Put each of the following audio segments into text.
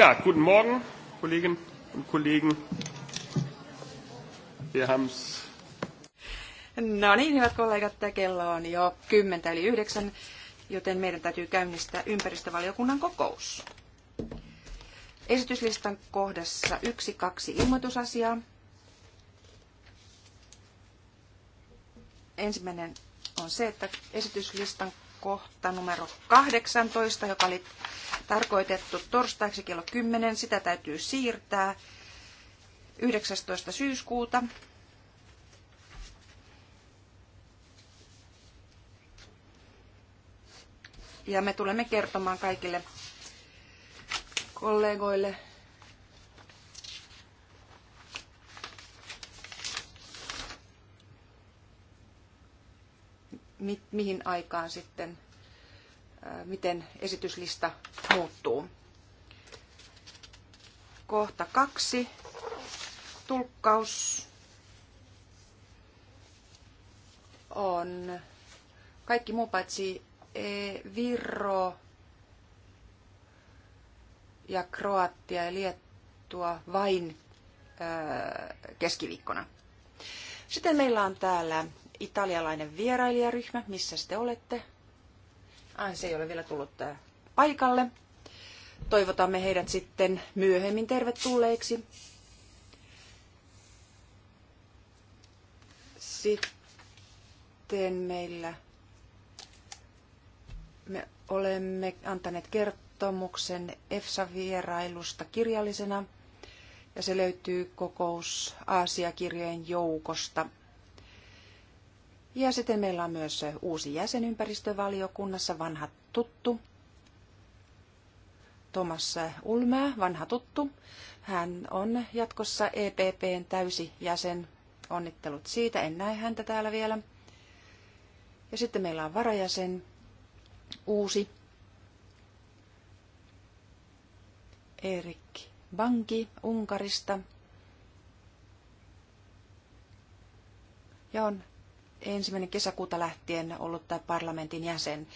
Ja, guten Morgen, Kolleginnen und Kollegen. Wir haben's. No niin, hyvät kollegat, kello on jo kymmentä eli yhdeksän, joten meidän täytyy käynnistää ympäristövaliokunnan kokous. Esityslistan kohdassa yksi, kaksi ilmoitusasiaa. Ensimmäinen on se, että esityslistan kohta numero 18, joka oli tarkoitettu torstaiksi kello 10. Sitä täytyy siirtää 19. syyskuuta. Ja me tulemme kertomaan kaikille kollegoille mi- mihin aikaan sitten Äh, miten esityslista muuttuu. Kohta kaksi. Tulkkaus on kaikki muu paitsi e, Viro ja Kroatia ja Liettua vain äh, keskiviikkona. Sitten meillä on täällä italialainen vierailijaryhmä. Missä te olette? Ai, se ei ole vielä tullut äh, paikalle. Toivotamme heidät sitten myöhemmin tervetulleiksi. Sitten meillä me olemme antaneet kertomuksen EFSA-vierailusta kirjallisena ja se löytyy kokous Aasiakirjojen joukosta – ja sitten meillä on myös uusi jäsen ympäristövaliokunnassa, vanha tuttu, Thomas Ulmää, vanha tuttu. Hän on jatkossa EPPn täysi jäsen. Onnittelut siitä, en näe häntä täällä vielä. Ja sitten meillä on varajäsen, uusi, Erik Banki Unkarista. Ja on ensimmäinen kesäkuuta lähtien ollut tämä parlamentin jäsen.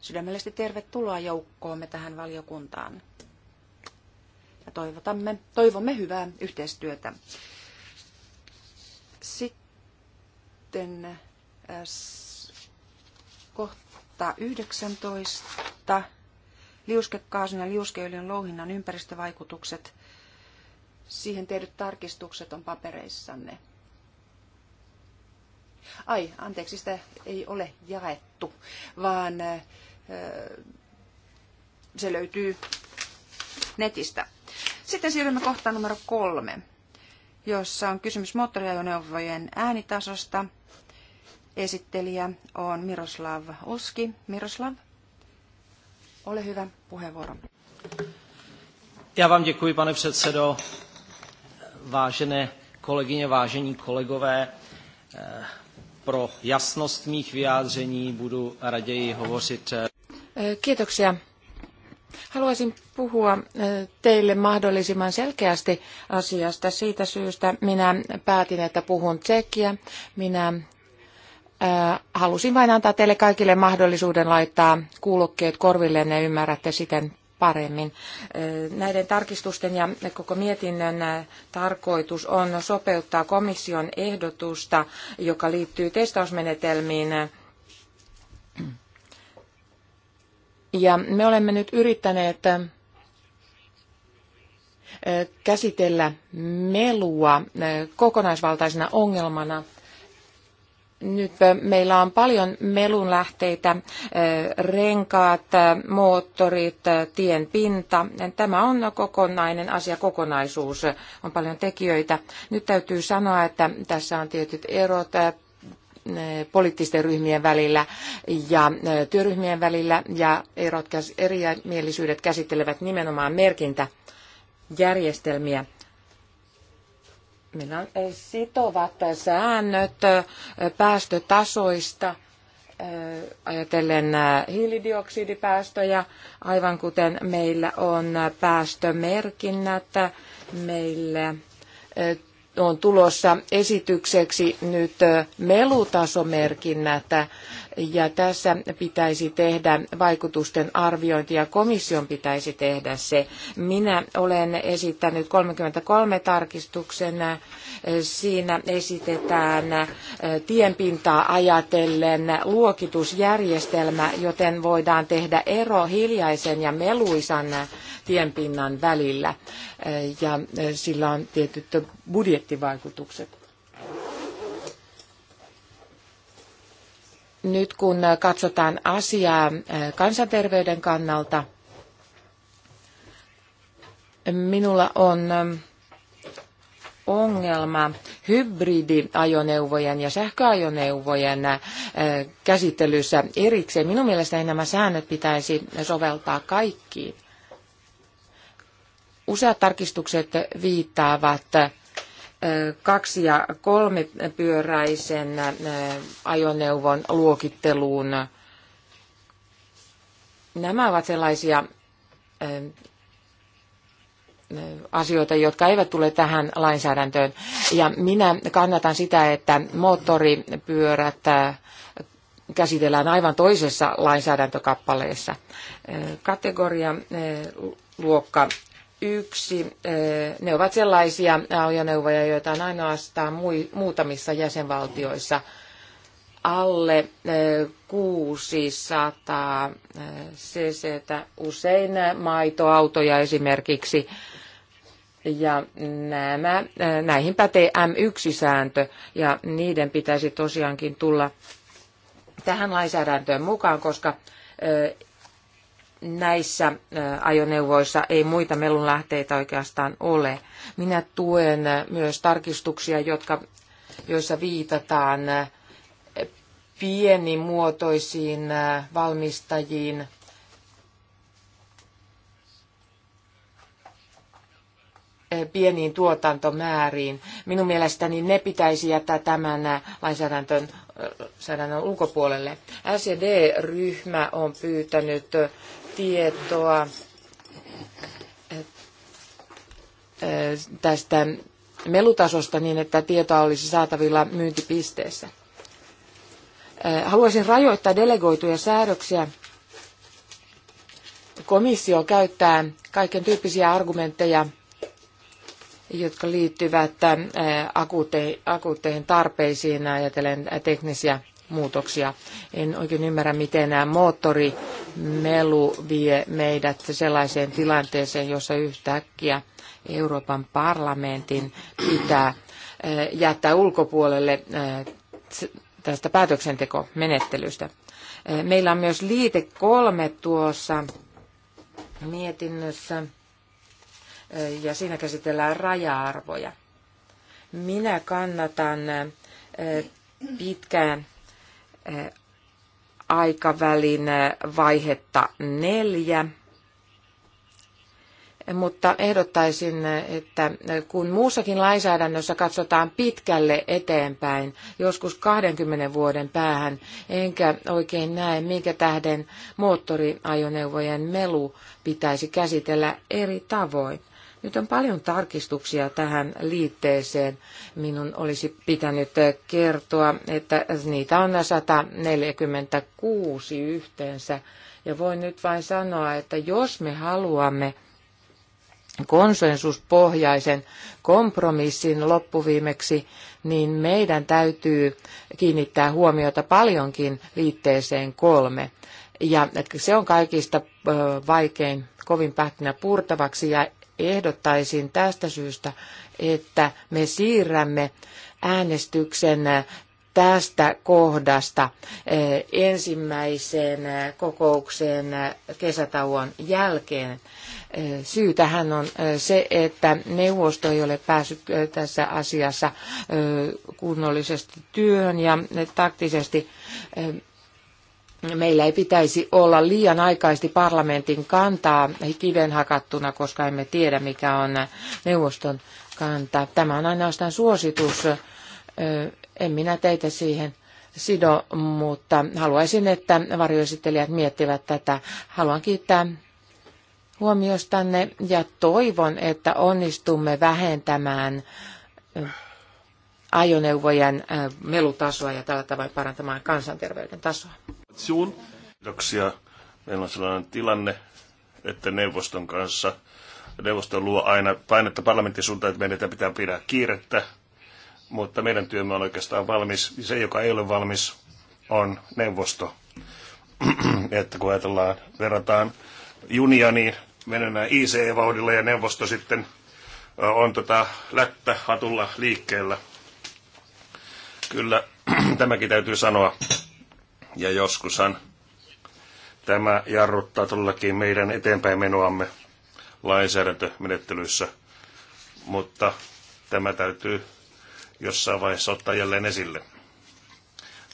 Sydämellisesti tervetuloa joukkoomme tähän valiokuntaan. Ja toivotamme, toivomme hyvää yhteistyötä. Sitten äh, kohta 19. Liuskekaasun ja liuskeöljyn louhinnan ympäristövaikutukset. Siihen tehdyt tarkistukset on papereissanne. Ai, anteeksi, sitä ei ole jaettu, vaan se löytyy netistä. Sitten siirrymme kohtaan numero kolme, jossa on kysymys moottoriajoneuvojen äänitasosta. Esittelijä on Miroslav Uski. Miroslav, ole hyvä, puheenvuoro. Já vám děkuji, pane předsedo. Vážené kolegyně, vážení kolegové, eh, pro jasnost mých vyjádření budu raději hovořit. Eh, eh, kiitoksia. Haluaisin puhua eh, teille mahdollisimman selkeästi asiasta. Siitä syystä minä päätin, että puhun tsekkiä. Minä halusin vain antaa teille kaikille mahdollisuuden laittaa kuulokkeet korvilleen ja ymmärrätte siten paremmin. Näiden tarkistusten ja koko mietinnön tarkoitus on sopeuttaa komission ehdotusta, joka liittyy testausmenetelmiin ja me olemme nyt yrittäneet käsitellä melua kokonaisvaltaisena ongelmana nyt meillä on paljon melunlähteitä, renkaat, moottorit, tien pinta. Tämä on kokonainen asia, kokonaisuus. On paljon tekijöitä. Nyt täytyy sanoa, että tässä on tietyt erot poliittisten ryhmien välillä ja työryhmien välillä ja erot, eri mielisyydet käsittelevät nimenomaan merkintäjärjestelmiä Meillä on eh, sitovat eh, säännöt eh, päästötasoista ajatellen hiilidioksidipäästöjä, aivan kuten meillä on päästömerkinnät, meillä on tulossa esitykseksi nyt melutasomerkinnät ja tässä pitäisi tehdä vaikutusten arviointi ja komission pitäisi tehdä se. Minä olen esittänyt 33 tarkistuksena. Siinä esitetään tienpintaa ajatellen luokitusjärjestelmä, joten voidaan tehdä ero hiljaisen ja meluisan tienpinnan välillä. Ja sillä on tietyt budjettivaikutukset. nyt kun katsotaan asiaa eh, kansanterveyden kannalta, minulla on eh, ongelma hybridiajoneuvojen ja sähköajoneuvojen eh, käsittelyssä erikseen. Minun mielestäni nämä säännöt pitäisi soveltaa kaikkiin. Useat tarkistukset viittaavat kaksi- ja kolmipyöräisen ajoneuvon luokitteluun. Nämä ovat sellaisia asioita, jotka eivät tule tähän lainsäädäntöön. Ja minä kannatan sitä, että moottoripyörät käsitellään aivan toisessa lainsäädäntökappaleessa. Kategoria luokka yksi, eh, ne ovat sellaisia ajoneuvoja, joita on ainoastaan muutamissa jäsenvaltioissa alle 600 eh, eh, cc, usein maitoautoja esimerkiksi. Ja nämä, näihin pätee M1-sääntö ja niiden pitäisi tosiaankin tulla tähän lainsäädäntöön mukaan, koska näissä ajoneuvoissa ei muita melunlähteitä oikeastaan ole. Minä tuen myös tarkistuksia, jotka, joissa viitataan pienimuotoisiin valmistajiin. pieniin tuotantomääriin. Minun mielestäni ne pitäisi jättää tämän lainsäädäntön lainsäädännön ulkopuolelle. sed ryhmä on pyytänyt tietoa tästä melutasosta niin, että tietoa olisi saatavilla myyntipisteessä. Haluaisin rajoittaa delegoituja säädöksiä. Komissio käyttää kaiken tyyppisiä argumentteja, jotka liittyvät akuutteihin tarpeisiin ajatellen teknisiä muutoksia. En oikein ymmärrä, miten nämä moottori melu vie meidät sellaiseen tilanteeseen, jossa yhtäkkiä Euroopan parlamentin pitää eh, jättää ulkopuolelle eh, tästä päätöksentekomenettelystä. Eh, meillä on myös liite kolme tuossa mietinnössä ja siinä käsitellään raja-arvoja. Minä kannatan pitkään aikavälin vaihetta neljä. Mutta ehdottaisin, että kun muussakin lainsäädännössä katsotaan pitkälle eteenpäin, joskus 20 vuoden päähän, enkä oikein näe, minkä tähden moottoriajoneuvojen melu pitäisi käsitellä eri tavoin. Nyt on paljon tarkistuksia tähän liitteeseen. Minun olisi pitänyt kertoa, että niitä on 146 yhteensä. Ja voin nyt vain sanoa, että jos me haluamme konsensuspohjaisen kompromissin loppuviimeksi, niin meidän täytyy kiinnittää huomiota paljonkin liitteeseen kolme. Ja se on kaikista vaikein kovin pähkinä purtavaksi ja ehdottaisin tästä syystä, että me siirrämme äänestyksen tästä kohdasta eh, ensimmäiseen eh, kokoukseen eh, kesätauon jälkeen. Syy tähän on se, että neuvosto ei ole päässyt tässä asiassa kunnollisesti työhön ja taktisesti meillä ei pitäisi olla liian aikaisesti parlamentin kantaa kiven hakattuna, koska emme tiedä mikä on neuvoston kanta. Tämä on ainoastaan suositus. En minä teitä siihen sido, mutta haluaisin, että varjoesittelijät miettivät tätä. Haluan kiittää huomiostanne ja toivon, että onnistumme vähentämään ajoneuvojen melutasoa ja tällä tavoin parantamaan kansanterveyden tasoa. Kiitoksia. Meillä on sellainen tilanne, että neuvoston kanssa, neuvosto luo aina painetta parlamentin suuntaan, että meidän pitää pidä kiirettä, mutta meidän työmme on oikeastaan valmis. Se, joka ei ole valmis, on neuvosto. että kun ajatellaan, verrataan junia, niin mennään ICE-vauhdilla ja neuvosto sitten on tota lättä hatulla liikkeellä. Kyllä tämäkin täytyy sanoa. Ja joskushan tämä jarruttaa todellakin meidän eteenpäin menoamme lainsäädäntömenettelyissä, mutta tämä täytyy jossain vaiheessa ottaa jälleen esille.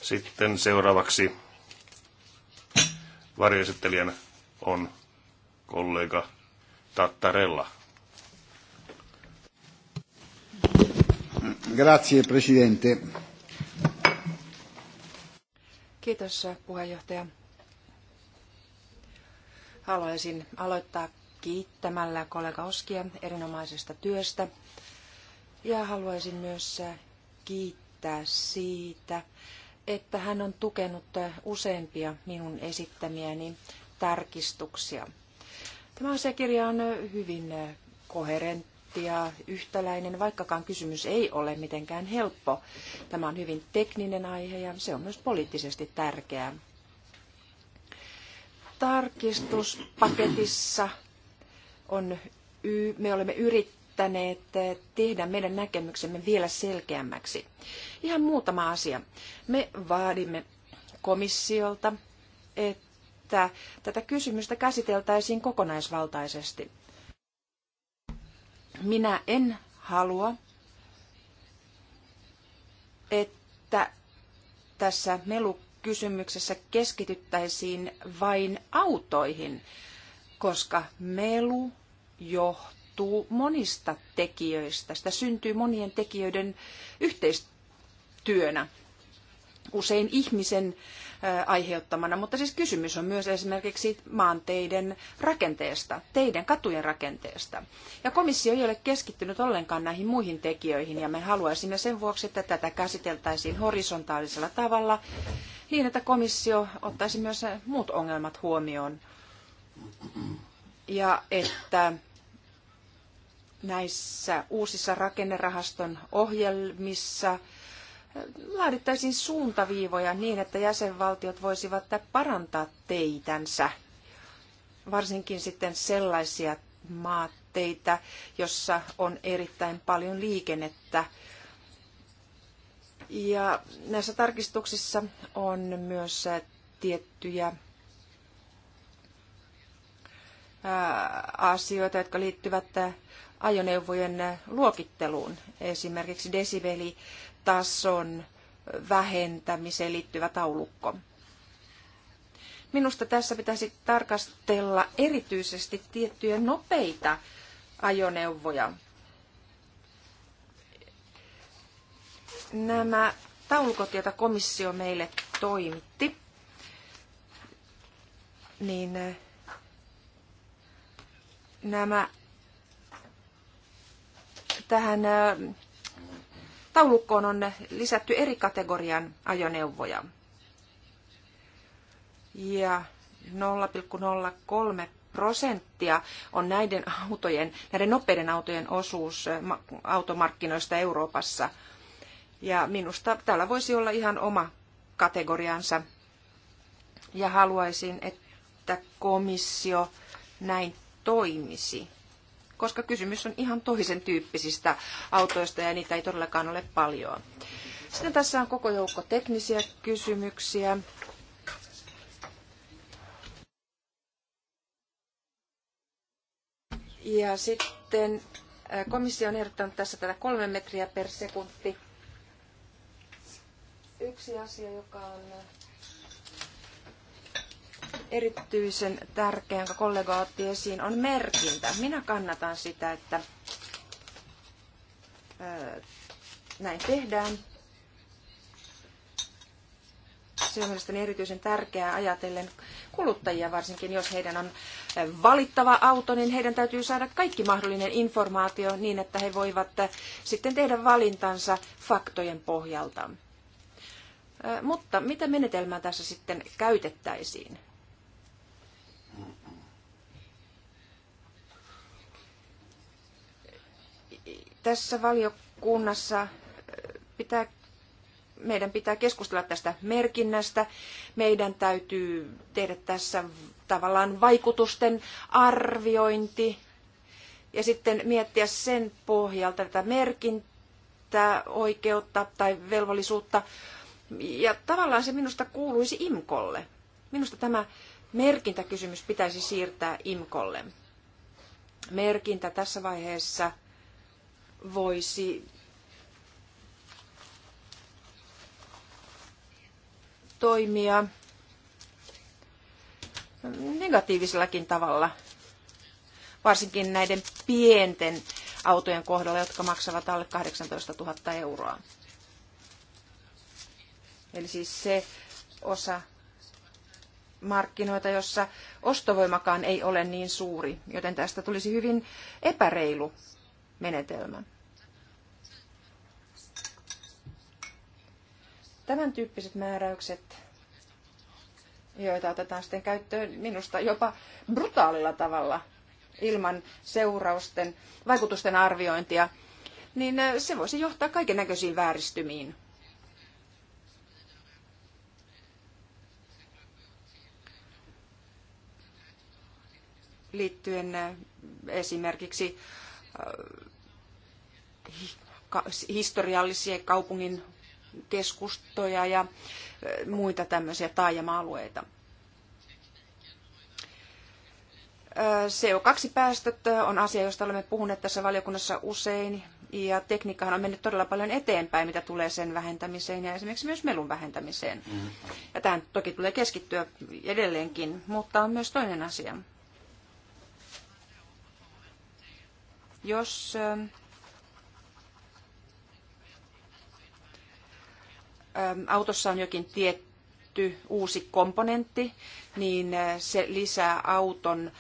Sitten seuraavaksi varjoesittelijänä on kollega Tattarella. Grazie Presidente. Kiitos puheenjohtaja. Haluaisin aloittaa kiittämällä kollega Oskia erinomaisesta työstä ja haluaisin myös kiittää siitä, että hän on tukenut useampia minun esittämiäni tarkistuksia. Tämä asiakirja on hyvin koherentti ja yhtäläinen, vaikkakaan kysymys ei ole mitenkään helppo. Tämä on hyvin tekninen aihe ja se on myös poliittisesti tärkeä. Tarkistuspaketissa on, me olemme yrittäneet eh, tehdä meidän näkemyksemme vielä selkeämmäksi. Ihan muutama asia. Me vaadimme komissiolta, että tätä kysymystä käsiteltäisiin kokonaisvaltaisesti. Minä en halua, että tässä melukysymyksessä keskityttäisiin vain autoihin, koska melu johtuu monista tekijöistä. Sitä syntyy monien tekijöiden yhteistyönä. Usein ihmisen aiheuttamana. Mutta siis kysymys on myös esimerkiksi maanteiden rakenteesta, teiden katujen rakenteesta. Ja komissio ei ole keskittynyt ollenkaan näihin muihin tekijöihin ja me haluaisimme sen vuoksi, että tätä käsiteltäisiin horisontaalisella tavalla niin, että komissio ottaisi myös muut ongelmat huomioon. Ja että näissä uusissa rakennerahaston ohjelmissa – laadittaisiin suuntaviivoja niin, että jäsenvaltiot voisivat parantaa teitänsä, varsinkin sitten sellaisia maatteita, jossa on erittäin paljon liikennettä. Ja näissä tarkistuksissa on myös äh, tiettyjä äh, asioita, jotka liittyvät äh, ajoneuvojen luokitteluun, esimerkiksi desibeli tason vähentämiseen liittyvä taulukko. Minusta tässä pitäisi tarkastella erityisesti tiettyjä nopeita ajoneuvoja. Nämä taulukot, joita komissio meille toimitti, niin eh, nämä tähän eh, taulukkoon on lisätty eri kategorian ajoneuvoja. Ja 0,03 prosenttia on näiden autojen, näiden nopeiden autojen osuus automarkkinoista Euroopassa. Ja minusta täällä voisi olla ihan oma kategoriansa. Ja haluaisin, että komissio näin toimisi koska kysymys on ihan toisen tyyppisistä autoista ja niitä ei todellakaan ole paljon. Sitten tässä on koko joukko teknisiä kysymyksiä. Ja sitten äh, komissio on ehdottanut tässä tätä kolme metriä per sekunti. Yksi asia, joka on erityisen tärkeä, jonka kollega otti esiin, on merkintä. Minä kannatan sitä, että näin tehdään. Se on mielestäni erityisen tärkeää ajatellen kuluttajia, varsinkin jos heidän on valittava auto, niin heidän täytyy saada kaikki mahdollinen informaatio niin, että he voivat sitten tehdä valintansa faktojen pohjalta. Mutta mitä menetelmää tässä sitten käytettäisiin? tässä valiokunnassa äh, pitää, meidän pitää keskustella tästä merkinnästä. Meidän täytyy tehdä tässä tavallaan vaikutusten arviointi ja sitten miettiä sen pohjalta tätä merkintää, oikeutta tai velvollisuutta. Ja tavallaan se minusta kuuluisi IMKOlle. Minusta tämä merkintäkysymys pitäisi siirtää IMKOlle. Merkintä tässä vaiheessa – voisi toimia negatiivisellakin tavalla, varsinkin näiden pienten autojen kohdalla, jotka maksavat alle 18 000 euroa. Eli siis se osa markkinoita, jossa ostovoimakaan ei ole niin suuri, joten tästä tulisi hyvin epäreilu menetelmä. Tämän tyyppiset määräykset, joita otetaan sitten käyttöön minusta jopa brutaalilla tavalla ilman seurausten, vaikutusten arviointia, niin se voisi johtaa kaiken näköisiin vääristymiin. liittyen esimerkiksi historiallisia kaupungin keskustoja ja äh, muita tämmöisiä taajama-alueita. Äh, CO2-päästöt äh, on asia, josta olemme puhuneet tässä valiokunnassa usein, ja tekniikkahan on mennyt todella paljon eteenpäin, mitä tulee sen vähentämiseen ja esimerkiksi myös melun vähentämiseen. Mm-hmm. Ja tähän toki tulee keskittyä edelleenkin, mutta on myös toinen asia, Jos autossa on jokin tietty uusi komponentti, niin se lisää auton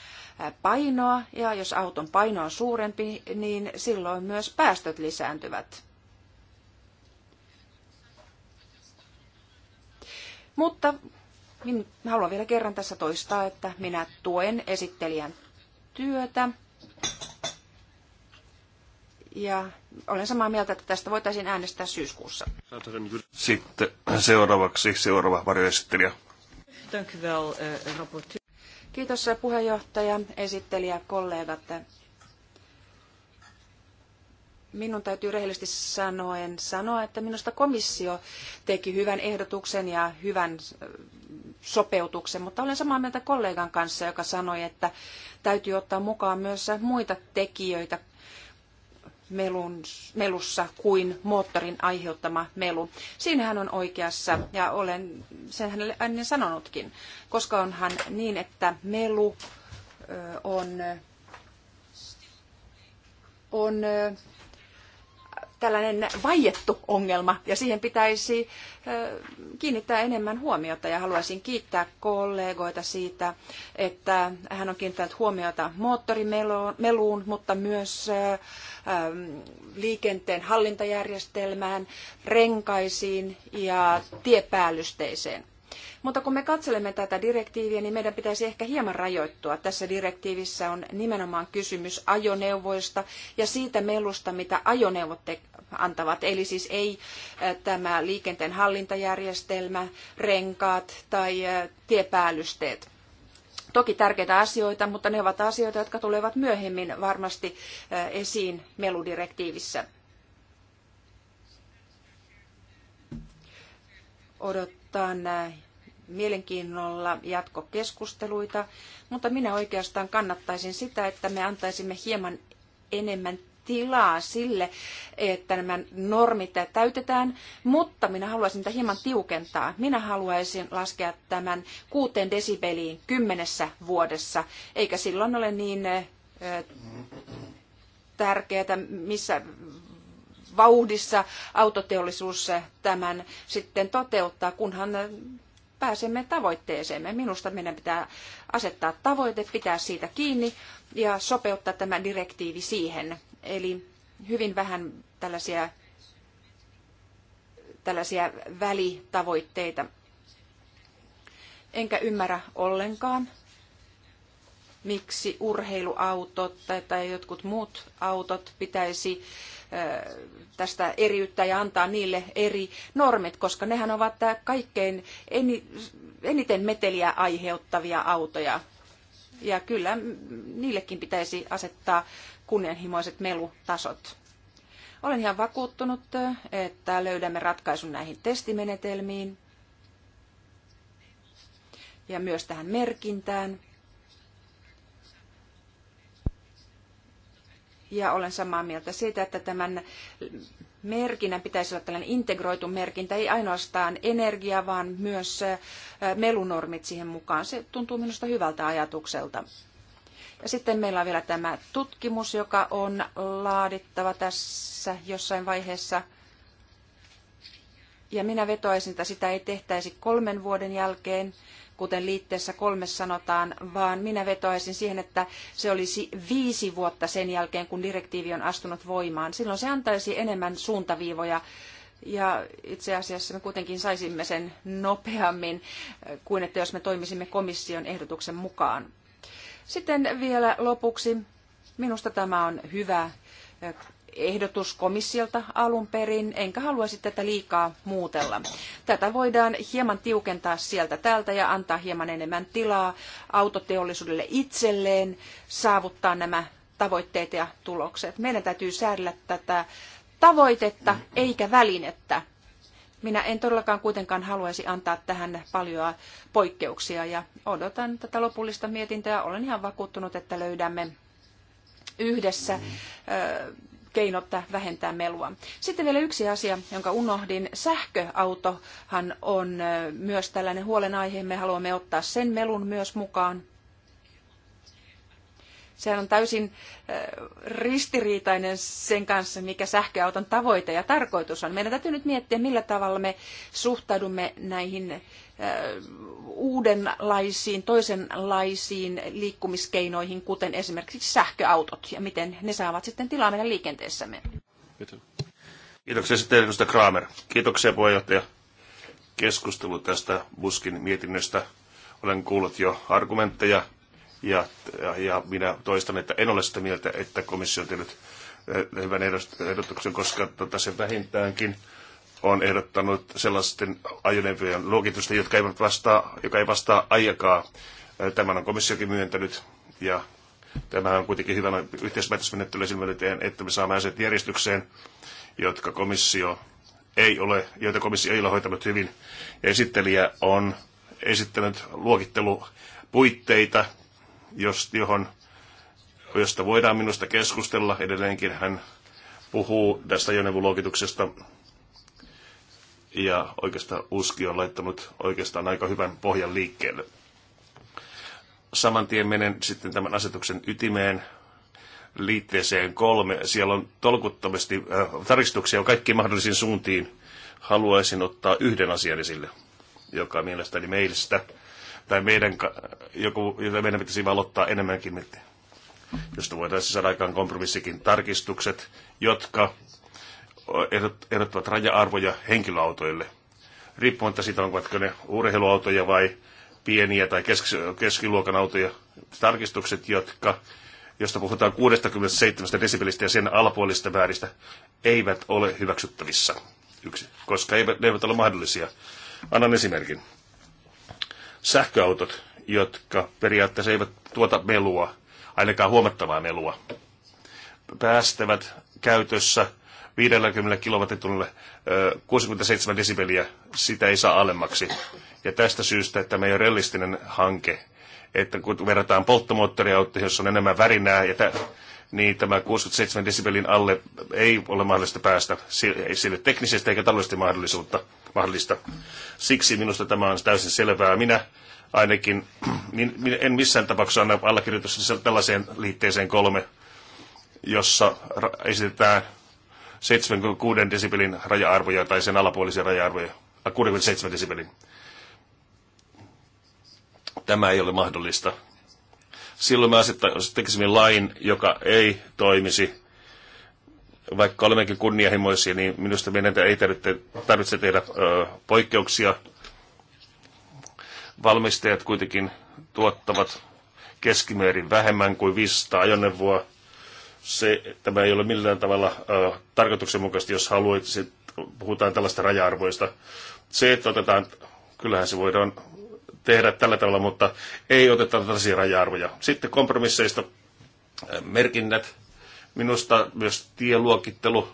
painoa, ja jos auton paino on suurempi, niin silloin myös päästöt lisääntyvät. Mutta haluan vielä kerran tässä toistaa, että minä tuen esittelijän työtä. Ja olen samaa mieltä, että tästä voitaisiin äänestää syyskuussa. Sitten seuraavaksi seuraava varjoesittelijä. Kiitos puheenjohtaja, esittelijä, kollegat. Minun täytyy rehellisesti sanoen sanoa, että minusta komissio teki hyvän ehdotuksen ja hyvän äh, sopeutuksen, mutta olen samaa mieltä kollegan kanssa, joka sanoi, että täytyy ottaa mukaan myös muita tekijöitä melun, melussa kuin moottorin aiheuttama melu. Siinä hän on oikeassa ja olen sen hänelle ennen sanonutkin, koska onhan niin, että melu on, on tällainen vaiettu ongelma ja siihen pitäisi kiinnittää enemmän huomiota ja haluaisin kiittää kollegoita siitä, että hän on kiinnittänyt huomiota moottorimeluun, mutta myös liikenteen hallintajärjestelmään, renkaisiin ja tiepäällysteiseen. Mutta kun me katselemme tätä direktiiviä, niin meidän pitäisi ehkä hieman rajoittua. Tässä direktiivissä on nimenomaan kysymys ajoneuvoista ja siitä melusta, mitä ajoneuvot antavat. Eli siis ei äh, tämä liikenteen hallintajärjestelmä, renkaat tai äh, tiepäällysteet. Toki tärkeitä asioita, mutta ne ovat asioita, jotka tulevat myöhemmin varmasti äh, esiin meludirektiivissä. nämä äh, mielenkiinnolla jatkokeskusteluita, mutta minä oikeastaan kannattaisin sitä, että me antaisimme hieman enemmän tilaa sille, että nämä normit täytetään, mutta minä haluaisin niitä hieman tiukentaa. Minä haluaisin laskea tämän kuuteen desibeliin kymmenessä vuodessa, eikä silloin ole niin äh, tärkeää, missä vauhdissa autoteollisuus tämän sitten toteuttaa, kunhan pääsemme tavoitteeseemme. Minusta meidän pitää asettaa tavoite, pitää siitä kiinni ja sopeuttaa tämä direktiivi siihen. Eli hyvin vähän tällaisia, tällaisia välitavoitteita. Enkä ymmärrä ollenkaan miksi urheiluautot tai, tai jotkut muut autot pitäisi tästä eriyttää ja antaa niille eri normit, koska nehän ovat kaikkein eniten meteliä aiheuttavia autoja. Ja kyllä niillekin pitäisi asettaa kunnianhimoiset melutasot. Olen ihan vakuuttunut, että löydämme ratkaisun näihin testimenetelmiin ja myös tähän merkintään. Ja olen samaa mieltä siitä, että tämän merkinnän pitäisi olla tällainen integroitu merkintä, ei ainoastaan energia, vaan myös melunormit siihen mukaan. Se tuntuu minusta hyvältä ajatukselta. Ja sitten meillä on vielä tämä tutkimus, joka on laadittava tässä jossain vaiheessa. Ja minä vetoaisin, että sitä ei tehtäisi kolmen vuoden jälkeen, kuten liitteessä kolme sanotaan, vaan minä vetoaisin siihen, että se olisi viisi vuotta sen jälkeen, kun direktiivi on astunut voimaan. Silloin se antaisi enemmän suuntaviivoja ja itse asiassa me kuitenkin saisimme sen nopeammin kuin että jos me toimisimme komission ehdotuksen mukaan. Sitten vielä lopuksi. Minusta tämä on hyvä ehdotus komissiolta alun perin, enkä haluaisi tätä liikaa muutella. Tätä voidaan hieman tiukentaa sieltä täältä ja antaa hieman enemmän tilaa autoteollisuudelle itselleen saavuttaa nämä tavoitteet ja tulokset. Meidän täytyy säädellä tätä tavoitetta eikä välinettä. Minä en todellakaan kuitenkaan haluaisi antaa tähän paljon poikkeuksia ja odotan tätä lopullista mietintöä. Olen ihan vakuuttunut, että löydämme yhdessä keino vähentää melua. Sitten vielä yksi asia, jonka unohdin. Sähköautohan on myös tällainen huolenaihe. Me haluamme ottaa sen melun myös mukaan. Sehän on täysin ristiriitainen sen kanssa, mikä sähköauton tavoite ja tarkoitus on. Meidän täytyy nyt miettiä, millä tavalla me suhtaudumme näihin uudenlaisiin, toisenlaisiin liikkumiskeinoihin, kuten esimerkiksi sähköautot, ja miten ne saavat sitten tilaa meidän liikenteessämme. Kiitoksia sitten edustaja Kramer. Kiitoksia puheenjohtaja. Keskustelu tästä Buskin mietinnöstä. Olen kuullut jo argumentteja ja, ja, ja minä toistan, että en ole sitä mieltä, että komissio on tehnyt hyvän ehdotuksen, koska tota, se vähintäänkin on ehdottanut sellaisten ajoneuvojen luokitusta, jotka eivät vastaa, joka ei vastaa aikaa Tämän on komissiokin myöntänyt ja tämä on kuitenkin hyvä yhteispäätösmenettelyä silmällä että me saamme asiat järjestykseen, jotka komissio ei ole, joita komissio ei ole hoitanut hyvin. Esittelijä on esittänyt luokittelupuitteita, johon, josta voidaan minusta keskustella. Edelleenkin hän puhuu tästä ajoneuvoluokituksesta ja oikeastaan Uski on laittanut oikeastaan aika hyvän pohjan liikkeelle. Saman tien menen sitten tämän asetuksen ytimeen, liitteeseen kolme. Siellä on tolkuttomasti äh, tarkistuksia kaikkiin mahdollisiin suuntiin. Haluaisin ottaa yhden asian esille, joka mielestäni meistä, tai meidän, joku, jota meidän pitäisi valottaa enemmänkin, josta voitaisiin saada aikaan kompromissikin tarkistukset, jotka ehdottavat raja-arvoja henkilöautoille, riippumatta siitä, onko ne urheiluautoja vai pieniä tai keskiluokan autoja. Tarkistukset, jotka, josta puhutaan 67 desibelistä ja sen alapuolista vääristä, eivät ole hyväksyttävissä, Yksi, koska eivät, ne eivät ole mahdollisia. Annan esimerkin. Sähköautot, jotka periaatteessa eivät tuota melua, ainakaan huomattavaa melua, päästävät käytössä 50 kilowattitunnille 67 desibeliä, sitä ei saa alemmaksi. Ja tästä syystä, että meidän realistinen hanke, että kun verrataan polttomoottoriautoihin, jossa on enemmän värinää, ja tä, niin tämä 67 desibelin alle ei ole mahdollista päästä. Ei sille teknisesti eikä taloudellisesti mahdollisuutta, mahdollista. Siksi minusta tämä on täysin selvää. Minä ainakin min, niin, min, en missään tapauksessa anna allekirjoitusta tällaiseen liitteeseen kolme, jossa esitetään 7,6 desibelin raja-arvoja tai sen alapuolisia raja-arvoja, 6,7 desibelin. Tämä ei ole mahdollista. Silloin me tekisimme lain, joka ei toimisi. Vaikka olemmekin kunnianhimoisia, niin minusta meidän ei tarvitse, tarvitse tehdä ö, poikkeuksia. Valmistajat kuitenkin tuottavat keskimäärin vähemmän kuin 500 ajoneuvoa se, tämä ei ole millään tavalla äh, tarkoituksenmukaista, jos haluat, sit puhutaan tällaista raja-arvoista. Se, että otetaan, kyllähän se voidaan tehdä tällä tavalla, mutta ei oteta tällaisia raja-arvoja. Sitten kompromisseista äh, merkinnät, minusta myös tieluokittelu,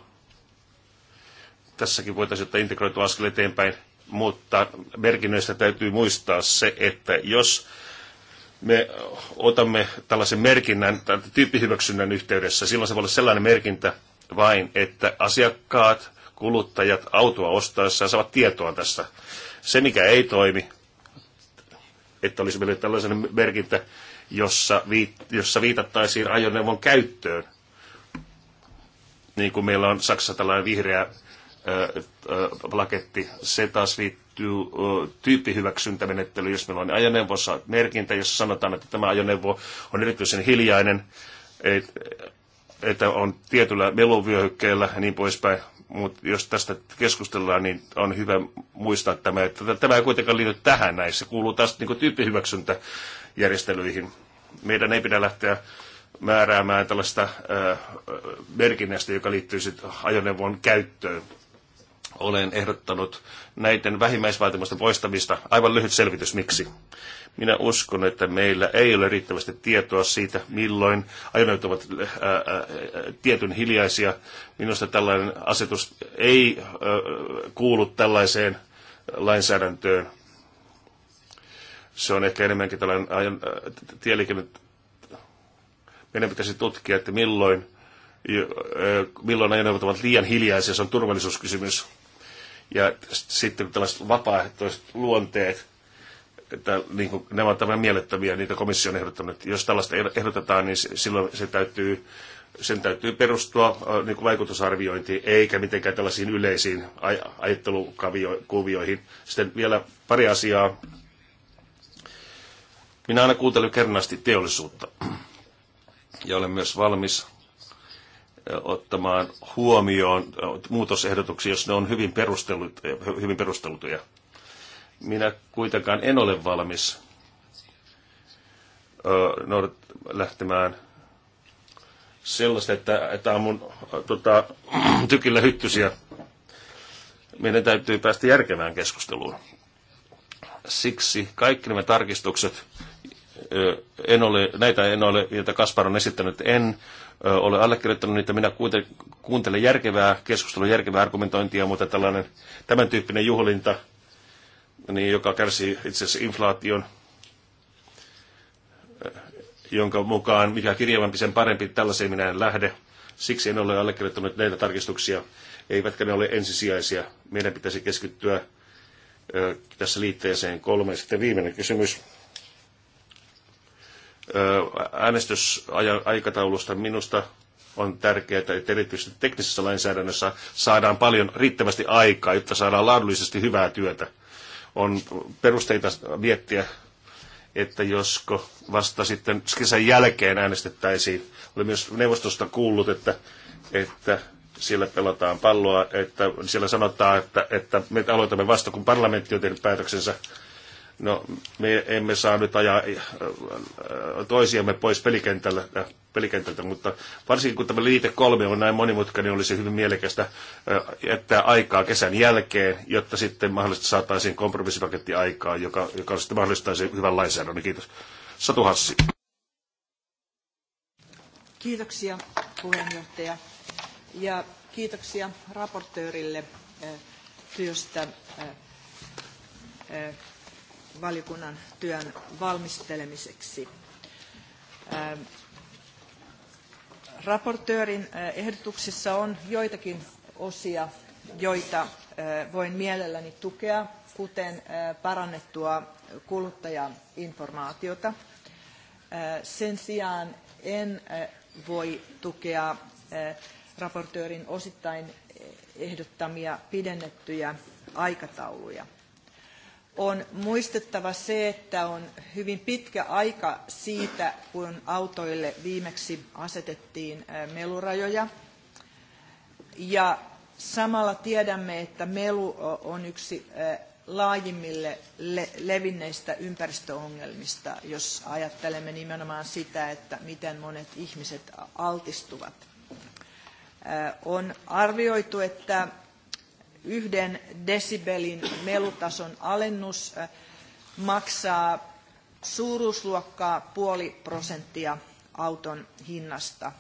tässäkin voitaisiin ottaa integroitu askel eteenpäin, mutta merkinnöistä täytyy muistaa se, että jos äh, me otamme tällaisen merkinnän, tyyppihyväksynnän yhteydessä, silloin se voi olla sellainen merkintä vain, että asiakkaat, kuluttajat autoa ostaessaan saavat tietoa tästä. Se, mikä ei toimi, että olisi meillä tällainen merkintä, jossa, viit, jossa viitattaisiin ajoneuvon käyttöön. Niin kuin meillä on Saksassa tällainen vihreä ö, ö, plaketti, se taas viittaa tyyppihyväksyntämenettely, jos meillä on ajoneuvossa merkintä, jossa sanotaan, että tämä ajoneuvo on erityisen hiljainen, että on tietyllä meluvyöhykkeellä ja niin poispäin. Mutta jos tästä keskustellaan, niin on hyvä muistaa tämä, että tämä ei kuitenkaan liity tähän näissä Se kuuluu taas niin tyyppihyväksyntäjärjestelyihin. Meidän ei pidä lähteä määräämään tällaista merkinnästä, joka liittyy sitten ajoneuvon käyttöön olen ehdottanut näiden vähimmäisvaatimusten poistamista. Aivan lyhyt selvitys miksi. Minä uskon, että meillä ei ole riittävästi tietoa siitä, milloin ajoneuvot ovat ää, äh, ää, äh, tietyn hiljaisia. Minusta tällainen asetus ei ää, äh, kuulu tällaiseen lainsäädäntöön. Se on ehkä enemmänkin tällainen ajan, ää, tieliikenne. Meidän pitäisi tutkia, että milloin milloin ajoneuvot ovat liian hiljaisia, se on turvallisuuskysymys ja sitten tällaiset vapaaehtoiset luonteet, että niin kuin, ne ovat tämän mielettömiä, niitä komissio on ehdottanut. Jos tällaista ehdotetaan, niin silloin se täytyy, sen täytyy perustua niin kuin vaikutusarviointiin, eikä mitenkään tällaisiin yleisiin aj- ajattelukuvioihin. Sitten vielä pari asiaa. Minä aina kuuntelen kernaasti teollisuutta ja olen myös valmis ottamaan huomioon muutosehdotuksia, jos ne on hyvin, perustelut, hyvin perusteltuja. Minä kuitenkaan en ole valmis lähtemään sellaista, että, että on mun tota, tykillä hyttysiä. Meidän täytyy päästä järkevään keskusteluun. Siksi kaikki nämä tarkistukset, en ole, näitä en ole, joita Kaspar on esittänyt, en ole allekirjoittanut niitä. Minä kuuntelen järkevää keskustelua, järkevää argumentointia, mutta tällainen tämän tyyppinen juhlinta, niin joka kärsii itse asiassa inflaation, jonka mukaan mikä kirjavampi sen parempi, tällaiseen minä en lähde. Siksi en ole allekirjoittanut näitä tarkistuksia, eivätkä ne ole ensisijaisia. Meidän pitäisi keskittyä tässä liitteeseen kolme. Sitten viimeinen kysymys äänestysaikataulusta minusta on tärkeää, että erityisesti teknisessä lainsäädännössä saadaan paljon riittävästi aikaa, jotta saadaan laadullisesti hyvää työtä. On perusteita miettiä, että josko vasta sitten kesän jälkeen äänestettäisiin. Olen myös neuvostosta kuullut, että, että siellä pelataan palloa, että siellä sanotaan, että, että me aloitamme vasta kun parlamentti on tehnyt päätöksensä No, me emme saa nyt ajaa eh, eh, toisiamme pois pelikentältä, eh, pelikentältä, mutta varsinkin kun tämä liite kolme on näin monimutkainen, niin olisi hyvin mielekästä jättää aikaa kesän jälkeen, jotta sitten mahdollisesti saataisiin kompromissipaketti aikaa, joka, joka sitten mahdollistaisi hyvän lainsäädännön. Kiitos. Satu Hassi. Kiitoksia puheenjohtaja ja kiitoksia raportöörille työstä valiokunnan työn valmistelemiseksi. Ähm, raportöörin äh, ehdotuksessa on joitakin osia, joita äh, voin mielelläni tukea, kuten äh, parannettua kuluttajainformaatiota. Sen sijaan en voi tukea raportöörin osittain ehdottamia pidennettyjä aikatauluja on muistettava se, että on hyvin pitkä aika siitä, kun autoille viimeksi asetettiin melurajoja. Ja samalla tiedämme, että melu on yksi laajimmille levinneistä ympäristöongelmista, jos ajattelemme nimenomaan sitä, että miten monet ihmiset altistuvat. On arvioitu, että yhden desibelin melutason alennus maksaa suuruusluokkaa puoli prosenttia auton hinnasta.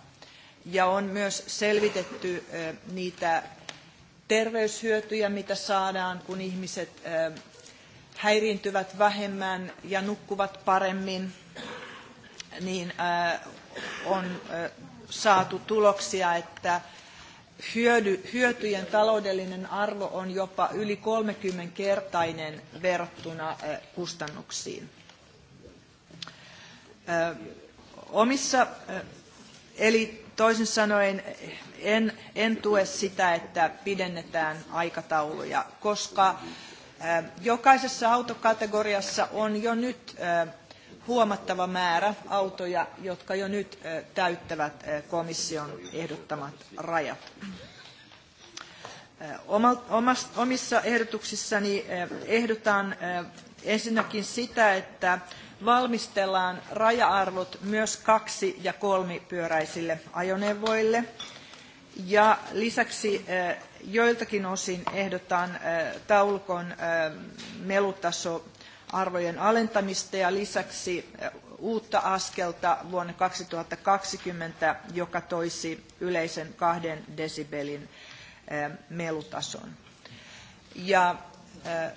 Ja on myös selvitetty niitä terveyshyötyjä, mitä saadaan, kun ihmiset häiriintyvät vähemmän ja nukkuvat paremmin, niin on saatu tuloksia, että hyödy, hyötyjen taloudellinen arvo on jopa yli 30-kertainen verrattuna eh, kustannuksiin. Eh, omissa, eh, eli toisin sanoen en, en tue sitä, että pidennetään aikatauluja, koska jokaisessa autokategoriassa on jo nyt huomattava määrä autoja, jotka jo nyt täyttävät komission ehdottamat rajat. Omissa ehdotuksissani ehdotan ensinnäkin sitä, että valmistellaan raja-arvot myös kaksi- ja kolmipyöräisille ajoneuvoille. Ja lisäksi joiltakin osin ehdotan taulukon melutaso arvojen alentamista ja lisäksi eh, uutta askelta vuonna 2020, joka toisi yleisen kahden desibelin eh, melutason. Ja eh,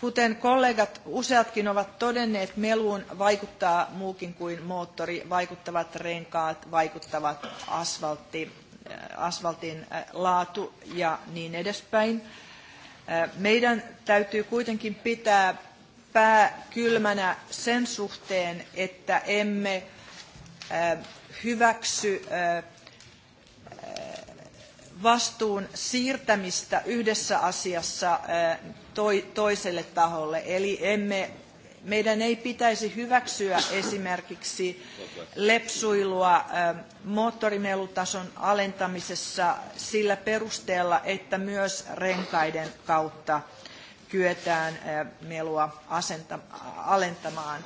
Kuten kollegat useatkin ovat todenneet, meluun vaikuttaa muukin kuin moottori, vaikuttavat renkaat, vaikuttavat asfaltti, asfaltin laatu ja niin edespäin. Meidän täytyy kuitenkin pitää pää kylmänä sen suhteen, että emme hyväksy vastuun siirtämistä yhdessä asiassa toiselle taholle. Eli emme meidän ei pitäisi hyväksyä esimerkiksi lepsuilua moottorimelutason alentamisessa sillä perusteella, että myös renkaiden kautta kyetään melua asenta, alentamaan.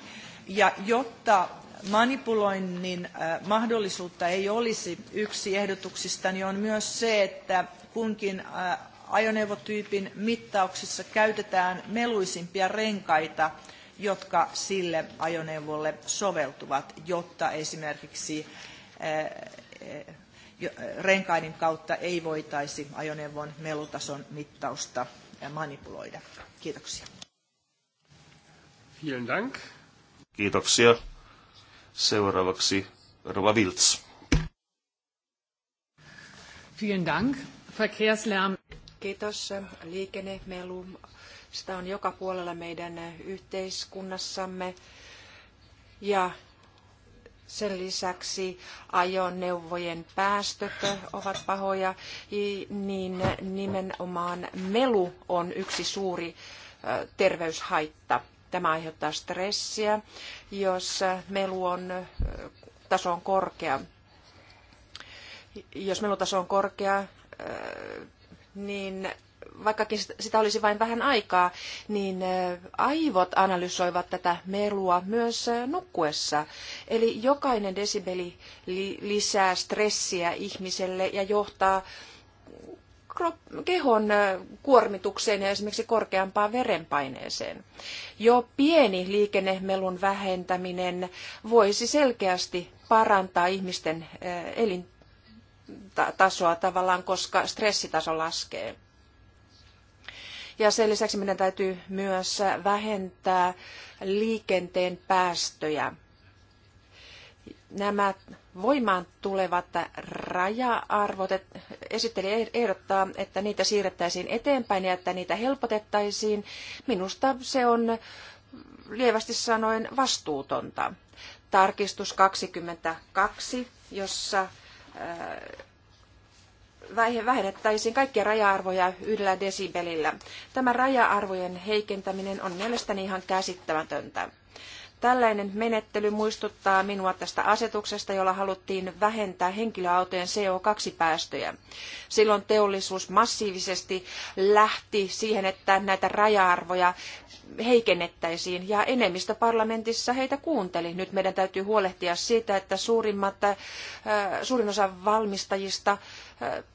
Ja jotta manipuloinnin mahdollisuutta ei olisi, yksi ehdotuksistani niin on myös se, että kunkin ajoneuvotyypin mittauksissa käytetään meluisimpia renkaita jotka sille ajoneuvolle soveltuvat, jotta esimerkiksi eh, eh, eh, renkaiden kautta ei voitaisi ajoneuvon melutason mittausta manipuloida. Kiitoksia. Vielen Dank. Kiitoksia. Seuraavaksi Rova Wiltz. Vielen Dank. Verkehrslärm. Kiitos. Liikennemelu sitä on joka puolella meidän yhteiskunnassamme. Ja sen lisäksi ajoneuvojen päästöt ovat pahoja, niin nimenomaan melu on yksi suuri terveyshaitta. Tämä aiheuttaa stressiä, jos melu on taso on korkea. Jos melutaso on korkea, niin vaikkakin sitä olisi vain vähän aikaa, niin aivot analysoivat tätä melua myös nukkuessa. Eli jokainen desibeli lisää stressiä ihmiselle ja johtaa kehon kuormitukseen ja esimerkiksi korkeampaan verenpaineeseen. Jo pieni liikennemelun vähentäminen voisi selkeästi parantaa ihmisten elintasoa tavallaan, koska stressitaso laskee. Ja sen lisäksi meidän täytyy myös vähentää liikenteen päästöjä. Nämä voimaan tulevat raja-arvot, esitteli eh- ehdottaa, että niitä siirrettäisiin eteenpäin ja että niitä helpotettaisiin. Minusta se on lievästi sanoen vastuutonta. Tarkistus 22, jossa äh, vähennettäisiin kaikkia raja-arvoja yhdellä desibelillä. Tämä raja-arvojen heikentäminen on mielestäni ihan käsittämätöntä. Tällainen menettely muistuttaa minua tästä asetuksesta, jolla haluttiin vähentää henkilöautojen CO2-päästöjä. Silloin teollisuus massiivisesti lähti siihen, että näitä raja-arvoja heikennettäisiin ja enemmistö parlamentissa heitä kuunteli. Nyt meidän täytyy huolehtia siitä, että suurimmat, äh, suurin osa valmistajista äh,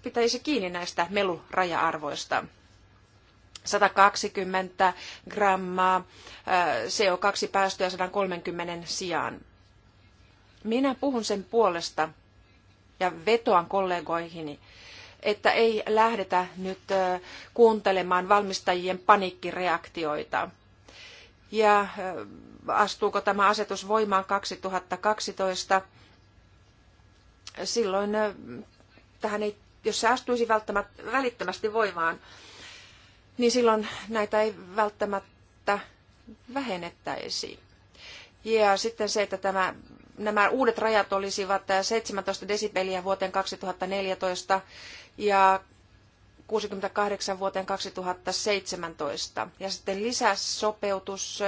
pitäisi kiinni näistä meluraja-arvoista. 120 grammaa äh, CO2-päästöjä 130 sijaan. Minä puhun sen puolesta ja vetoan kollegoihini, että ei lähdetä nyt äh, kuuntelemaan valmistajien paniikkireaktioita. Ja äh, astuuko tämä asetus voimaan 2012? Silloin tähän ei, jos se astuisi välttämättä, välittömästi voimaan, niin silloin näitä ei välttämättä vähennettäisi. Ja sitten se, että tämä, nämä uudet rajat olisivat 17 desibeliä vuoteen 2014 ja 68 vuoteen 2017. Ja sitten lisäsopeutus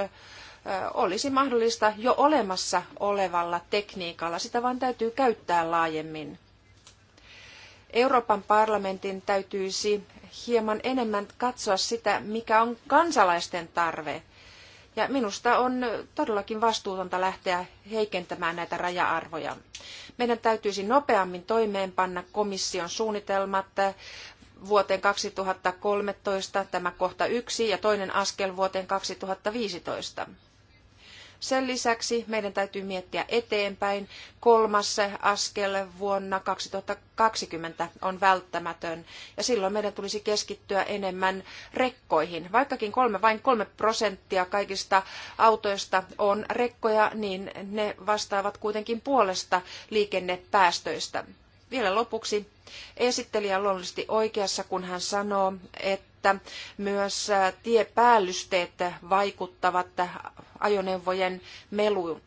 olisi mahdollista jo olemassa olevalla tekniikalla. Sitä vain täytyy käyttää laajemmin. Euroopan parlamentin täytyisi hieman enemmän katsoa sitä, mikä on kansalaisten tarve. Ja minusta on todellakin vastuutonta lähteä heikentämään näitä raja-arvoja. Meidän täytyisi nopeammin toimeenpanna komission suunnitelmat vuoteen 2013, tämä kohta yksi, ja toinen askel vuoteen 2015. Sen lisäksi meidän täytyy miettiä eteenpäin. Kolmas askel vuonna 2020 on välttämätön ja silloin meidän tulisi keskittyä enemmän rekkoihin. Vaikkakin kolme, vain kolme prosenttia kaikista autoista on rekkoja, niin ne vastaavat kuitenkin puolesta liikennepäästöistä. Vielä lopuksi esittelijä on luonnollisesti oikeassa, kun hän sanoo, että että myös tiepäällysteet vaikuttavat ajoneuvojen meluun.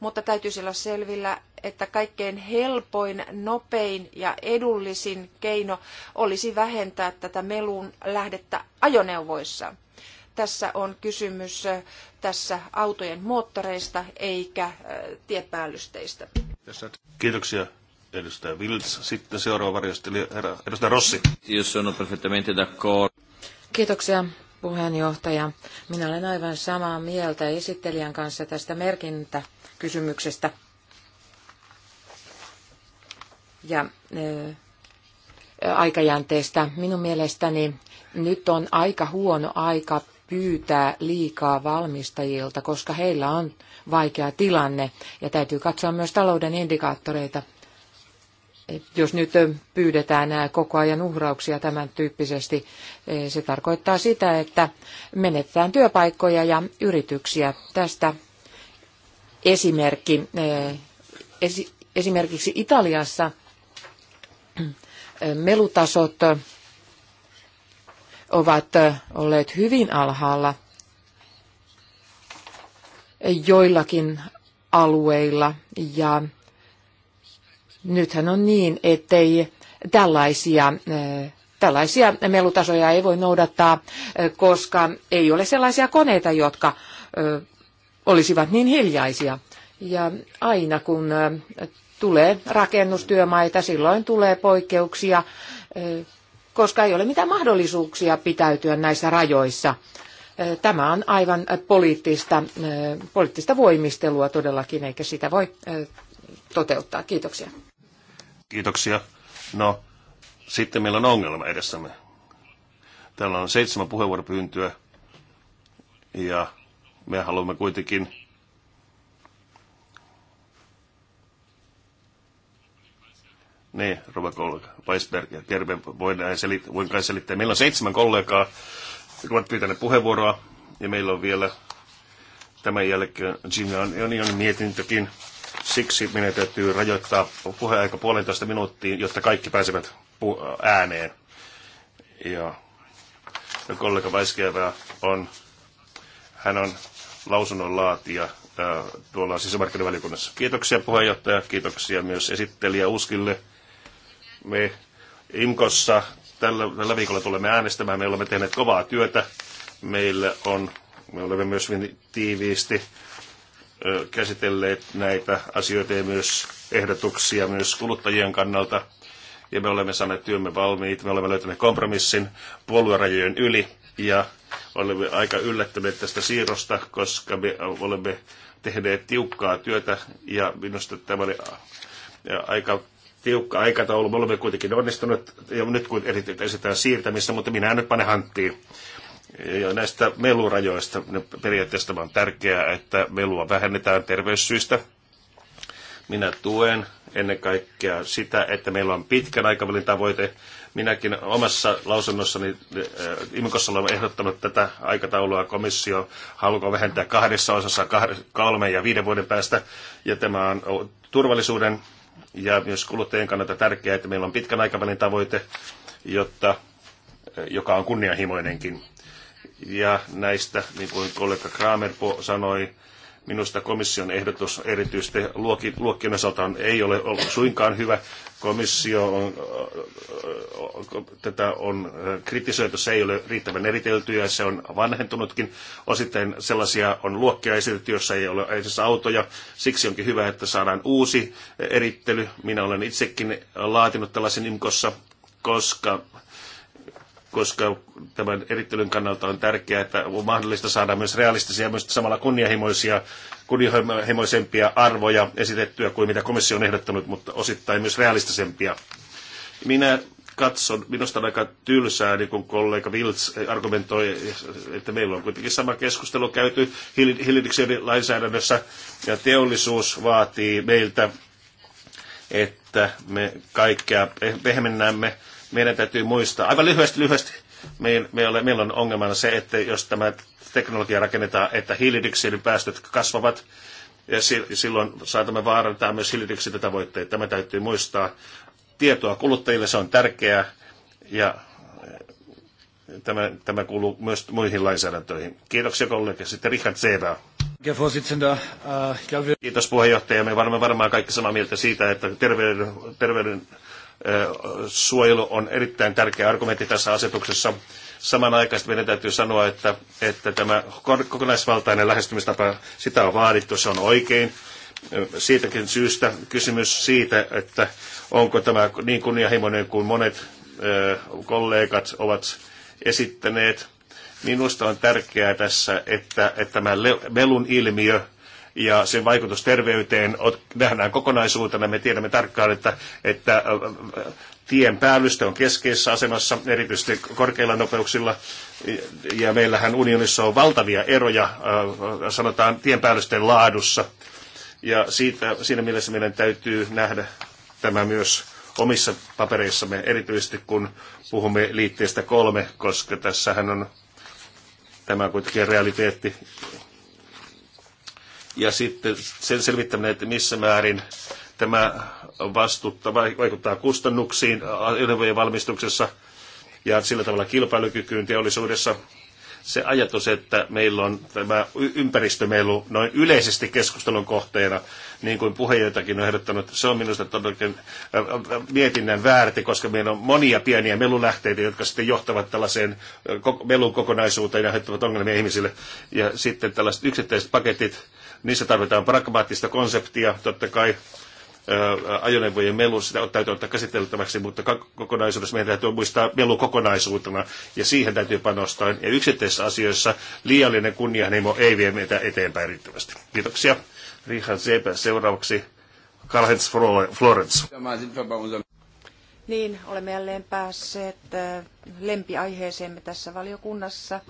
Mutta täytyisi olla selvillä, että kaikkein helpoin, nopein ja edullisin keino olisi vähentää tätä melun lähdettä ajoneuvoissa. Tässä on kysymys tässä autojen moottoreista eikä tiepäällysteistä. Kiitoksia edustaja Vilts. Sitten seuraava varjostelija, edustaja Rossi. perfettamente d'accordo. Kiitoksia puheenjohtaja. Minä olen aivan samaa mieltä esittelijän kanssa tästä merkintäkysymyksestä. Ja aikajänteestä. Minun mielestäni nyt on aika huono aika pyytää liikaa valmistajilta, koska heillä on vaikea tilanne ja täytyy katsoa myös talouden indikaattoreita jos nyt pyydetään koko ajan uhrauksia tämän tyyppisesti, eh, se tarkoittaa sitä, että menetetään työpaikkoja ja yrityksiä. Tästä esimerkki, eh, esimerkiksi Italiassa eh, melutasot ovat olleet hyvin alhaalla joillakin alueilla ja Nythän on niin, ettei tällaisia Tällaisia melutasoja ei voi noudattaa, koska ei ole sellaisia koneita, jotka olisivat niin hiljaisia. Ja aina kun tulee rakennustyömaita, silloin tulee poikkeuksia, koska ei ole mitään mahdollisuuksia pitäytyä näissä rajoissa. Tämä on aivan poliittista, poliittista voimistelua todellakin, eikä sitä voi toteuttaa. Kiitoksia. Kiitoksia. No, sitten meillä on ongelma edessämme. Täällä on seitsemän puheenvuoropyyntöä ja me haluamme kuitenkin Niin, Rova kollega, Weisberg ja Terve, voin, kai selittää. Meillä on seitsemän kollegaa, jotka ovat pyytäneet puheenvuoroa, ja meillä on vielä tämän jälkeen Jimmy Anionin mietintökin. Siksi meidän täytyy rajoittaa puheaika puolentoista minuuttiin, jotta kaikki pääsevät ääneen. Ja, ja kollega Vaiskeivää on, hän on lausunnon laatija tuolla sisämarkkinavälikunnassa. Kiitoksia puheenjohtaja, kiitoksia myös esittelijä Uskille. Me IMKossa tällä, tällä viikolla tulemme äänestämään, me olemme tehneet kovaa työtä. Meillä on, me olemme myös tiiviisti käsitelleet näitä asioita ja myös ehdotuksia myös kuluttajien kannalta. Ja me olemme saaneet työmme valmiit, me olemme löytäneet kompromissin puoluerajojen yli ja olemme aika yllättyneet tästä siirrosta, koska me olemme tehneet tiukkaa työtä ja minusta tämä oli aika tiukka aikataulu. Me olemme kuitenkin onnistuneet ja nyt kun esitetään siirtämistä, mutta minä en nyt pane hanttiin. Ja näistä melurajoista periaatteessa on tärkeää, että melua vähennetään terveyssyistä. Minä tuen ennen kaikkea sitä, että meillä on pitkän aikavälin tavoite. Minäkin omassa lausunnossani äh, IMKossa olen ehdottanut tätä aikataulua. Komissio haluaa vähentää kahdessa osassa kolmen ja viiden vuoden päästä. Ja tämä on turvallisuuden ja myös kuluttajien kannalta tärkeää, että meillä on pitkän aikavälin tavoite, jotta, äh, joka on kunnianhimoinenkin. Ja näistä, niin kuin kollega Kramer sanoi, minusta komission ehdotus erityisesti luokkien osalta ei ole ollut suinkaan hyvä. Komissio on, äh, tätä on äh, kritisoitu, se ei ole riittävän eritelty ja se on vanhentunutkin. Osittain sellaisia on luokkia esitetty, joissa ei ole esimerkiksi autoja. Siksi onkin hyvä, että saadaan uusi erittely. Minä olen itsekin laatinut tällaisen imkossa koska koska tämän erittelyn kannalta on tärkeää, että on mahdollista saada myös realistisia ja myös samalla kunnianhimoisia, kunnianhimoisempia arvoja esitettyä kuin mitä komissio on ehdottanut, mutta osittain myös realistisempia. Minä katson, minusta on aika tylsää, niin kuin kollega Wiltz argumentoi, että meillä on kuitenkin sama keskustelu käyty lainsäädännössä, ja teollisuus vaatii meiltä, että me kaikkea pehmennämme meidän täytyy muistaa, aivan lyhyesti, lyhyesti, meillä, meillä, meillä on ongelmana se, että jos tämä teknologia rakennetaan, että hiilidioksidipäästöt kasvavat, ja silloin saatamme vaarantaa myös hiilidioksiditavoitteet. Tämä täytyy muistaa. Tietoa kuluttajille se on tärkeää, ja eh, tämä, tämä kuuluu myös muihin lainsäädäntöihin. Kiitoksia kollega. Sitten Richard Zebra. Äh, Kiitos puheenjohtaja. Me varmaan varmaan kaikki samaa mieltä siitä, että terveyden, terveyden suojelu on erittäin tärkeä argumentti tässä asetuksessa. Samanaikaisesti meidän täytyy sanoa, että, että tämä kokonaisvaltainen lähestymistapa, sitä on vaadittu, se on oikein. Siitäkin syystä kysymys siitä, että onko tämä niin kunnianhimoinen kuin monet kollegat ovat esittäneet. Minusta on tärkeää tässä, että, että tämä melun ilmiö ja sen vaikutus terveyteen nähdään kokonaisuutena. Me tiedämme tarkkaan, että, että tien päällystö on keskeisessä asemassa, erityisesti korkeilla nopeuksilla. Ja meillähän unionissa on valtavia eroja, sanotaan, tien päällysten laadussa. Ja siitä, siinä mielessä meidän täytyy nähdä tämä myös omissa papereissamme, erityisesti kun puhumme liitteestä kolme, koska tässähän on tämä kuitenkin realiteetti ja sitten sen selvittäminen, että missä määrin tämä vastuutta vaikuttaa kustannuksiin ajoneuvojen valmistuksessa ja sillä tavalla kilpailukykyyn teollisuudessa. Se ajatus, että meillä on tämä ympäristömelu noin yleisesti keskustelun kohteena, niin kuin puheenjohtajakin on ehdottanut, se on minusta todellakin äh, äh, mietinnän väärti, koska meillä on monia pieniä melulähteitä, jotka sitten johtavat tällaiseen äh, melun kokonaisuuteen ja aiheuttavat ongelmia ihmisille. Ja sitten tällaiset yksittäiset paketit, Niissä tarvitaan pragmaattista konseptia, totta kai ajoneuvojen melu, sitä täytyy ottaa käsiteltäväksi, mutta kokonaisuudessa meidän täytyy muistaa melu kokonaisuutena, ja siihen täytyy panostaa. Ja yksittäisissä asioissa liiallinen kunnianhimo ei vie meitä eteenpäin riittävästi. Kiitoksia. Richard Seepä seuraavaksi. Karl-Heinz Florence. Niin, olemme jälleen päässeet lempiaiheeseemme tässä valiokunnassa.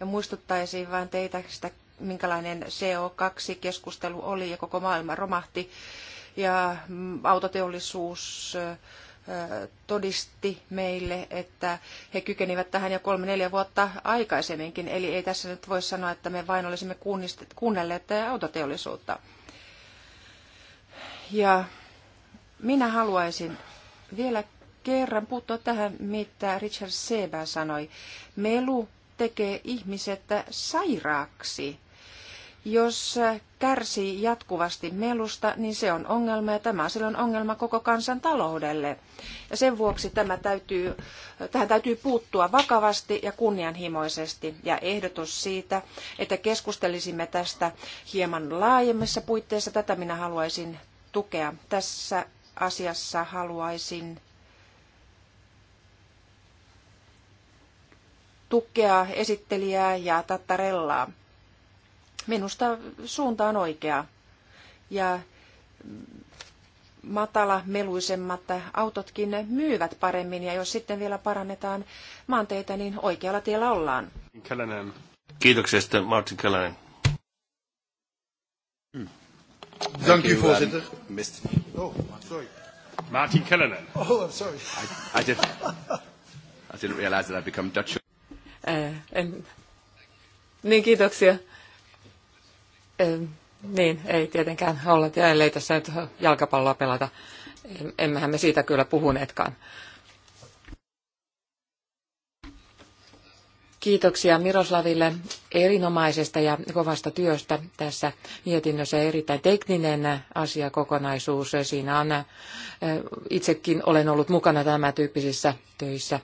Ja muistuttaisin vain teitä sitä minkälainen CO2-keskustelu oli ja koko maailma romahti ja autoteollisuus todisti meille, että he kykenivät tähän jo kolme neljä vuotta aikaisemminkin. Eli ei tässä nyt voi sanoa, että me vain olisimme kuunnelleet autoteollisuutta. Ja minä haluaisin vielä kerran puuttua tähän, mitä Richard Seba sanoi. Melu tekee ihmiset sairaaksi. Jos kärsii jatkuvasti melusta, niin se on ongelma ja tämä on silloin ongelma koko kansan taloudelle. Ja sen vuoksi tämä täytyy, tähän täytyy puuttua vakavasti ja kunnianhimoisesti. Ja ehdotus siitä, että keskustelisimme tästä hieman laajemmissa puitteissa, tätä minä haluaisin tukea. Tässä asiassa haluaisin tukea esittelijää ja Tattarellaa. Minusta suunta on oikea. Ja matala meluisemmat autotkin myyvät paremmin ja jos sitten vielä parannetaan maanteitä, niin oikealla tiellä ollaan. Kälänen. Kiitoksia sitten Martin Kälänen. Mm. Thank you, voorzitter. Mr. Oh, sorry. Martin Kellenen. Oh, I'm sorry. I, I, didn't, I didn't realize that I'd become Dutch. Äh, en, niin, kiitoksia niin, ei tietenkään Hollantia, ellei tässä nyt jalkapalloa pelata. Emmehän me siitä kyllä puhuneetkaan. Kiitoksia Miroslaville erinomaisesta ja kovasta työstä tässä mietinnössä. Erittäin tekninen asiakokonaisuus. Siinä on, itsekin olen ollut mukana tämän tyyppisissä töissä.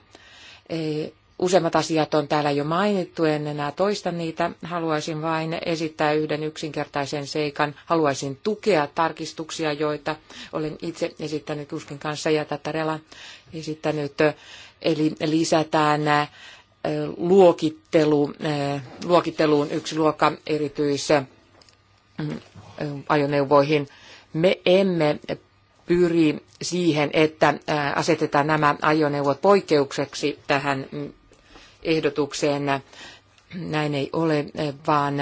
Useimmat asiat on täällä jo mainittu, en enää toista niitä. Haluaisin vain esittää yhden yksinkertaisen seikan. Haluaisin tukea tarkistuksia, joita olen itse esittänyt Uskin kanssa ja Tattarella esittänyt. Eli lisätään äh, luokittelu, äh, luokitteluun yksi luokka erityis äh, ajoneuvoihin. Me emme pyri siihen, että asetetaan nämä ajoneuvot poikkeukseksi tähän ehdotukseen. Näin ei ole, vaan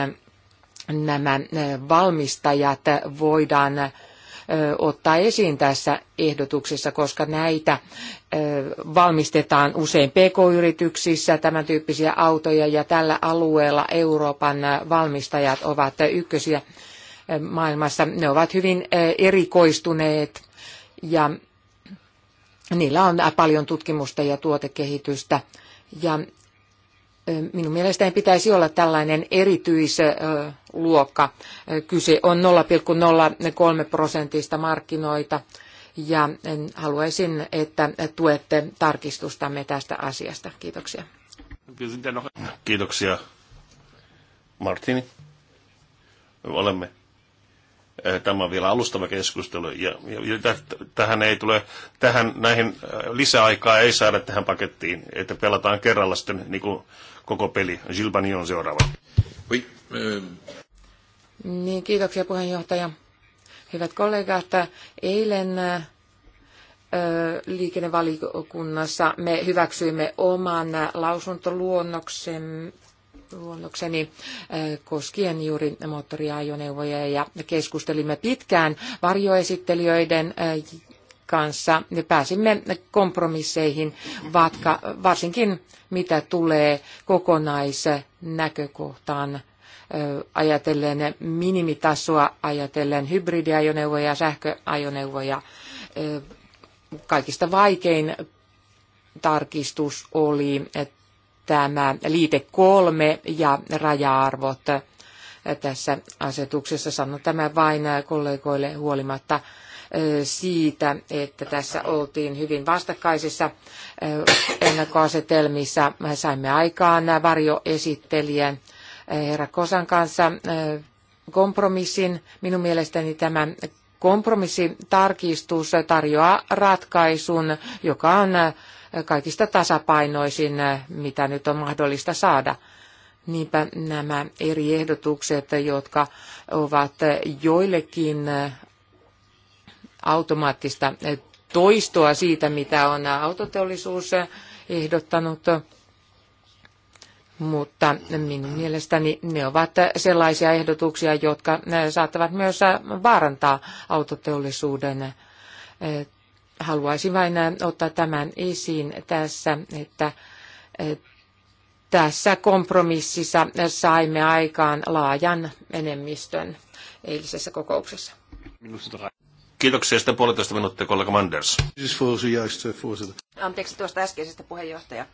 nämä valmistajat voidaan ottaa esiin tässä ehdotuksessa, koska näitä valmistetaan usein pk-yrityksissä, tämän tyyppisiä autoja, ja tällä alueella Euroopan valmistajat ovat ykkösiä maailmassa. Ne ovat hyvin erikoistuneet ja niillä on paljon tutkimusta ja tuotekehitystä. Ja Minun mielestäni pitäisi olla tällainen erityisluokka. Kyse on 0,03 prosentista markkinoita ja haluaisin, että tuette tarkistustamme tästä asiasta. Kiitoksia. Kiitoksia. Martini, olemme Eh, tämä on vielä alustava keskustelu ja, ja tähän ei tule, tähän, näihin äh, lisäaikaa ei saada tähän pakettiin, että pelataan kerralla sitten niin kuin koko peli. Gilbani on seuraava. Oui, euh. Niin, kiitoksia puheenjohtaja. Hyvät kollegat, eilen äh, liikennevaliokunnassa me hyväksyimme oman äh, lausuntoluonnoksen luonnokseni eh, koskien juuri moottoriajoneuvoja ja keskustelimme pitkään varjoesittelijöiden eh, kanssa. Ja pääsimme kompromisseihin, vatka, varsinkin mitä tulee kokonaisnäkökohtaan eh, ajatellen minimitasoa, ajatellen hybridiajoneuvoja ja sähköajoneuvoja. Kaikista vaikein tarkistus oli tämä liite kolme ja raja-arvot tässä asetuksessa. Sanon tämä vain kollegoille huolimatta siitä, että tässä oltiin hyvin vastakkaisissa ennakkoasetelmissa. Saimme aikaan varjoesittelijän herra Kosan kanssa kompromissin. Minun mielestäni tämä kompromissitarkistus tarjoaa ratkaisun, joka on kaikista tasapainoisin, eh, mitä nyt on mahdollista saada. Niinpä nämä eri ehdotukset, jotka ovat joillekin eh, automaattista eh, toistoa siitä, mitä on autoteollisuus ehdottanut, mutta minun mielestäni ne ovat sellaisia ehdotuksia, jotka saattavat myös vaarantaa autoteollisuuden haluaisin vain äh, ottaa tämän esiin tässä, että äh, tässä kompromississa saimme aikaan laajan enemmistön eilisessä kokouksessa. Kiitoksia. Sitten puolitoista minuuttia, kollega Manders. Anteeksi tuosta äskeisestä puheenjohtaja.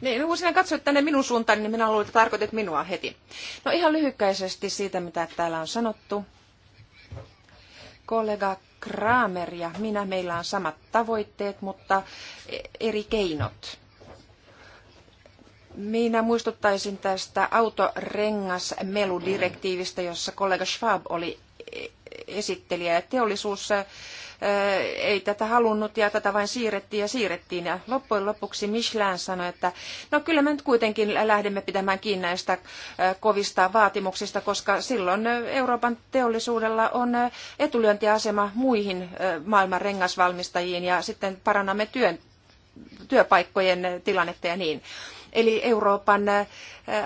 Niin, kun sinä katsoit tänne minun suuntaan, niin minä luulen, että tarkoitit minua heti. No ihan lyhykäisesti siitä, mitä täällä on sanottu kollega Kramer ja minä, meillä on samat tavoitteet, mutta eri keinot. Minä muistuttaisin tästä autorengasmeludirektiivistä, jossa kollega Schwab oli esittelijä. että teollisuus ei tätä halunnut ja tätä vain siirrettiin ja siirrettiin. Ja loppujen lopuksi Michelin sanoi, että no kyllä me nyt kuitenkin lähdemme pitämään kiinni näistä kovista vaatimuksista, koska silloin Euroopan teollisuudella on etulyöntiasema muihin maailman rengasvalmistajiin ja sitten parannamme työn, työpaikkojen tilannetta ja niin. Eli Euroopan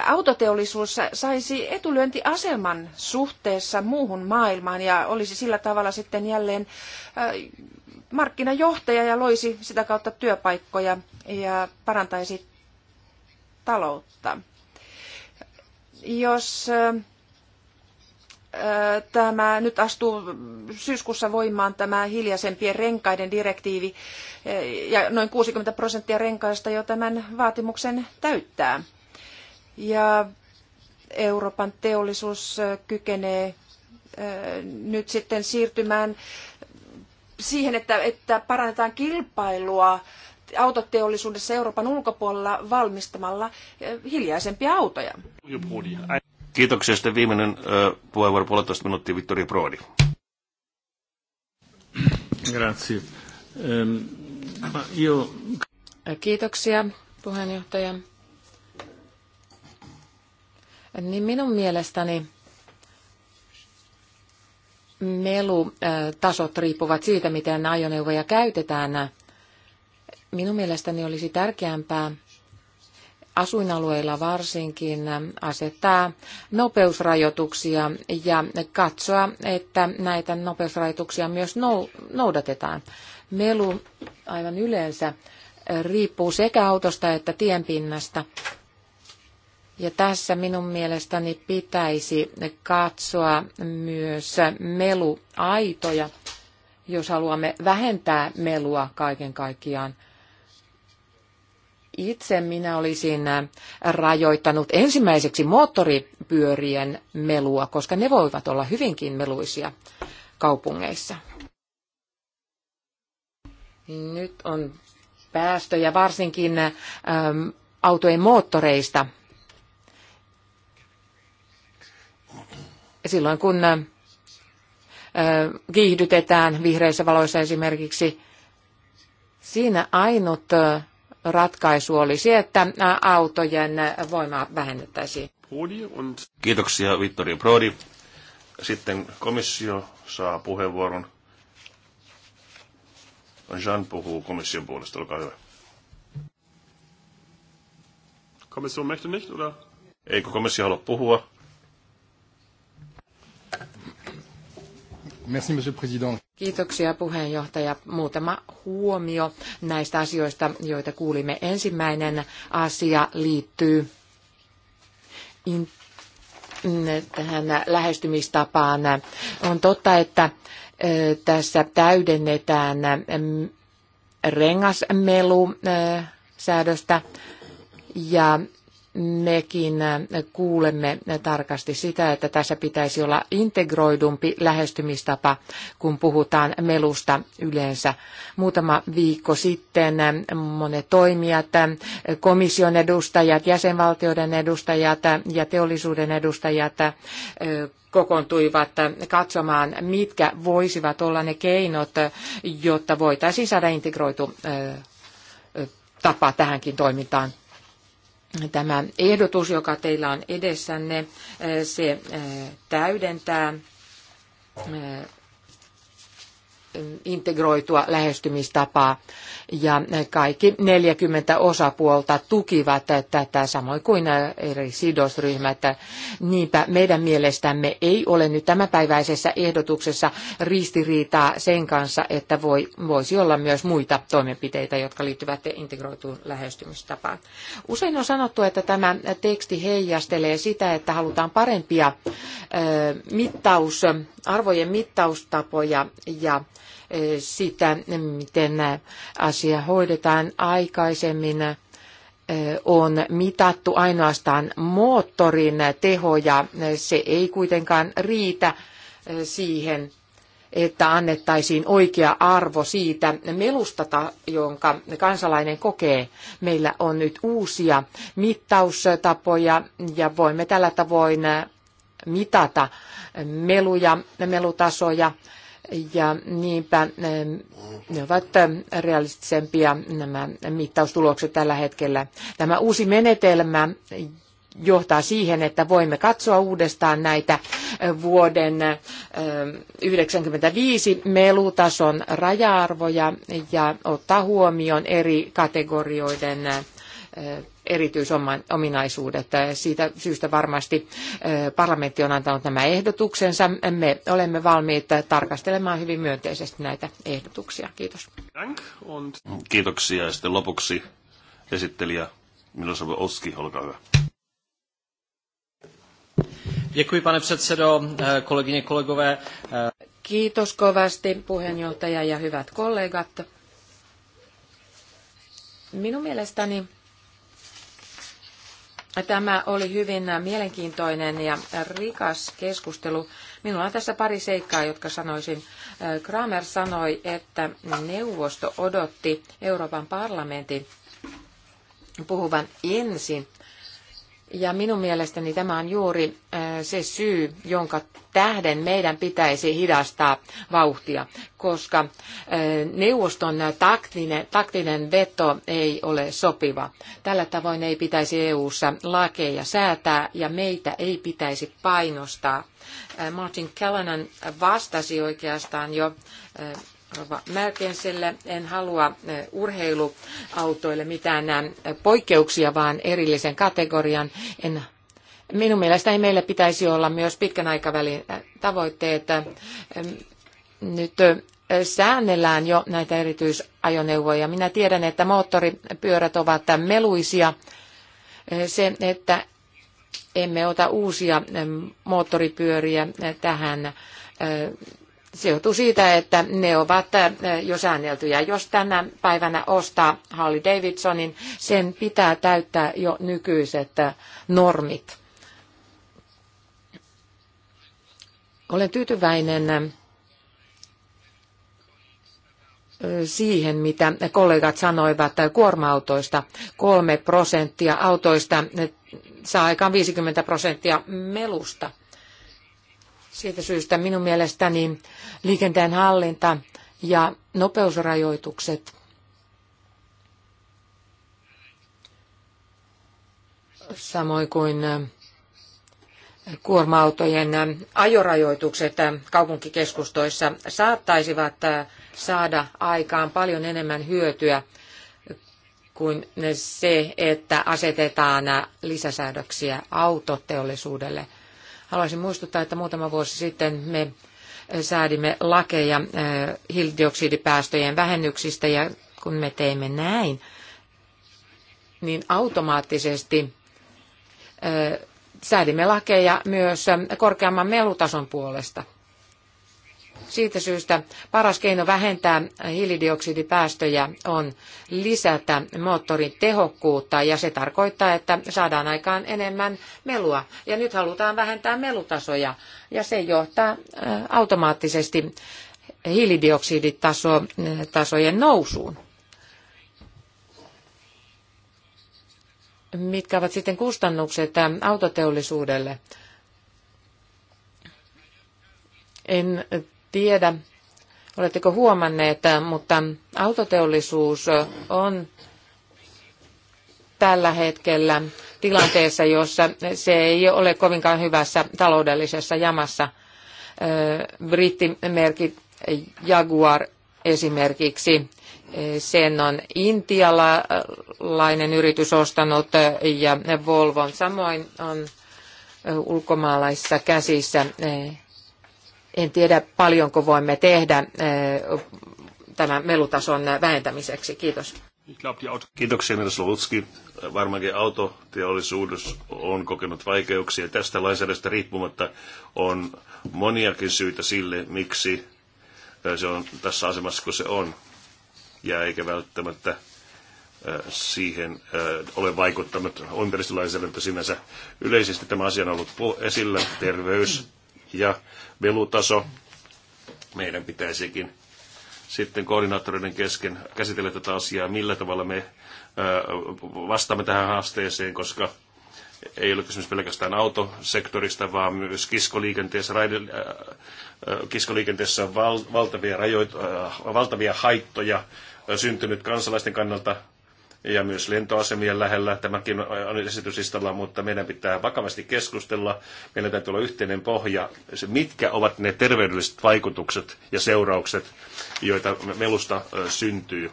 autoteollisuus saisi etulyöntiaseman suhteessa muuhun maailmaan ja olisi sillä tavalla sitten jälleen markkinajohtaja ja loisi sitä kautta työpaikkoja ja parantaisi taloutta. Jos tämä nyt astuu syyskuussa voimaan tämä hiljaisempien renkaiden direktiivi eh, ja noin 60 prosenttia renkaista jo tämän vaatimuksen täyttää. Ja Euroopan teollisuus eh, kykenee eh, nyt sitten siirtymään siihen, että, että parannetaan kilpailua autoteollisuudessa Euroopan ulkopuolella valmistamalla hiljaisempia autoja. Kiitoksia. Sitten viimeinen puheenvuoro, puolitoista minuuttia, Vittori Proodi. Grazie. Ehm, io... Kiitoksia, puheenjohtaja. Niin minun mielestäni melutasot riippuvat siitä, miten ajoneuvoja käytetään. Minun mielestäni olisi tärkeämpää asuinalueilla varsinkin asettaa nopeusrajoituksia ja katsoa, että näitä nopeusrajoituksia myös noudatetaan. Melu aivan yleensä riippuu sekä autosta että tienpinnasta. Ja tässä minun mielestäni pitäisi katsoa myös meluaitoja, jos haluamme vähentää melua kaiken kaikkiaan – itse minä olisin äh, rajoittanut ensimmäiseksi moottoripyörien melua, koska ne voivat olla hyvinkin meluisia kaupungeissa. Nyt on päästöjä varsinkin äm, autojen moottoreista. Silloin kun ä, äh, kiihdytetään vihreissä valoissa esimerkiksi, siinä ainut ä, äh, ratkaisu olisi, että autojen voimaa vähennettäisiin. Kiitoksia Vittorio Prodi. Sitten komissio saa puheenvuoron. Jean puhuu komission puolesta, olkaa hyvä. Komissio möchte nicht, oder? Eikö komissio halua puhua? Merci, monsieur président. Kiitoksia puheenjohtaja. Muutama huomio näistä asioista, joita kuulimme. Ensimmäinen asia liittyy tähän lähestymistapaan. On totta, että tässä täydennetään rengasmelu säädöstä ja mekin kuulemme tarkasti sitä, että tässä pitäisi olla integroidumpi lähestymistapa, kun puhutaan melusta yleensä. Muutama viikko sitten monet toimijat, komission edustajat, jäsenvaltioiden edustajat ja teollisuuden edustajat kokoontuivat katsomaan, mitkä voisivat olla ne keinot, jotta voitaisiin saada integroitu tapa tähänkin toimintaan tämä ehdotus, joka teillä on edessänne, eh, se eh, täydentää eh, integroitua lähestymistapaa ja kaikki 40 osapuolta tukivat tätä, samoin kuin eri sidosryhmät. Niinpä meidän mielestämme ei ole nyt tämänpäiväisessä ehdotuksessa ristiriitaa sen kanssa, että voi, voisi olla myös muita toimenpiteitä, jotka liittyvät integroituun lähestymistapaan. Usein on sanottu, että tämä teksti heijastelee sitä, että halutaan parempia mittaus, arvojen mittaustapoja ja Eh, sitä, miten asia hoidetaan aikaisemmin. Eh, on mitattu ainoastaan moottorin tehoja. Se ei kuitenkaan riitä eh, siihen, että annettaisiin oikea arvo siitä melustata, jonka kansalainen kokee. Meillä on nyt uusia mittaustapoja ja voimme tällä tavoin mitata meluja, melutasoja ja niinpä ne ovat realistisempia nämä mittaustulokset tällä hetkellä. Tämä uusi menetelmä johtaa siihen, että voimme katsoa uudestaan näitä vuoden 1995 melutason raja-arvoja ja ottaa huomioon eri kategorioiden erityisominaisuudet. Siitä syystä varmasti eh, parlamentti on antanut nämä ehdotuksensa. Me olemme valmiit tarkastelemaan hyvin myönteisesti näitä ehdotuksia. Kiitos. Kiitoksia. Ja sitten lopuksi esittelijä Milosav Oski, olkaa hyvä. Děkuji, pane předsedo, eh, kolegyně, kolegové. Eh, Kiitos kovasti puheenjohtaja ja hyvät kollegat. Minun mielestäni Tämä oli hyvin mielenkiintoinen ja rikas keskustelu. Minulla on tässä pari seikkaa, jotka sanoisin. Kramer sanoi, että neuvosto odotti Euroopan parlamentin puhuvan ensin ja minun mielestäni tämä on juuri äh, se syy, jonka tähden meidän pitäisi hidastaa vauhtia, koska äh, neuvoston taktinen, taktinen veto ei ole sopiva. Tällä tavoin ei pitäisi EU-ssa lakeja säätää ja meitä ei pitäisi painostaa. Äh, Martin Callanan vastasi oikeastaan jo Rova Märkenselle. En halua urheiluautoille mitään poikkeuksia, vaan erillisen kategorian. En Minun mielestäni meillä pitäisi olla myös pitkän aikavälin tavoitteet. Nyt säännellään jo näitä erityisajoneuvoja. Minä tiedän, että moottoripyörät ovat meluisia. Se, että emme ota uusia moottoripyöriä tähän se johtuu siitä, että ne ovat äh, jo säänneltyjä. Jos tänä päivänä ostaa Harley Davidsonin, sen pitää täyttää jo nykyiset äh, normit. Olen tyytyväinen äh, siihen, mitä kollegat sanoivat kuorma-autoista. Kolme prosenttia autoista saa aikaan 50 prosenttia melusta. Siitä syystä minun mielestäni liikenteen hallinta ja nopeusrajoitukset samoin kuin äh, kuorma-autojen äh, ajorajoitukset äh, kaupunkikeskustoissa saattaisivat saada aikaan paljon enemmän hyötyä kuin se, että asetetaan lisäsäädöksiä autoteollisuudelle. Haluaisin muistuttaa, että muutama vuosi sitten me eh, säädimme lakeja eh, hiilidioksidipäästöjen vähennyksistä ja kun me teimme näin, niin automaattisesti eh, säädimme lakeja myös korkeamman melutason puolesta – siitä syystä paras keino vähentää hiilidioksidipäästöjä on lisätä moottorin tehokkuutta ja se tarkoittaa, että saadaan aikaan enemmän melua. Ja nyt halutaan vähentää melutasoja ja se johtaa äh, automaattisesti hiilidioksiditasojen äh, nousuun. Mitkä ovat sitten kustannukset äh, autoteollisuudelle? En tiedä, oletteko huomanneet, mutta autoteollisuus on tällä hetkellä tilanteessa, jossa se ei ole kovinkaan hyvässä taloudellisessa jamassa. Brittimerkki Jaguar esimerkiksi, e, sen on intialainen yritys ostanut e, ja Volvon samoin on e, ulkomaalaisissa käsissä. En tiedä paljonko voimme tehdä eh, tämän melutason vähentämiseksi. Kiitos. Kiitoksia, Mira Slovutski. Varmaankin autoteollisuus on kokenut vaikeuksia. Tästä lainsäädännöstä riippumatta on moniakin syitä sille, miksi eh, se on tässä asemassa kun se on. Ja eikä välttämättä eh, siihen ole vaikuttanut ympäristölainsäädäntö sinänsä. Yleisesti tämä asia on ollut esillä, terveys ja velutaso. Meidän pitäisikin sitten koordinaattoreiden kesken käsitellä tätä asiaa, millä tavalla me vastaamme tähän haasteeseen, koska ei ole kysymys pelkästään autosektorista, vaan myös kiskoliikenteessä, raide, äh, kiskoliikenteessä on val, valtavia, rajoit, äh, valtavia haittoja syntynyt kansalaisten kannalta ja myös lentoasemien lähellä. Tämäkin on esityslistalla, mutta meidän pitää vakavasti keskustella. Meillä täytyy olla yhteinen pohja, mitkä ovat ne terveydelliset vaikutukset ja seuraukset, joita melusta syntyy.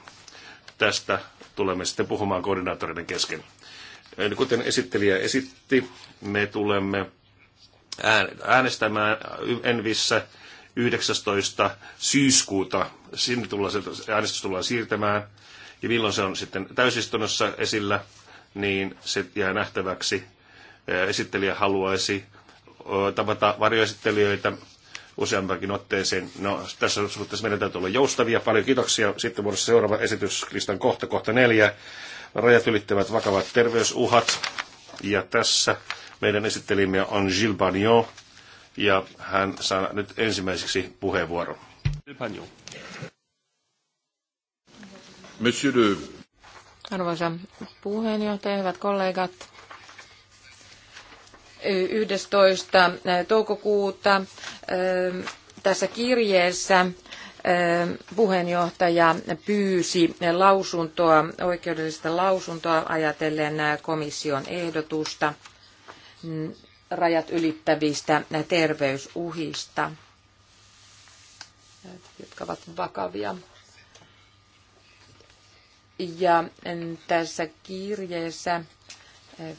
Tästä tulemme sitten puhumaan koordinaattoreiden kesken. Kuten esittelijä esitti, me tulemme äänestämään Envissä 19. syyskuuta. Sinne tullaan, äänestys tullaan siirtämään ja milloin se on sitten täysistunnossa esillä, niin se jää nähtäväksi. Esittelijä haluaisi tavata varjoesittelijöitä useampakin otteeseen. No, tässä suhteessa meidän täytyy olla joustavia. Paljon kiitoksia. Sitten vuorossa seuraava esitys, listan kohta, kohta neljä. Rajat ylittävät vakavat terveysuhat. Ja tässä meidän esittelimme on Gilles Bagnon, ja hän saa nyt ensimmäiseksi puheenvuoron. Bagnon. Monsieur le... Arvoisa puheenjohtaja, hyvät kollegat. 11. toukokuuta tässä kirjeessä puheenjohtaja pyysi lausuntoa, oikeudellista lausuntoa ajatellen komission ehdotusta mm, rajat ylittävistä terveysuhista, jotka ovat vakavia ja tässä kirjeessä eh,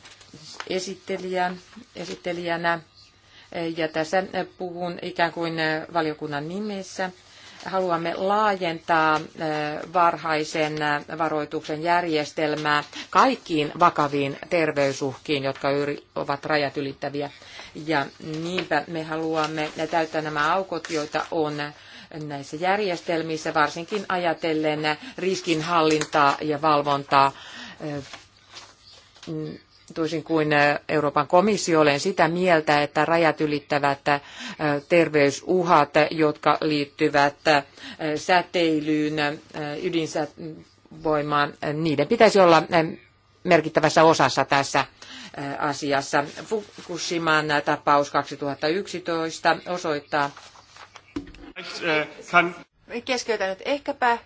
esittelijän, esittelijänä, eh, ja tässä eh, puhun ikään kuin valiokunnan nimessä, haluamme laajentaa varhaisen varoituksen järjestelmää kaikkiin vakaviin terveysuhkiin, jotka ovat rajat ylittäviä. Ja niinpä me haluamme täyttää nämä aukot, joita on näissä järjestelmissä, varsinkin ajatellen riskinhallintaa ja valvontaa. Toisin kuin Euroopan komissio, olen sitä mieltä, että rajat ylittävät terveysuhat, jotka liittyvät säteilyyn, ydinvoimaan, niiden pitäisi olla merkittävässä osassa tässä asiassa. Fukushiman tapaus 2011 osoittaa, Äh, keskeytän nyt. Ehkäpä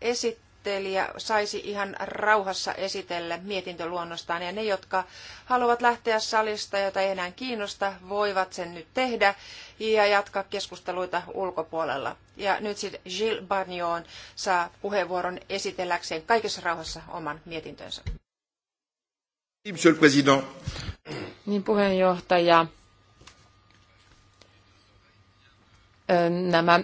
esittelijä saisi ihan rauhassa esitellä mietintöluonnostaan ja ne, jotka haluavat lähteä salista, jota ei enää kiinnosta, voivat sen nyt tehdä ja jatkaa keskusteluita ulkopuolella. Ja nyt sitten Gilles Barnion saa puheenvuoron esitelläkseen kaikessa rauhassa oman mietintönsä. Monsieur le Président. Niin puheenjohtaja, nämä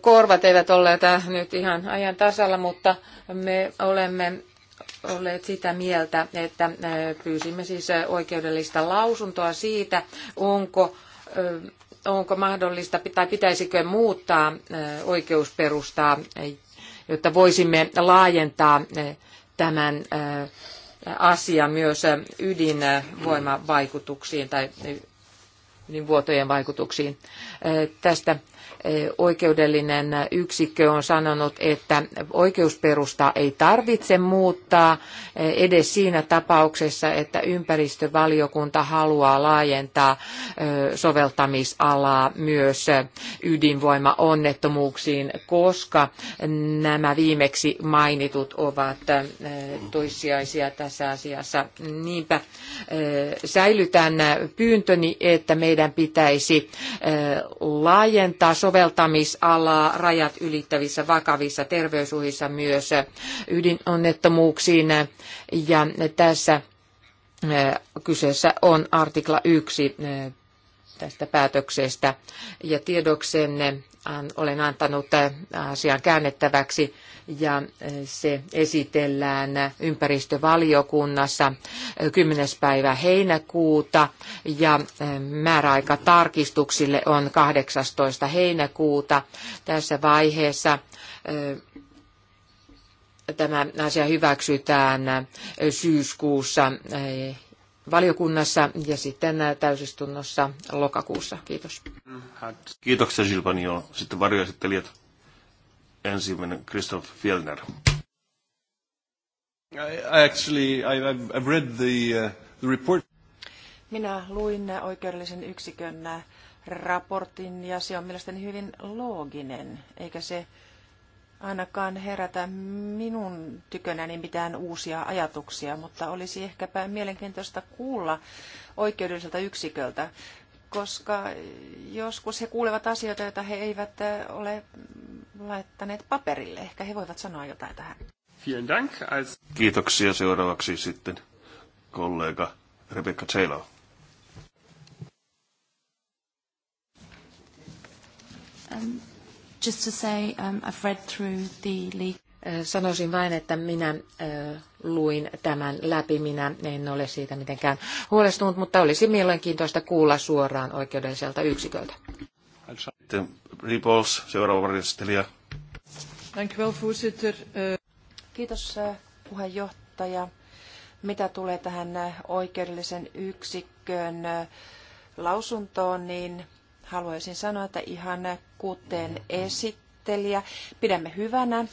korvat eivät olleet äh, nyt ihan ajan tasalla, mutta me olemme olleet sitä mieltä, että pyysimme siis oikeudellista lausuntoa siitä, onko, onko mahdollista tai pitäisikö muuttaa oikeusperustaa, jotta voisimme laajentaa tämän asian myös ydinvoimavaikutuksiin tai ydinvuotojen niin vaikutuksiin. Tästä oikeudellinen yksikkö on sanonut, että oikeusperusta ei tarvitse muuttaa edes siinä tapauksessa, että ympäristövaliokunta haluaa laajentaa soveltamisalaa myös ydinvoimaonnettomuuksiin, koska nämä viimeksi mainitut ovat toissijaisia tässä asiassa. Niinpä säilytän pyyntöni, että meidän pitäisi laajentaa soveltamisalaa soveltamisalaa rajat ylittävissä vakavissa terveysuhissa myös ydinonnettomuuksiin. Ja tässä eh, kyseessä on artikla 1 tästä päätöksestä. Ja tiedoksenne olen antanut äh, asian käännettäväksi ja äh, se esitellään ympäristövaliokunnassa 10. Äh, päivä heinäkuuta ja määräaika tarkistuksille on 18. heinäkuuta. Tässä vaiheessa tämä asia hyväksytään syyskuussa valiokunnassa ja sitten äh, täysistunnossa lokakuussa. Kiitos. Kiitoksia Silvanio. Sitten varjoesittelijät. Ensimmäinen Christoph Fjellner. I actually, I've read the, uh, the report. Minä luin oikeudellisen yksikön äh, raportin ja se on mielestäni hyvin looginen, eikä se ainakaan herätä minun tykönäni mitään uusia ajatuksia, mutta olisi ehkäpä mielenkiintoista kuulla oikeudelliselta yksiköltä, koska joskus he kuulevat asioita, joita he eivät äh, ole laittaneet paperille. Ehkä he voivat sanoa jotain tähän. Kiitoksia. Seuraavaksi sitten kollega Rebecca Taylor. Um just to say, um, I've read through the Sanoisin vain, että minä luin tämän läpi. Minä en ole siitä mitenkään huolestunut, mutta olisi mielenkiintoista kuulla suoraan oikeudelliselta yksiköltä. Ripols, seuraava varjostelija. Kiitos puheenjohtaja. Mitä tulee tähän oikeudellisen yksikön lausuntoon, niin haluaisin sanoa, että ihan kuten esittelijä, pidämme hyvänä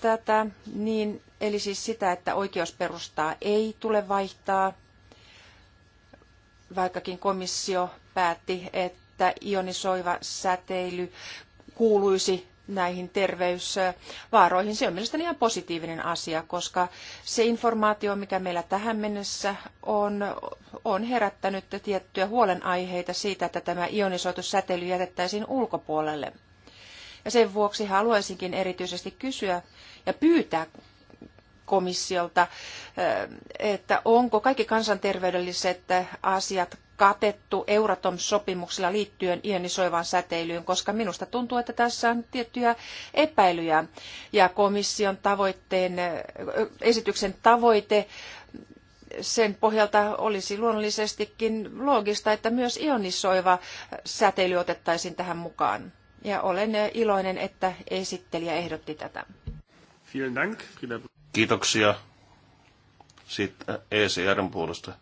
tätä, niin, eli siis sitä, että oikeusperustaa ei tule vaihtaa, vaikkakin komissio päätti, että ionisoiva säteily kuuluisi näihin terveysvaaroihin. Se on mielestäni ihan positiivinen asia, koska se informaatio, mikä meillä tähän mennessä on, on herättänyt tiettyjä huolenaiheita siitä, että tämä ionisoitu säteily jätettäisiin ulkopuolelle. Ja sen vuoksi haluaisinkin erityisesti kysyä ja pyytää komissiolta, että onko kaikki kansanterveydelliset asiat katettu Euratom-sopimuksella liittyen ionisoivaan säteilyyn, koska minusta tuntuu, että tässä on tiettyjä epäilyjä. Ja komission tavoitteen, esityksen tavoite sen pohjalta olisi luonnollisestikin loogista, että myös ionisoiva säteily otettaisiin tähän mukaan. Ja olen iloinen, että esittelijä ehdotti tätä. Kiitoksia. Sitten äh, ECRn puolesta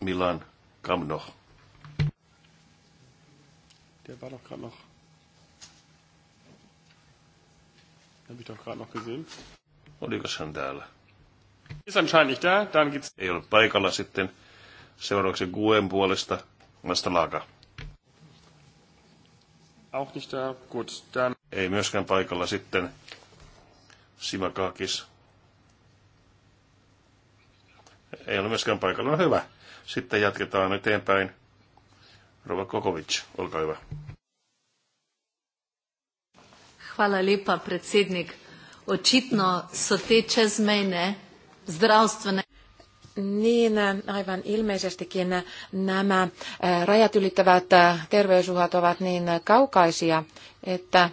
Milan Kamnoch. Der war doch gerade noch. Habe ich doch gerade noch gesehen. Oliko hän täällä? Ist anscheinend nicht da, dann gibt's... Ei ole paikalla sitten. Seuraavaksi Guen puolesta Mastalaaka. Auch nicht da, gut, dann... Ei myöskään paikalla sitten Simakakis. Ei ole myöskään paikalla, no hyvä. Sitten jatketaan eteenpäin. Rova Kokovic, olkaa hyvä. Hvala lepa, predsednik. Očitno so te čezmejne zdravstvene... Niin, aivan ilmeisestikin nämä eh, rajat ylittävät eh, terveysuhat ovat niin kaukaisia, että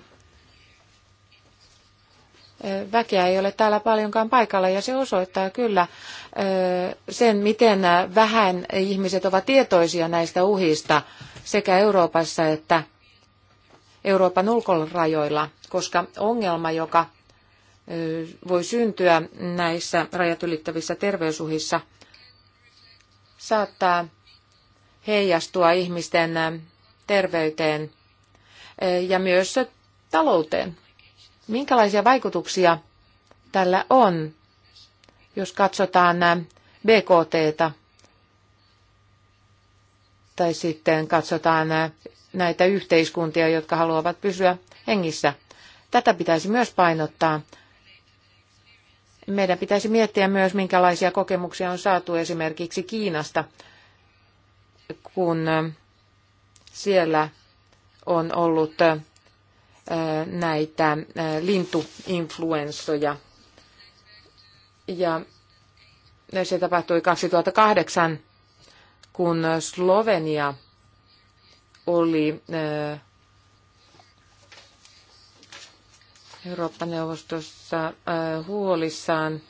väkeä ei ole täällä paljonkaan paikalla ja se osoittaa kyllä sen, miten vähän ihmiset ovat tietoisia näistä uhista sekä Euroopassa että Euroopan ulkorajoilla, koska ongelma, joka voi syntyä näissä rajat ylittävissä terveysuhissa, saattaa heijastua ihmisten terveyteen ja myös talouteen minkälaisia vaikutuksia tällä on, jos katsotaan äh, BKT tai sitten katsotaan äh, näitä yhteiskuntia, jotka haluavat pysyä hengissä. Tätä pitäisi myös painottaa. Meidän pitäisi miettiä myös, minkälaisia kokemuksia on saatu esimerkiksi Kiinasta, kun äh, siellä on ollut näitä lintuinfluenssoja. Ja se tapahtui 2008, kun Slovenia oli Eurooppa-neuvostossa huolissaan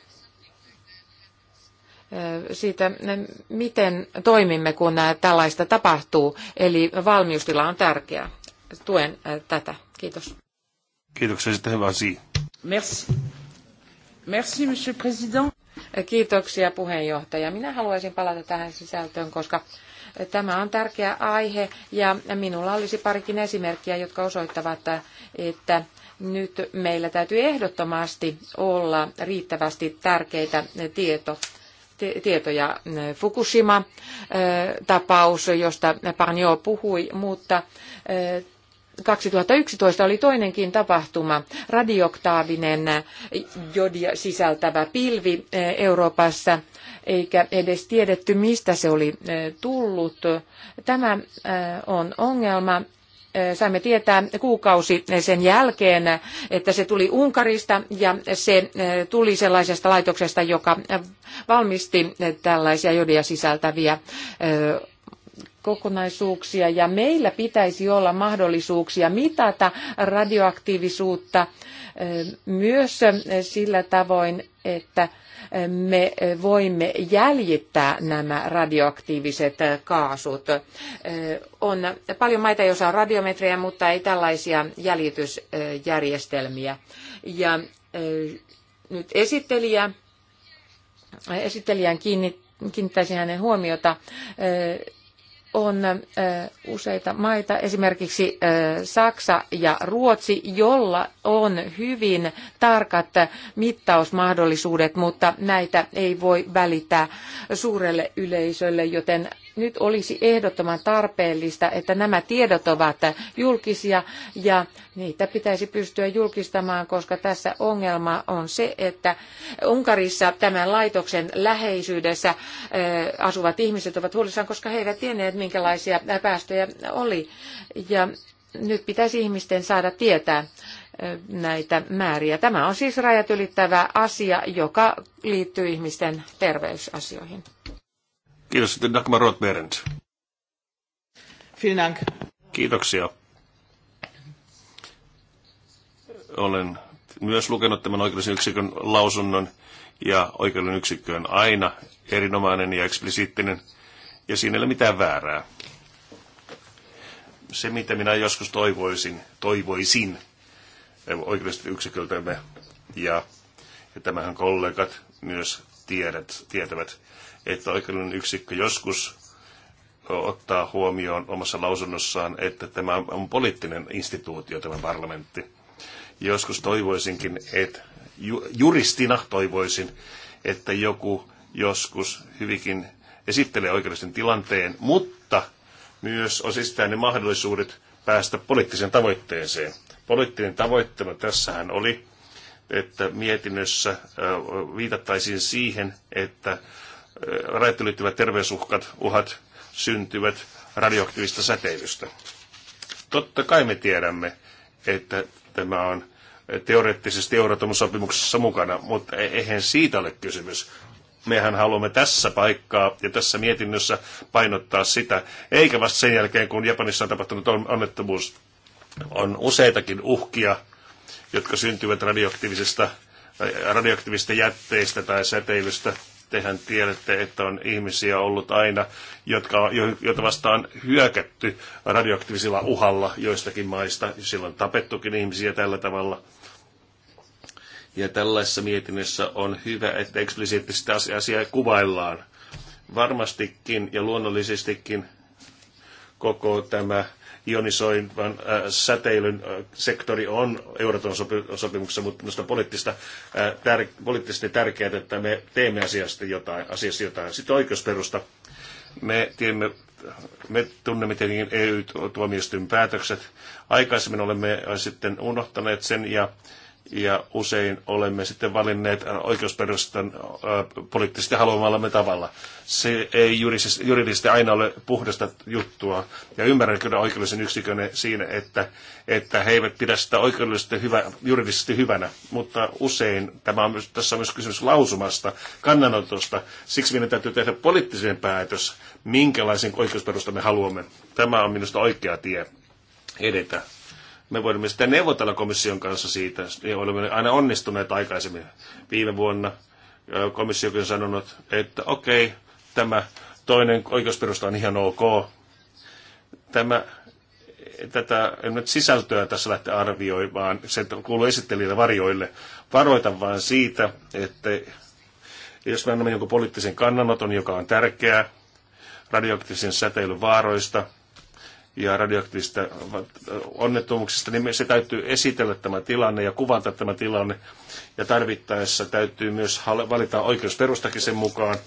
siitä, miten toimimme, kun tällaista tapahtuu. Eli valmiustila on tärkeä. Tuen tätä. Kiitos. Kiitoksia sitten hyvä si. Merci. Merci, monsieur président. Kiitoksia puheenjohtaja. Minä haluaisin palata tähän sisältöön, koska tämä on tärkeä aihe ja minulla olisi parikin esimerkkiä, jotka osoittavat, että nyt meillä täytyy ehdottomasti olla riittävästi tärkeitä tieto, tietoja. Fukushima-tapaus, josta Parnio puhui, mutta 2011 oli toinenkin tapahtuma, radioaktaavinen jodia sisältävä pilvi eh, Euroopassa, eikä edes tiedetty, mistä se oli eh, tullut. Tämä eh, on ongelma. Saimme tietää kuukausi sen jälkeen, että se tuli Unkarista ja se tuli sellaisesta laitoksesta, joka valmisti tällaisia jodia sisältäviä kokonaisuuksia ja meillä pitäisi olla mahdollisuuksia mitata radioaktiivisuutta myös sillä tavoin, että me voimme jäljittää nämä radioaktiiviset kaasut. On paljon maita, joissa on radiometrejä, mutta ei tällaisia jäljitysjärjestelmiä. Ja nyt esittelijä, esittelijän kiinnittäisi hänen huomiota on useita maita, esimerkiksi Saksa ja Ruotsi, jolla on hyvin tarkat mittausmahdollisuudet, mutta näitä ei voi välittää suurelle yleisölle, joten nyt olisi ehdottoman tarpeellista, että nämä tiedot ovat julkisia ja niitä pitäisi pystyä julkistamaan, koska tässä ongelma on se, että Unkarissa tämän laitoksen läheisyydessä eh, asuvat ihmiset ovat huolissaan, koska he eivät tienneet, minkälaisia päästöjä oli. Ja nyt pitäisi ihmisten saada tietää näitä määriä. Tämä on siis rajat ylittävä asia, joka liittyy ihmisten terveysasioihin. Kiitos sitten Dagmar Rothberend. Kiitoksia. Olen myös lukenut tämän oikeudellisen yksikön lausunnon ja oikeuden yksikkö on aina erinomainen ja eksplisiittinen ja siinä ei ole mitään väärää. Se, mitä minä joskus toivoisin, toivoisin, oikeudelliselta yksiköltämme. Ja, ja tämähän kollegat myös tiedät, tietävät, että oikeudellinen yksikkö joskus ottaa huomioon omassa lausunnossaan, että tämä on poliittinen instituutio, tämä parlamentti. Joskus toivoisinkin, että juristina toivoisin, että joku joskus hyvinkin esittelee oikeudellisen tilanteen, mutta myös osittain ne mahdollisuudet päästä poliittiseen tavoitteeseen poliittinen tavoittelu tässähän oli, että mietinnössä viitattaisiin siihen, että rajat ylittävät terveysuhkat, uhat syntyvät radioaktiivista säteilystä. Totta kai me tiedämme, että tämä on teoreettisesti Euratom-sopimuksessa mukana, mutta e-, eihän siitä ole kysymys. Mehän haluamme tässä paikkaa ja tässä mietinnössä painottaa sitä, eikä vasta sen jälkeen, kun Japanissa on tapahtunut onnettomuus on useitakin uhkia, jotka syntyvät radioaktiivisesta, äh, radioaktiivisista jätteistä tai säteilystä. Tehän tiedätte, että on ihmisiä ollut aina, jotka, joita vastaan hyökätty radioaktiivisilla uhalla joistakin maista. Silloin tapettukin ihmisiä tällä tavalla. Ja tällaisessa mietinnössä on hyvä, että eksplisiittisesti asiaa kuvaillaan. Varmastikin ja luonnollisestikin koko tämä ionisoivan äh, säteilyn äh, sektori on Euraton sopimuksessa, mutta minusta on poliittista, äh, tär, poliittisesti tärkeää, että me teemme asiasta jotain, asiasta jotain. Sitten oikeusperusta. Me, tiemme, me tunnemme tietenkin EU-tuomioistuimen päätökset. Aikaisemmin olemme sitten unohtaneet sen ja ja usein olemme sitten valinneet oikeusperustan äh, poliittisesti haluamallamme tavalla. Se ei juridisesti aina ole puhdasta juttua, ja ymmärrän kyllä oikeudellisen yksikön siinä, että, että he eivät pidä sitä oikeudellisesti hyvä, juridisesti hyvänä, mutta usein tämä on myös, tässä on myös kysymys lausumasta, kannanotosta, siksi meidän täytyy tehdä poliittisen päätös, minkälaisen oikeusperustan me haluamme. Tämä on minusta oikea tie edetä me voimme sitten neuvotella komission kanssa siitä, ja olemme aina onnistuneet aikaisemmin. Viime vuonna komissiokin on sanonut, että okei, okay, tämä toinen oikeusperusta on ihan ok. Tämä, tätä en nyt sisältöä tässä lähteä arvioimaan, se kuuluu esittelijöille varjoille. Varoitan vain siitä, että jos me annamme jonkun poliittisen kannanoton, joka on tärkeää radioaktiivisen säteilyn vaaroista, ja radioaktiivisista äh, onnettomuuksista, niin se täytyy esitellä tämä tilanne ja kuvata tämä tilanne. Ja tarvittaessa täytyy myös valita oikeusperustakin sen mukaan.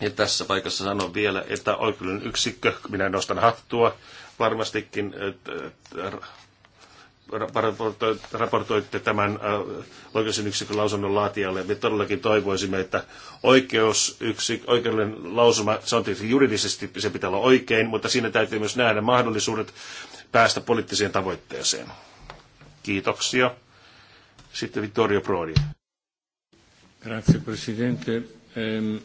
Ja tässä paikassa sanon vielä, että oikeuden yksikkö, minä nostan hattua, varmastikin raportoitte tämän äh, oikeusyksikön lausunnon laatijalle. Me todellakin toivoisimme, että yksi, oikeudellinen lausuma, se on tietysti juridisesti, se pitää olla oikein, mutta siinä täytyy myös nähdä mahdollisuudet päästä poliittiseen tavoitteeseen. Kiitoksia. Sitten Vittorio Prodi. Grazie, Presidente. Ehm,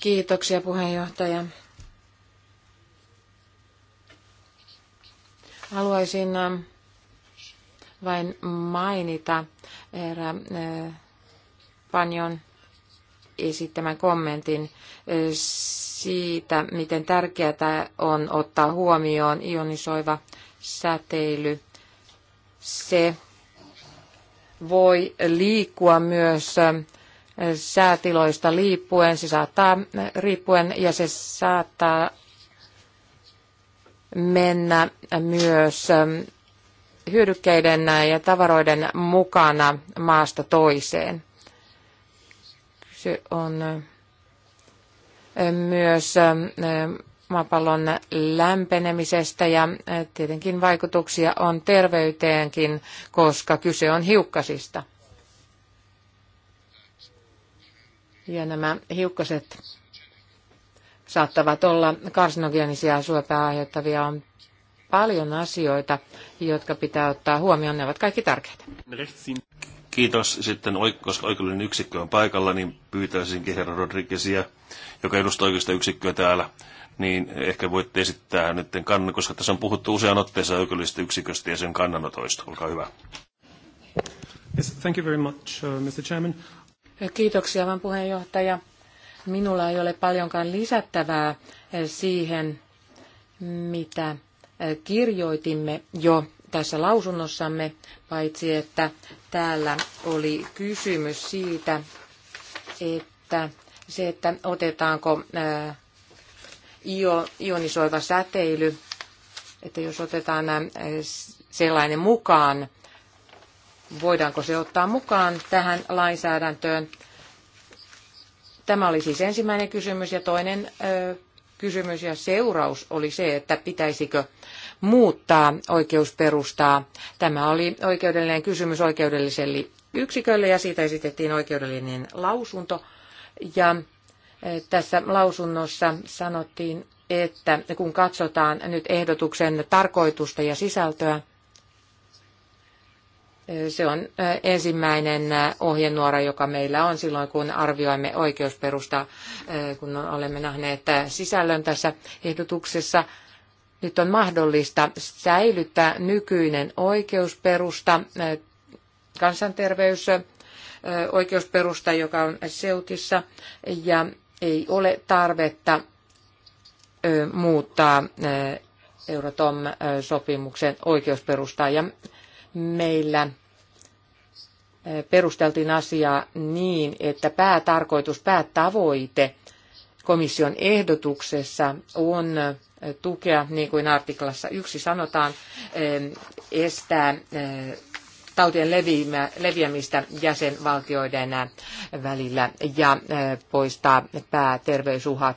Kiitoksia, puheenjohtaja. Haluaisin ähm, vain mainita herra eh, Panjon esittämän kommentin eh, siitä, miten tärkeää on ottaa huomioon ionisoiva säteily. Se voi liikkua myös eh, säätiloista liippuen, se saattaa riippuen ja se saattaa mennä myös hyödykkeiden ja tavaroiden mukana maasta toiseen. Se on myös maapallon lämpenemisestä ja tietenkin vaikutuksia on terveyteenkin, koska kyse on hiukkasista. Ja nämä hiukkaset saattavat olla karsinogenisia suopea aiheuttavia paljon asioita, jotka pitää ottaa huomioon. Ne ovat kaikki tärkeitä. Kiitos. Sitten, koska oikeudellinen yksikkö on paikalla, niin pyytäisinkin herra Rodriguezia, joka edustaa oikeudellista yksikköä täällä, niin ehkä voitte esittää nyt kannan, koska tässä on puhuttu usean otteeseen oikeudellisesta yksiköstä ja sen kannanotoista. Olkaa hyvä. Yes, thank you very much, uh, Mr. Chairman. Kiitoksia, vaan puheenjohtaja. Minulla ei ole paljonkaan lisättävää siihen, mitä kirjoitimme jo tässä lausunnossamme, paitsi että täällä oli kysymys siitä, että se, että otetaanko ionisoiva säteily, että jos otetaan sellainen mukaan, voidaanko se ottaa mukaan tähän lainsäädäntöön. Tämä oli siis ensimmäinen kysymys ja toinen kysymys ja seuraus oli se, että pitäisikö muuttaa oikeusperustaa. Tämä oli oikeudellinen kysymys oikeudelliselle yksikölle ja siitä esitettiin oikeudellinen lausunto. Ja e, tässä lausunnossa sanottiin, että kun katsotaan nyt ehdotuksen tarkoitusta ja sisältöä, e, se on e, ensimmäinen ohjenuora, joka meillä on silloin, kun arvioimme oikeusperusta, kun olemme nähneet sisällön tässä ehdotuksessa. Nyt on mahdollista säilyttää nykyinen oikeusperusta, kansanterveys oikeusperusta, joka on seutissa, ja ei ole tarvetta muuttaa Euratom-sopimuksen oikeusperustaa. Ja meillä perusteltiin asiaa niin, että päätarkoitus, päätavoite komission ehdotuksessa on tukea, niin kuin artiklassa yksi sanotaan, estää tautien leviämistä jäsenvaltioiden äh, välillä ja äh, poistaa pääterveysuhat.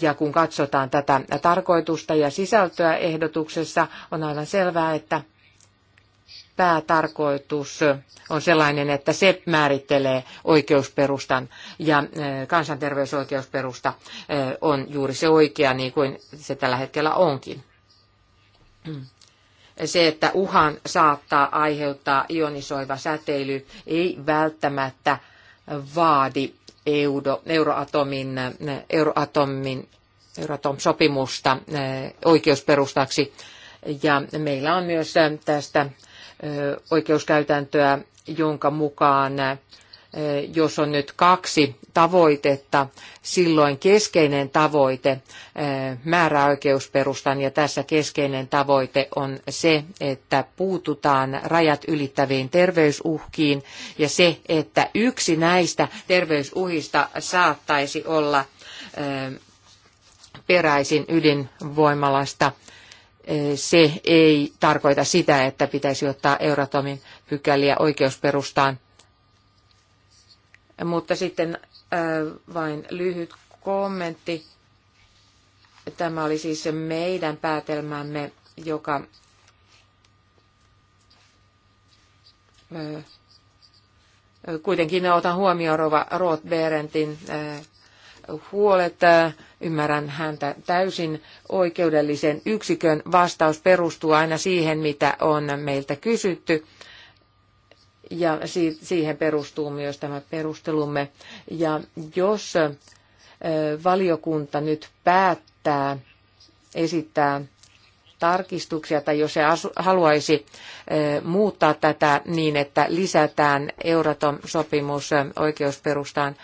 Ja kun katsotaan tätä tarkoitusta ja sisältöä ehdotuksessa, on aivan selvää, että päätarkoitus on sellainen, että se määrittelee oikeusperustan ja eh, kansanterveysoikeusperusta eh, on juuri se oikea, niin kuin se tällä hetkellä onkin. Se, että uhan saattaa aiheuttaa ionisoiva säteily, ei välttämättä vaadi euro, euroatomin, eh, euroatomin, euroatom-sopimusta oikeusperustaksi. Ja meillä on myös tästä oikeuskäytäntöä, jonka mukaan jos on nyt kaksi tavoitetta, silloin keskeinen tavoite määrää oikeusperustan ja tässä keskeinen tavoite on se, että puututaan rajat ylittäviin terveysuhkiin ja se, että yksi näistä terveysuhista saattaisi olla peräisin ydinvoimalasta – se ei tarkoita sitä, että pitäisi ottaa Euratomin pykäliä oikeusperustaan. Mutta sitten vain lyhyt kommentti. Tämä oli siis meidän päätelmämme, joka kuitenkin otan huomioon Rova Roth Berentin huolet Ymmärrän häntä täysin. Oikeudellisen yksikön vastaus perustuu aina siihen, mitä on meiltä kysytty. Ja siihen perustuu myös tämä perustelumme. Ja jos valiokunta nyt päättää esittää tarkistuksia tai jos se haluaisi muuttaa tätä niin, että lisätään Euratom-sopimus oikeusperustaan,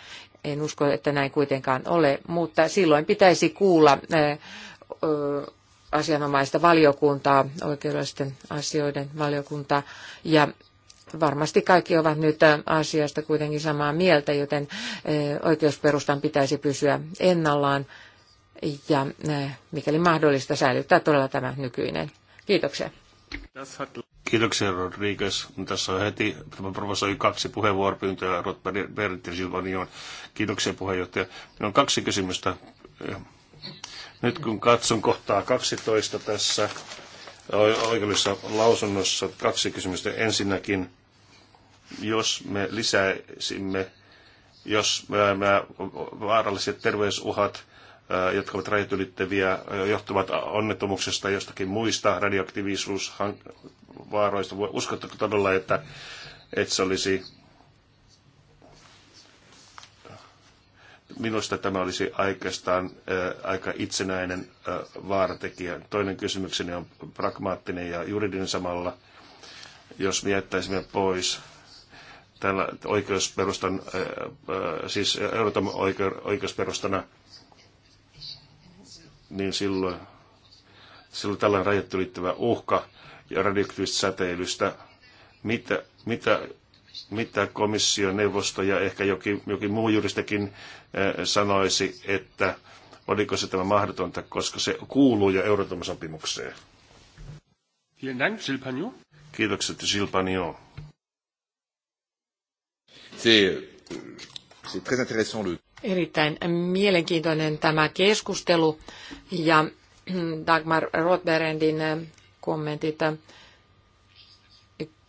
en usko, että näin kuitenkaan ole, mutta silloin pitäisi kuulla asianomaista valiokuntaa, oikeudellisten asioiden valiokuntaa, ja varmasti kaikki ovat nyt asiasta kuitenkin samaa mieltä, joten oikeusperustan pitäisi pysyä ennallaan ja mikäli mahdollista säilyttää todella tämä nykyinen. Kiitoksia. Kiitoksia, Rodriguez. Tässä on heti, tämä professori kaksi puheenvuoropyyntöä, Rotman Bertil Silvanion. Kiitoksia, puheenjohtaja. Minulla on kaksi kysymystä. Nyt kun katson kohtaa 12 tässä oikeudessa lausunnossa, kaksi kysymystä. Ensinnäkin, jos me lisäisimme, jos nämä vaaralliset terveysuhat jotka ovat rajat ylittäviä, johtuvat onnettomuuksesta jostakin muista radioaktiivisuusvaaroista. Uskotteko todella, että, että se olisi minusta tämä olisi oikeastaan äh, aika itsenäinen äh, vaaratekijä. Toinen kysymykseni on pragmaattinen ja juridinen samalla. Jos miettäisimme pois tällä oikeusperustan, äh, äh, siis Euroopan oikeusperustana niin silloin, silloin tällainen rajat ylittävä uhka ja radioaktiivista säteilystä, mitä, mitä, mitä komissio, neuvosto ja ehkä jokin, jokin muu juristakin eh, sanoisi, että oliko se tämä mahdotonta, koska se kuuluu jo Euroopan sopimukseen. Kiitokset, Silpanio. Euh, c'est très intéressant le erittäin mielenkiintoinen tämä keskustelu ja Dagmar Rothberendin kommentit.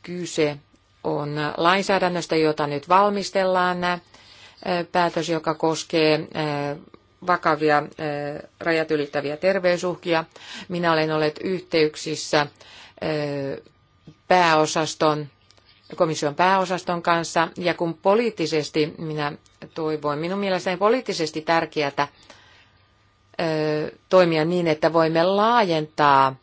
Kyse on lainsäädännöstä, jota nyt valmistellaan. Päätös, joka koskee vakavia rajat ylittäviä terveysuhkia. Minä olen ollut yhteyksissä pääosaston komission pääosaston kanssa. Ja kun poliittisesti, minä toivoin, minun mielestäni poliittisesti tärkeää toimia niin, että voimme laajentaa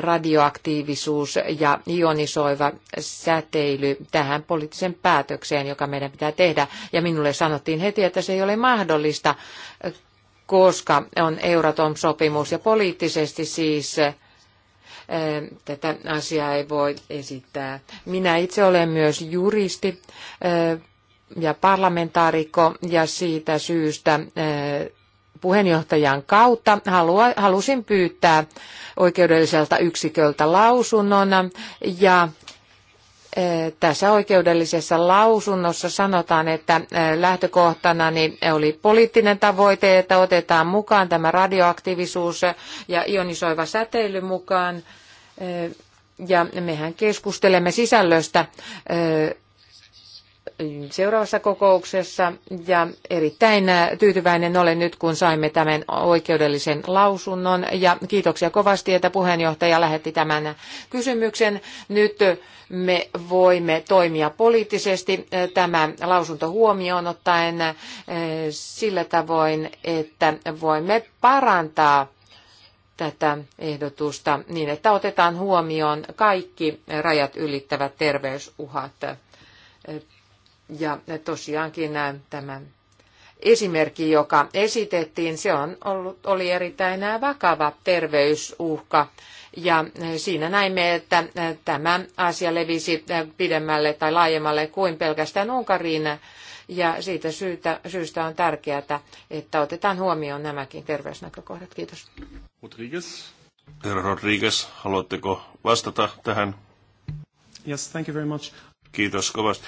radioaktiivisuus ja ionisoiva säteily tähän poliittiseen päätökseen, joka meidän pitää tehdä. Ja minulle sanottiin heti, että se ei ole mahdollista, koska on Euratom-sopimus ja poliittisesti siis Tätä asiaa ei voi esittää. Minä itse olen myös juristi ja parlamentaarikko ja siitä syystä puheenjohtajan kautta halusin pyytää oikeudelliselta yksiköltä lausunnon ja tässä oikeudellisessa lausunnossa sanotaan, että lähtökohtana niin oli poliittinen tavoite, että otetaan mukaan tämä radioaktiivisuus ja ionisoiva säteily mukaan. Ja mehän keskustelemme sisällöstä seuraavassa kokouksessa ja erittäin äh, tyytyväinen olen nyt, kun saimme tämän oikeudellisen lausunnon ja kiitoksia kovasti, että puheenjohtaja lähetti tämän kysymyksen. Nyt me voimme toimia poliittisesti äh, tämä lausunto huomioon ottaen äh, sillä tavoin, että voimme parantaa tätä ehdotusta niin, että otetaan huomioon kaikki rajat ylittävät terveysuhat ja tosiaankin äh, tämä esimerkki, joka esitettiin, se on ollut, oli erittäin äh, vakava terveysuhka. Ja äh, siinä näimme, että tämä asia levisi pidemmälle tai laajemmalle kuin pelkästään Unkariin. Ja siitä syystä, syystä on tärkeää, että otetaan huomioon nämäkin terveysnäkökohdat. Kiitos. Rodriguez. Herra Rodriguez, haluatteko vastata tähän? Yes, thank you very much. Kiitos kovasti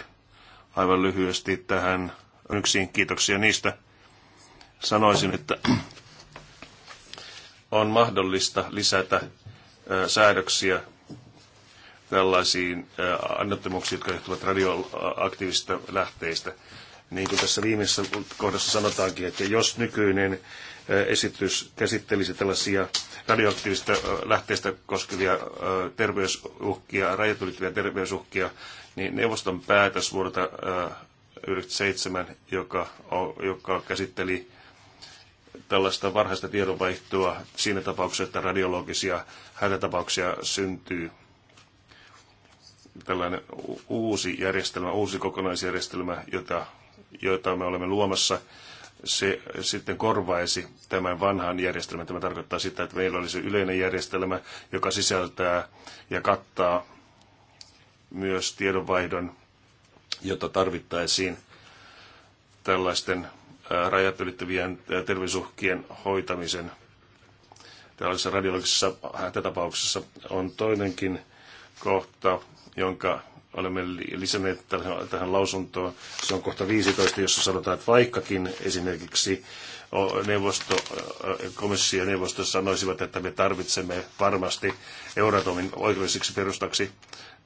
aivan lyhyesti tähän yksiin kiitoksia niistä. Sanoisin, että on mahdollista lisätä säädöksiä tällaisiin annettomuuksiin, jotka johtuvat radioaktiivisista lähteistä. Niin kuin tässä viimeisessä kohdassa sanotaankin, että jos nykyinen esitys käsittelisi tällaisia radioaktiivista lähteistä koskevia terveysuhkia, rajat ylittäviä terveysuhkia, niin neuvoston päätös vuodelta 1997, äh, joka, joka käsitteli tällaista varhaista tiedonvaihtoa siinä tapauksessa, että radiologisia hätätapauksia syntyy. Tällainen uusi järjestelmä, uusi kokonaisjärjestelmä, jota, jota me olemme luomassa, se sitten korvaisi tämän vanhan järjestelmän. Tämä tarkoittaa sitä, että meillä olisi yleinen järjestelmä, joka sisältää ja kattaa myös tiedonvaihdon, jota tarvittaisiin tällaisten rajat ylittävien terveysuhkien hoitamisen. Tällaisessa radiologisessa hätätapauksessa on toinenkin kohta, jonka olemme lisänneet tähän lausuntoon. Se on kohta 15, jossa sanotaan, että vaikkakin esimerkiksi neuvosto, komissio ja neuvosto sanoisivat, että me tarvitsemme varmasti Euratomin oikeudelliseksi perustaksi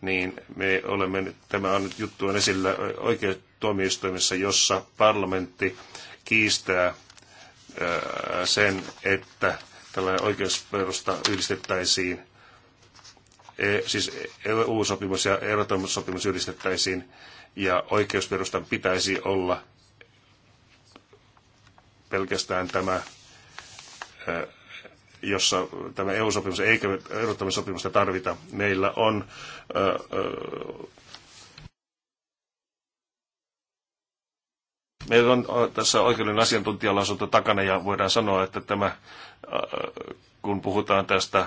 niin me olemme, tämä on nyt juttu on esillä oikeustuomioistuimessa, jossa parlamentti kiistää sen, että tällainen oikeusperusta yhdistettäisiin, e, siis EU-sopimus ja erotoimussopimus yhdistettäisiin, ja oikeusperustan pitäisi olla pelkästään tämä jossa tämä EU-sopimus eikä erottamissopimusta tarvita. Meillä on Meillä on tässä oikeuden asiantuntijalausunto takana ja voidaan sanoa, että tämä, kun puhutaan tästä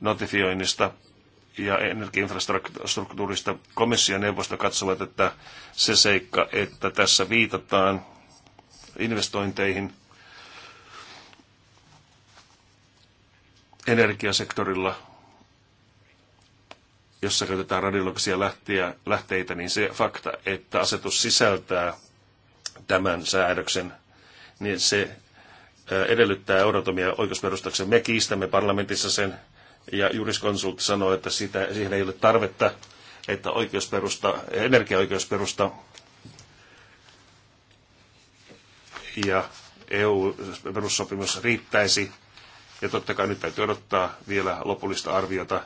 notifioinnista ja energiainfrastruktuurista, komission neuvosto katsovat, että se seikka, että tässä viitataan investointeihin – energiasektorilla, jossa käytetään radiologisia lähteitä, niin se fakta, että asetus sisältää tämän säädöksen, niin se edellyttää eurotomia oikeusperustaksen. Me kiistämme parlamentissa sen, ja juriskonsultti sanoi, että sitä, siihen ei ole tarvetta, että oikeusperusta, energiaoikeusperusta ja EU-perussopimus riittäisi ja totta kai nyt täytyy odottaa vielä lopullista arviota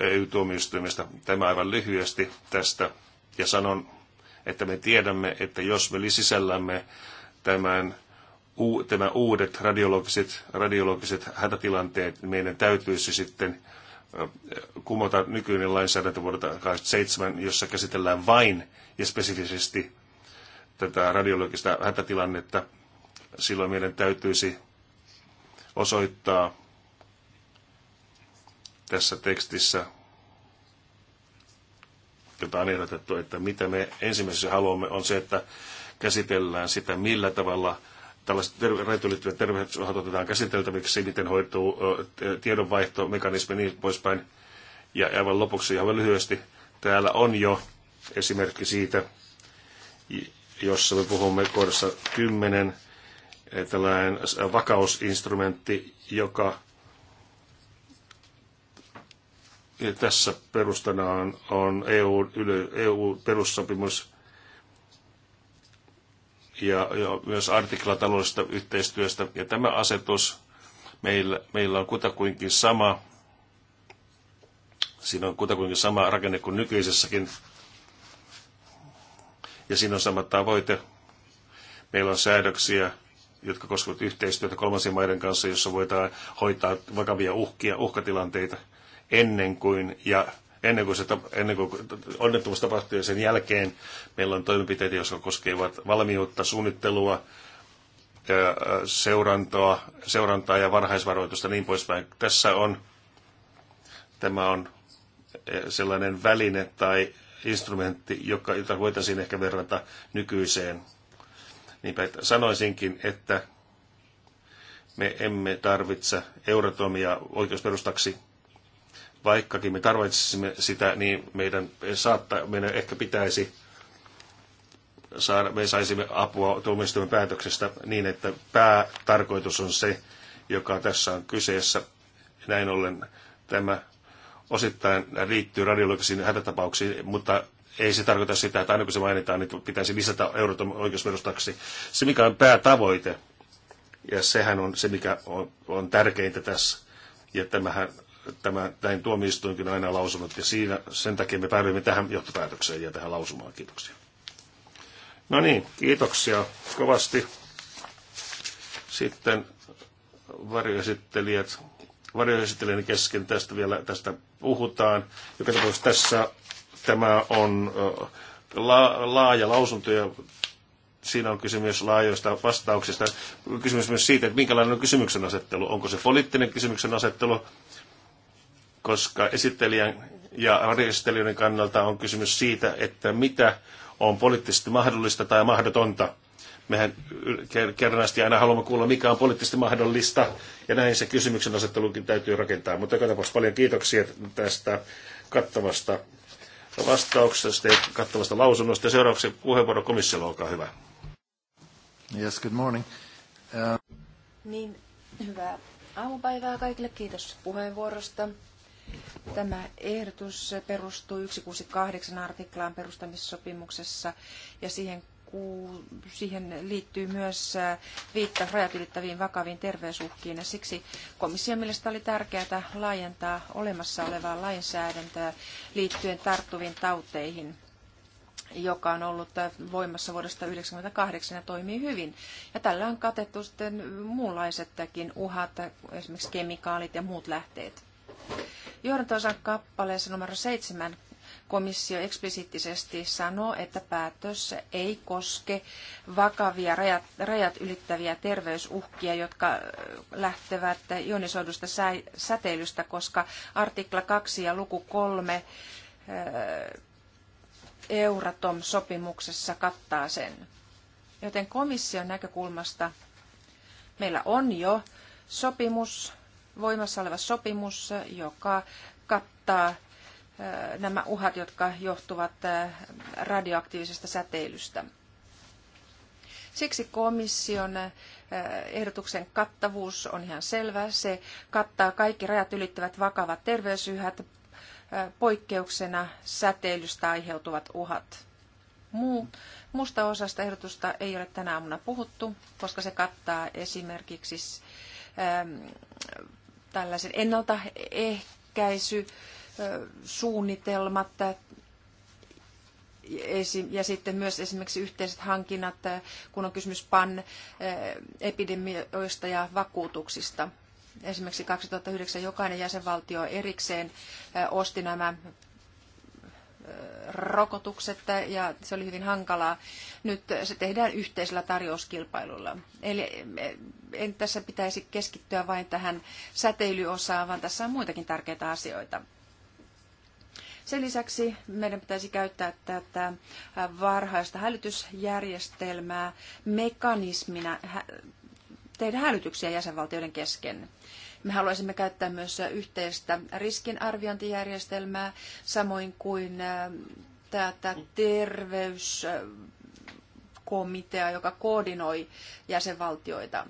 EU-tuomioistuimesta. Tämä aivan lyhyesti tästä. Ja sanon, että me tiedämme, että jos me sisällämme tämän tämä uudet radiologiset, radiologiset hätätilanteet, niin meidän täytyisi sitten kumota nykyinen lainsäädäntö vuodelta 2007, jossa käsitellään vain ja spesifisesti tätä radiologista hätätilannetta. Silloin meidän täytyisi osoittaa tässä tekstissä, jota on ehdotettu, että mitä me ensimmäisenä haluamme, on se, että käsitellään sitä, millä tavalla tällaiset raitoon liittyvät terveysrahat otetaan käsiteltäviksi, miten hoituu tiedonvaihto ja niin poispäin. Ja aivan lopuksi ihan lyhyesti, täällä on jo esimerkki siitä, jossa me puhumme kohdassa 10 tällainen vakausinstrumentti, joka ja tässä perustana on, on EU, EU-perussopimus e ja, ja myös artikla taloudellisesta yhteistyöstä. Ja tämä asetus meillä, meillä on kutakuinkin sama, siinä on kutakuinkin sama rakenne kuin nykyisessäkin, ja siinä on sama tavoite. Meillä on säädöksiä jotka koskevat yhteistyötä kolmansien maiden kanssa, jossa voidaan hoitaa vakavia uhkia, uhkatilanteita ennen kuin, ja ennen kuin, se, ennen kuin onnettomuus tapahtuu ja sen jälkeen meillä on toimenpiteitä, jotka koskevat valmiutta, suunnittelua, seurantaa, seurantaa ja varhaisvaroitusta ja niin poispäin. Tässä on, tämä on sellainen väline tai instrumentti, joka, jota voitaisiin ehkä verrata nykyiseen Niinpä sanoisinkin, että me emme tarvitse eurotomia oikeusperustaksi. Vaikkakin me tarvitsisimme sitä, niin meidän, saattaa, meidän ehkä pitäisi saada, me saisimme apua tuomioistuimen päätöksestä niin, että päätarkoitus on se, joka tässä on kyseessä. Näin ollen tämä osittain liittyy radiologisiin hätätapauksiin, mutta ei se tarkoita sitä, että aina kun se mainitaan, niin pitäisi lisätä eurot oikeusperustaksi. Se, mikä on päätavoite, ja sehän on se, mikä on, on tärkeintä tässä, ja tämähän, tämä, näin tuomioistuinkin aina lausunut, ja siinä, sen takia me päädyimme tähän johtopäätökseen ja tähän lausumaan. Kiitoksia. No niin, kiitoksia kovasti. Sitten varjoesittelijät, varjoesittelijän kesken tästä vielä tästä puhutaan. Joka tapauksessa tässä Tämä on laaja lausunto ja siinä on kysymys laajoista vastauksista. Kysymys myös siitä, että minkälainen on kysymyksen asettelu. Onko se poliittinen kysymyksen asettelu, koska esittelijän ja järjestelijöiden kannalta on kysymys siitä, että mitä on poliittisesti mahdollista tai mahdotonta. Mehän kernaasti aina haluamme kuulla, mikä on poliittisesti mahdollista, ja näin se kysymyksen asettelukin täytyy rakentaa. Mutta joka tapauksessa paljon kiitoksia tästä kattavasta vastauksesta ja kattavasta lausunnosta. Seuraavaksi puheenvuoro komissiolla, olkaa hyvä. Yes, good morning. Uh... Niin, hyvää aamupäivää kaikille. Kiitos puheenvuorosta. Tämä ehdotus perustuu 168 artiklaan perustamissopimuksessa ja siihen kuul, siihen liittyy myös äh, viittaus rajat ylittäviin vakaviin terveysuhkiin. Ja siksi komission mielestä oli tärkeää laajentaa olemassa olevaa lainsäädäntöä liittyen tarttuviin tauteihin joka on ollut äh, voimassa vuodesta 1998 ja toimii hyvin. Ja tällä on katettu sitten muunlaisetkin uhat, esimerkiksi kemikaalit ja muut lähteet. Johdantosan kappaleessa numero seitsemän komissio eksplisiittisesti sanoo, että päätös ei koske vakavia rajat, rajat ylittäviä terveysuhkia, jotka lähtevät ionisoidusta säteilystä, koska artikla 2 ja luku 3 Euratom-sopimuksessa kattaa sen. Joten komission näkökulmasta meillä on jo sopimus, voimassa oleva sopimus, joka kattaa nämä uhat, jotka johtuvat radioaktiivisesta säteilystä. Siksi komission ehdotuksen kattavuus on ihan selvä. Se kattaa kaikki rajat ylittävät vakavat terveysyhät, poikkeuksena säteilystä aiheutuvat uhat. Muu, musta osasta ehdotusta ei ole tänä aamuna puhuttu, koska se kattaa esimerkiksi ähm, tällaisen ennaltaehkäisy suunnitelmat ja sitten myös esimerkiksi yhteiset hankinnat, kun on kysymys pan-epidemioista ja vakuutuksista. Esimerkiksi 2009 jokainen jäsenvaltio erikseen osti nämä rokotukset ja se oli hyvin hankalaa. Nyt se tehdään yhteisellä tarjouskilpailulla. Eli en tässä pitäisi keskittyä vain tähän säteilyosaan, vaan tässä on muitakin tärkeitä asioita. Sen lisäksi meidän pitäisi käyttää tätä äh, varhaista hälytysjärjestelmää mekanismina tehdä hälytyksiä jäsenvaltioiden kesken. Me haluaisimme käyttää myös äh, yhteistä riskinarviointijärjestelmää, samoin kuin äh, tätä terveyskomitea, joka koordinoi jäsenvaltioita.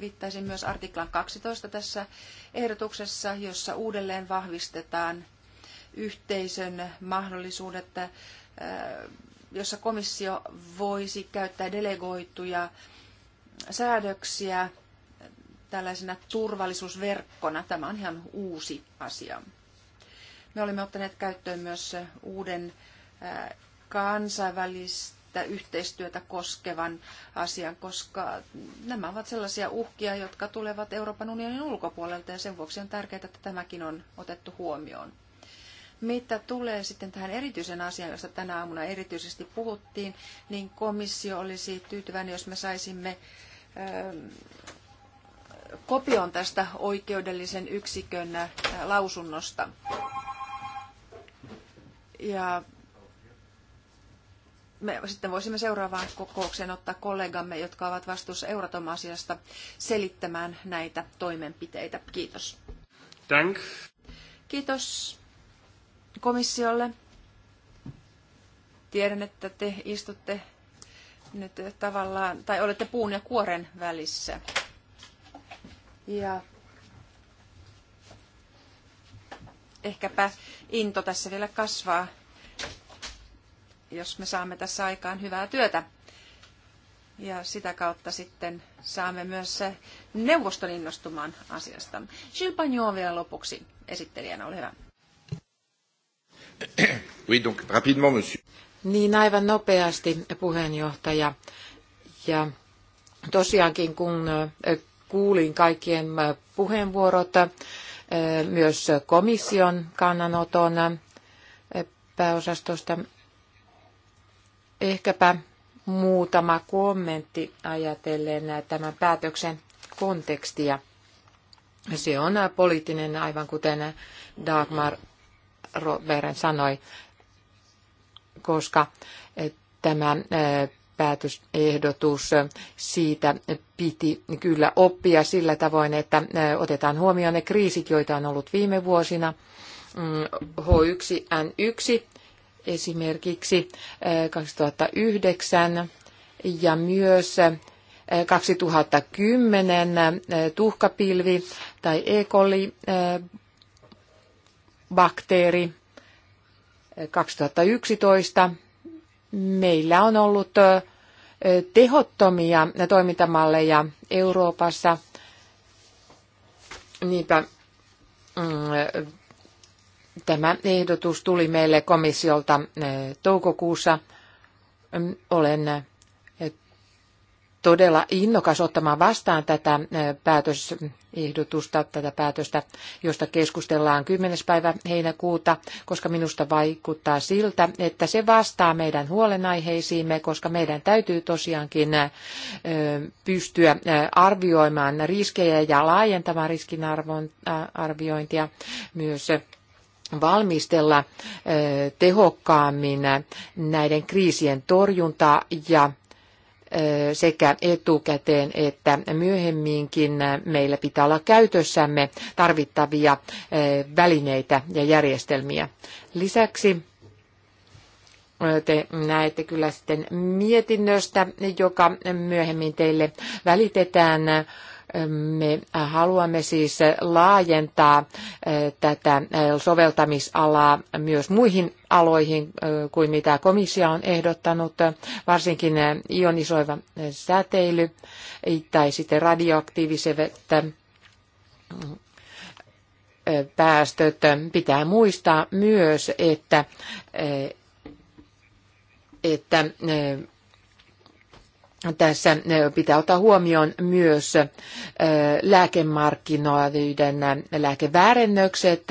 Viittaisin myös artiklan 12 tässä ehdotuksessa, jossa uudelleen vahvistetaan yhteisön mahdollisuudet, äh, jossa komissio voisi käyttää delegoituja säädöksiä tällaisena turvallisuusverkkona. Tämä on ihan uusi asia. Me olemme ottaneet käyttöön myös uuden äh, kansainvälistä yhteistyötä koskevan asian, koska nämä ovat sellaisia uhkia, jotka tulevat Euroopan unionin ulkopuolelta ja sen vuoksi on tärkeää, että tämäkin on otettu huomioon. Mitä tulee sitten tähän erityisen asiaan, josta tänä aamuna erityisesti puhuttiin, niin komissio olisi tyytyväinen, jos me saisimme ähm, kopion tästä oikeudellisen yksikön äh, lausunnosta. Ja me sitten voisimme seuraavaan kokoukseen ottaa kollegamme, jotka ovat vastuussa Euratom-asiasta, selittämään näitä toimenpiteitä. Kiitos. Dank. Kiitos komissiolle. Tiedän, että te istutte nyt tavallaan, tai olette puun ja kuoren välissä. Ja ehkäpä into tässä vielä kasvaa, jos me saamme tässä aikaan hyvää työtä. Ja sitä kautta sitten saamme myös neuvoston innostumaan asiasta. Silpan Joo vielä lopuksi esittelijänä, ole hyvä. Oui, donc, rapidement, monsieur. Niin aivan nopeasti puheenjohtaja. Ja tosiaankin kun kuulin kaikkien puheenvuorot, myös komission kannanoton pääosastosta, ehkäpä muutama kommentti ajatellen tämän päätöksen kontekstia. Se on poliittinen, aivan kuten Dagmar Roberen sanoi, koska eh, tämä eh, päätösehdotus eh, siitä piti kyllä oppia sillä tavoin, että otetaan huomioon ne kriisit, joita on ollut viime vuosina. Mm, H1N1 esimerkiksi 2009 ja myös 2010 tuhkapilvi tai E. coli bakteeri 2011. Meillä on ollut tehottomia toimintamalleja Euroopassa. Niinpä mm, tämä ehdotus tuli meille komissiolta toukokuussa. Olen todella innokas ottamaan vastaan tätä päätösehdotusta, tätä päätöstä, josta keskustellaan 10. päivä heinäkuuta, koska minusta vaikuttaa siltä, että se vastaa meidän huolenaiheisiimme, koska meidän täytyy tosiaankin pystyä arvioimaan riskejä ja laajentamaan riskinarviointia myös valmistella tehokkaammin näiden kriisien torjuntaa ja sekä etukäteen että myöhemminkin meillä pitää olla käytössämme tarvittavia välineitä ja järjestelmiä. Lisäksi te näette kyllä sitten mietinnöstä, joka myöhemmin teille välitetään me haluamme siis laajentaa tätä soveltamisalaa myös muihin aloihin kuin mitä komissio on ehdottanut, varsinkin ionisoiva säteily tai sitten radioaktiiviset päästöt. Pitää muistaa myös, että, että tässä pitää ottaa huomioon myös lääkemarkkinoiden lääkeväärennökset,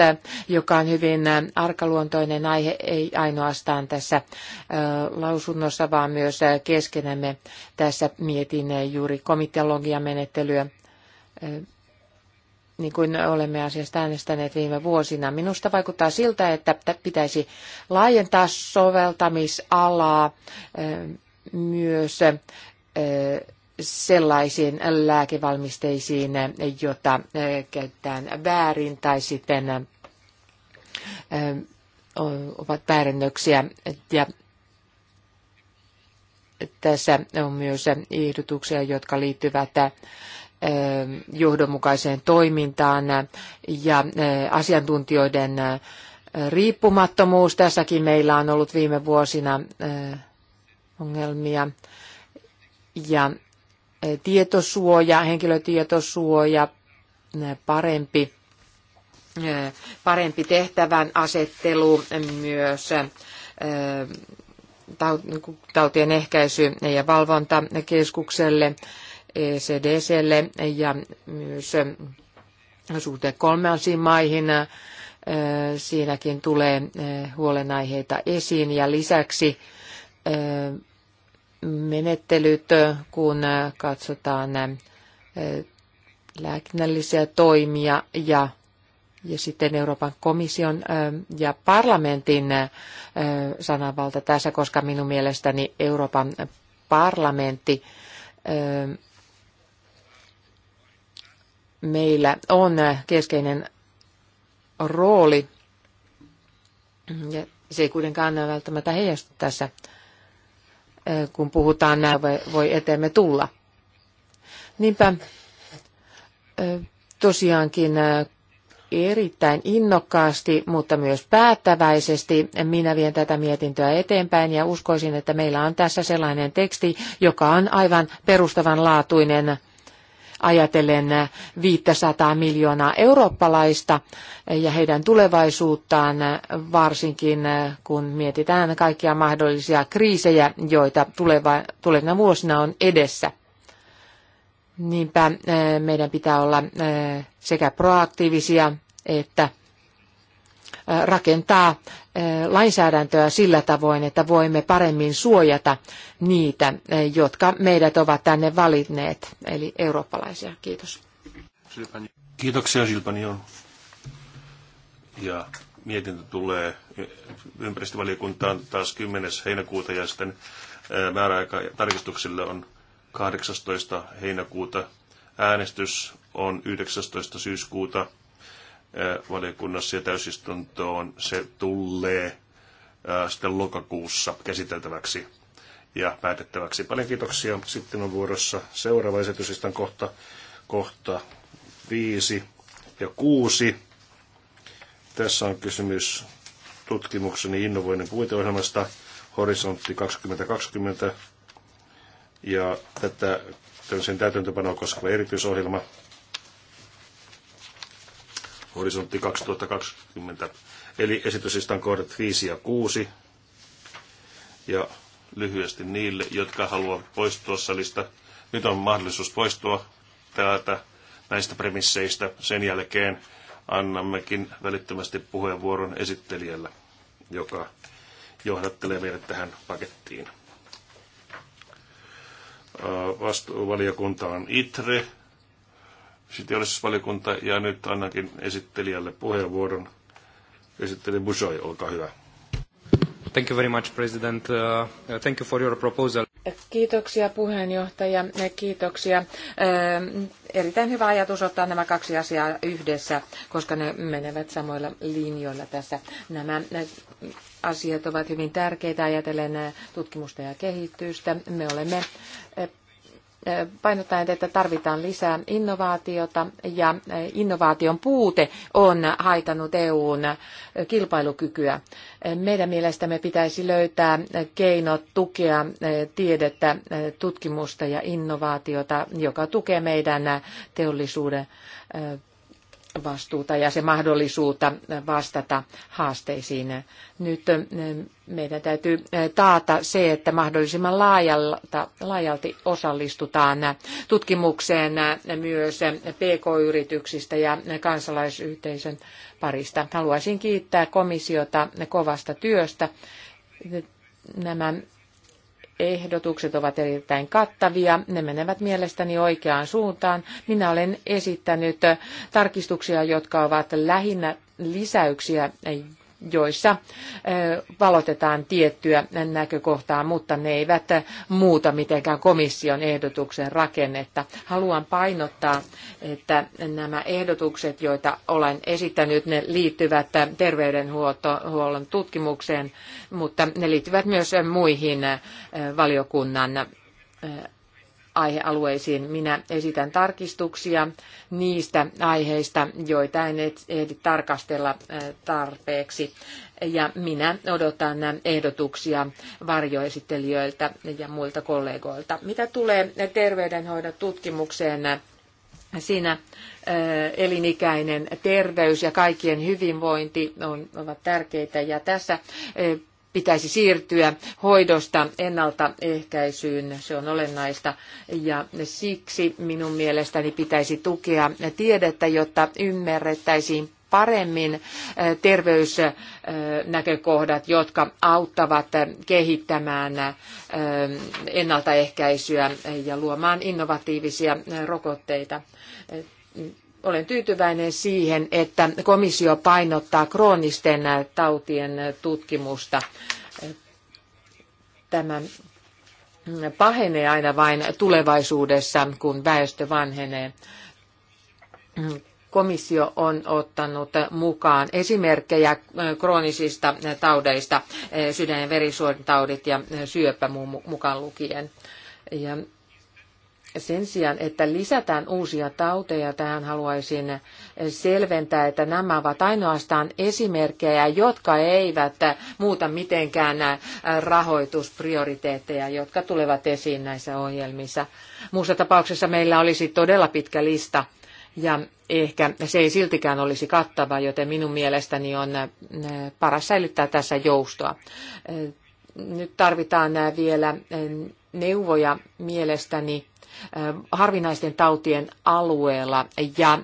joka on hyvin arkaluontoinen aihe, ei ainoastaan tässä lausunnossa, vaan myös keskenämme. Tässä mietin juuri komiteologian menettelyä niin kuin olemme asiasta äänestäneet viime vuosina. Minusta vaikuttaa siltä, että pitäisi laajentaa soveltamisalaa myös sellaisiin lääkevalmisteisiin, joita käytetään väärin tai sitten ovat väärennöksiä. Ja tässä on myös ehdotuksia, jotka liittyvät johdonmukaiseen toimintaan ja asiantuntijoiden riippumattomuus. Tässäkin meillä on ollut viime vuosina ongelmia ja e, tietosuoja, henkilötietosuoja, e, parempi, e, parempi tehtävän asettelu myös niin tautien ehkäisy- ja valvontakeskukselle, ECDClle ja myös suhteen kolmansiin maihin. Siinäkin tulee huolenaiheita esiin ja lisäksi menettelyt, kun katsotaan äh, lääkinnällisiä toimia ja, ja sitten Euroopan komission äh, ja parlamentin äh, sananvalta tässä, koska minun mielestäni Euroopan parlamentti meillä on keskeinen rooli ja se ei kuitenkaan välttämättä heijastu tässä Äh, kun puhutaan, nämä voi eteemme tulla. Niinpä äh, tosiaankin äh, erittäin innokkaasti, mutta myös päättäväisesti minä vien tätä mietintöä eteenpäin ja uskoisin, että meillä on tässä sellainen teksti, joka on aivan perustavanlaatuinen ajatellen 500 miljoonaa eurooppalaista ja heidän tulevaisuuttaan, varsinkin kun mietitään kaikkia mahdollisia kriisejä, joita tuleva, tulevina vuosina on edessä. Niinpä eh, meidän pitää olla eh, sekä proaktiivisia että rakentaa lainsäädäntöä sillä tavoin, että voimme paremmin suojata niitä, jotka meidät ovat tänne valinneet, eli eurooppalaisia. Kiitos. Kiitoksia Silpanion. Ja mietintö tulee ympäristövaliokuntaan taas 10. heinäkuuta ja sitten määräaika tarkistuksille on 18. heinäkuuta. Äänestys on 19. syyskuuta valiokunnassa ja täysistuntoon se tulee sitten lokakuussa käsiteltäväksi ja päätettäväksi. Paljon kiitoksia. Sitten on vuorossa seuraava on kohta, kohta viisi ja kuusi. Tässä on kysymys tutkimukseni innovoinnin puiteohjelmasta Horisontti 2020 ja tätä sen täytäntöpanoa koskeva erityisohjelma horisontti 2020. Eli esityslistan kohdat 5 ja 6. Ja lyhyesti niille, jotka haluavat poistua salista. Nyt on mahdollisuus poistua täältä näistä premisseistä. Sen jälkeen annammekin välittömästi puheenvuoron esittelijällä, joka johdattelee meidät tähän pakettiin. Vastuuvaliokunta on ITRE, teollisuusvaliokunta ja nyt annankin esittelijälle puheenvuoron. Esittelijä Bushoi, olkaa hyvä. Thank you very much, President. Uh, uh thank you for your proposal. Kiitoksia puheenjohtaja, kiitoksia. Uh, erittäin hyvä ajatus ottaa nämä kaksi asiaa yhdessä, koska ne menevät samoilla linjoilla tässä. Nämä asiat ovat hyvin tärkeitä ajatellen uh, tutkimusta ja kehitystä. Me olemme painottaen, että tarvitaan lisää innovaatiota ja innovaation puute on haitanut EUn kilpailukykyä. Meidän mielestämme pitäisi löytää keinot tukea tiedettä, tutkimusta ja innovaatiota, joka tukee meidän teollisuuden vastuuta ja se mahdollisuutta vastata haasteisiin. Nyt meidän täytyy taata se, että mahdollisimman laajalta, laajalti osallistutaan tutkimukseen myös PK-yrityksistä ja kansalaisyhteisön parista. Haluaisin kiittää komissiota kovasta työstä. Nämä ehdotukset ovat erittäin kattavia. Ne menevät mielestäni oikeaan suuntaan. Minä olen esittänyt tarkistuksia, jotka ovat lähinnä lisäyksiä joissa valotetaan tiettyä näkökohtaa, mutta ne eivät muuta mitenkään komission ehdotuksen rakennetta. Haluan painottaa, että nämä ehdotukset, joita olen esittänyt, ne liittyvät terveydenhuollon tutkimukseen, mutta ne liittyvät myös muihin valiokunnan aihealueisiin. Minä esitän tarkistuksia niistä aiheista, joita en ehdi tarkastella äh, tarpeeksi. Ja minä odotan äh, ehdotuksia varjoesittelijöiltä ja muilta kollegoilta. Mitä tulee terveydenhoidon tutkimukseen, äh, siinä elinikäinen terveys ja kaikkien hyvinvointi on, ovat tärkeitä. Ja tässä pitäisi siirtyä hoidosta ennaltaehkäisyyn, se on olennaista. Ja siksi minun mielestäni pitäisi tukea tiedettä, jotta ymmärrettäisiin paremmin terveysnäkökohdat, jotka auttavat kehittämään ennaltaehkäisyä ja luomaan innovatiivisia rokotteita. Olen tyytyväinen siihen, että komissio painottaa kroonisten tautien tutkimusta. Tämä pahenee aina vain tulevaisuudessa, kun väestö vanhenee. Komissio on ottanut mukaan esimerkkejä kroonisista taudeista, sydän- ja verisuonitaudit ja syöpä mukaan lukien. Ja sen sijaan, että lisätään uusia tauteja, tähän haluaisin selventää, että nämä ovat ainoastaan esimerkkejä, jotka eivät muuta mitenkään rahoitusprioriteetteja, jotka tulevat esiin näissä ohjelmissa. Muussa tapauksessa meillä olisi todella pitkä lista ja ehkä se ei siltikään olisi kattava, joten minun mielestäni on paras säilyttää tässä joustoa. Nyt tarvitaan vielä neuvoja mielestäni harvinaisten tautien alueella ja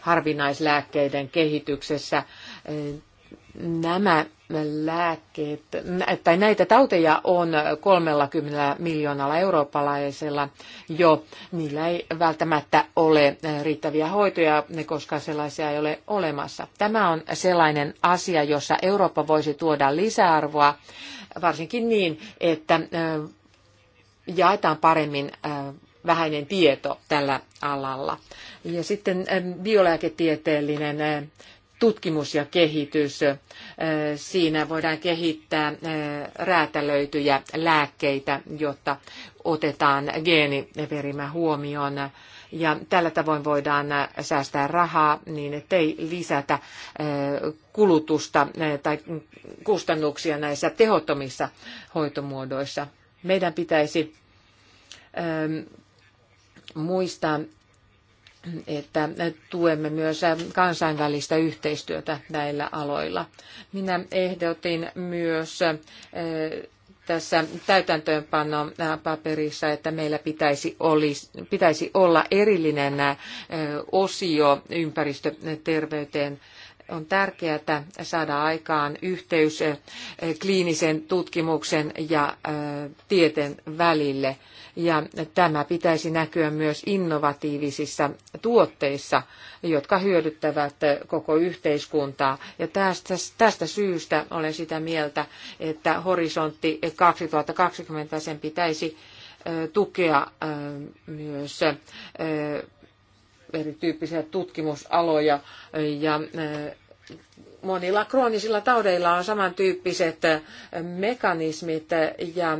harvinaislääkkeiden kehityksessä nämä lääkkeet, tai näitä tauteja on 30 miljoonalla eurooppalaisella jo. Niillä ei välttämättä ole riittäviä hoitoja, koska sellaisia ei ole olemassa. Tämä on sellainen asia, jossa Eurooppa voisi tuoda lisäarvoa, varsinkin niin, että jaetaan paremmin vähäinen tieto tällä alalla. Ja sitten eh, biolääketieteellinen eh, tutkimus ja kehitys. Eh, siinä voidaan kehittää räätälöityjä lääkkeitä, jotta otetaan geeniverimä huomioon. Ja tällä tavoin voidaan säästää rahaa niin, ettei lisätä kulutusta tai kustannuksia näissä tehottomissa hoitomuodoissa. Meidän pitäisi muistaa, että tuemme myös kansainvälistä yhteistyötä näillä aloilla. Minä ehdotin myös eh, tässä täytäntöönpanon eh, paperissa, että meillä pitäisi, olisi, pitäisi olla erillinen eh, osio ympäristöterveyteen on tärkeää saada aikaan yhteys kliinisen tutkimuksen ja tieteen välille ja tämä pitäisi näkyä myös innovatiivisissa tuotteissa, jotka hyödyttävät koko yhteiskuntaa. Ja tästä, tästä syystä olen sitä mieltä, että horisontti 2020 sen pitäisi tukea myös erityyppisiä tutkimusaloja ja monilla kroonisilla taudeilla on samantyyppiset äh, mekanismit ja äh,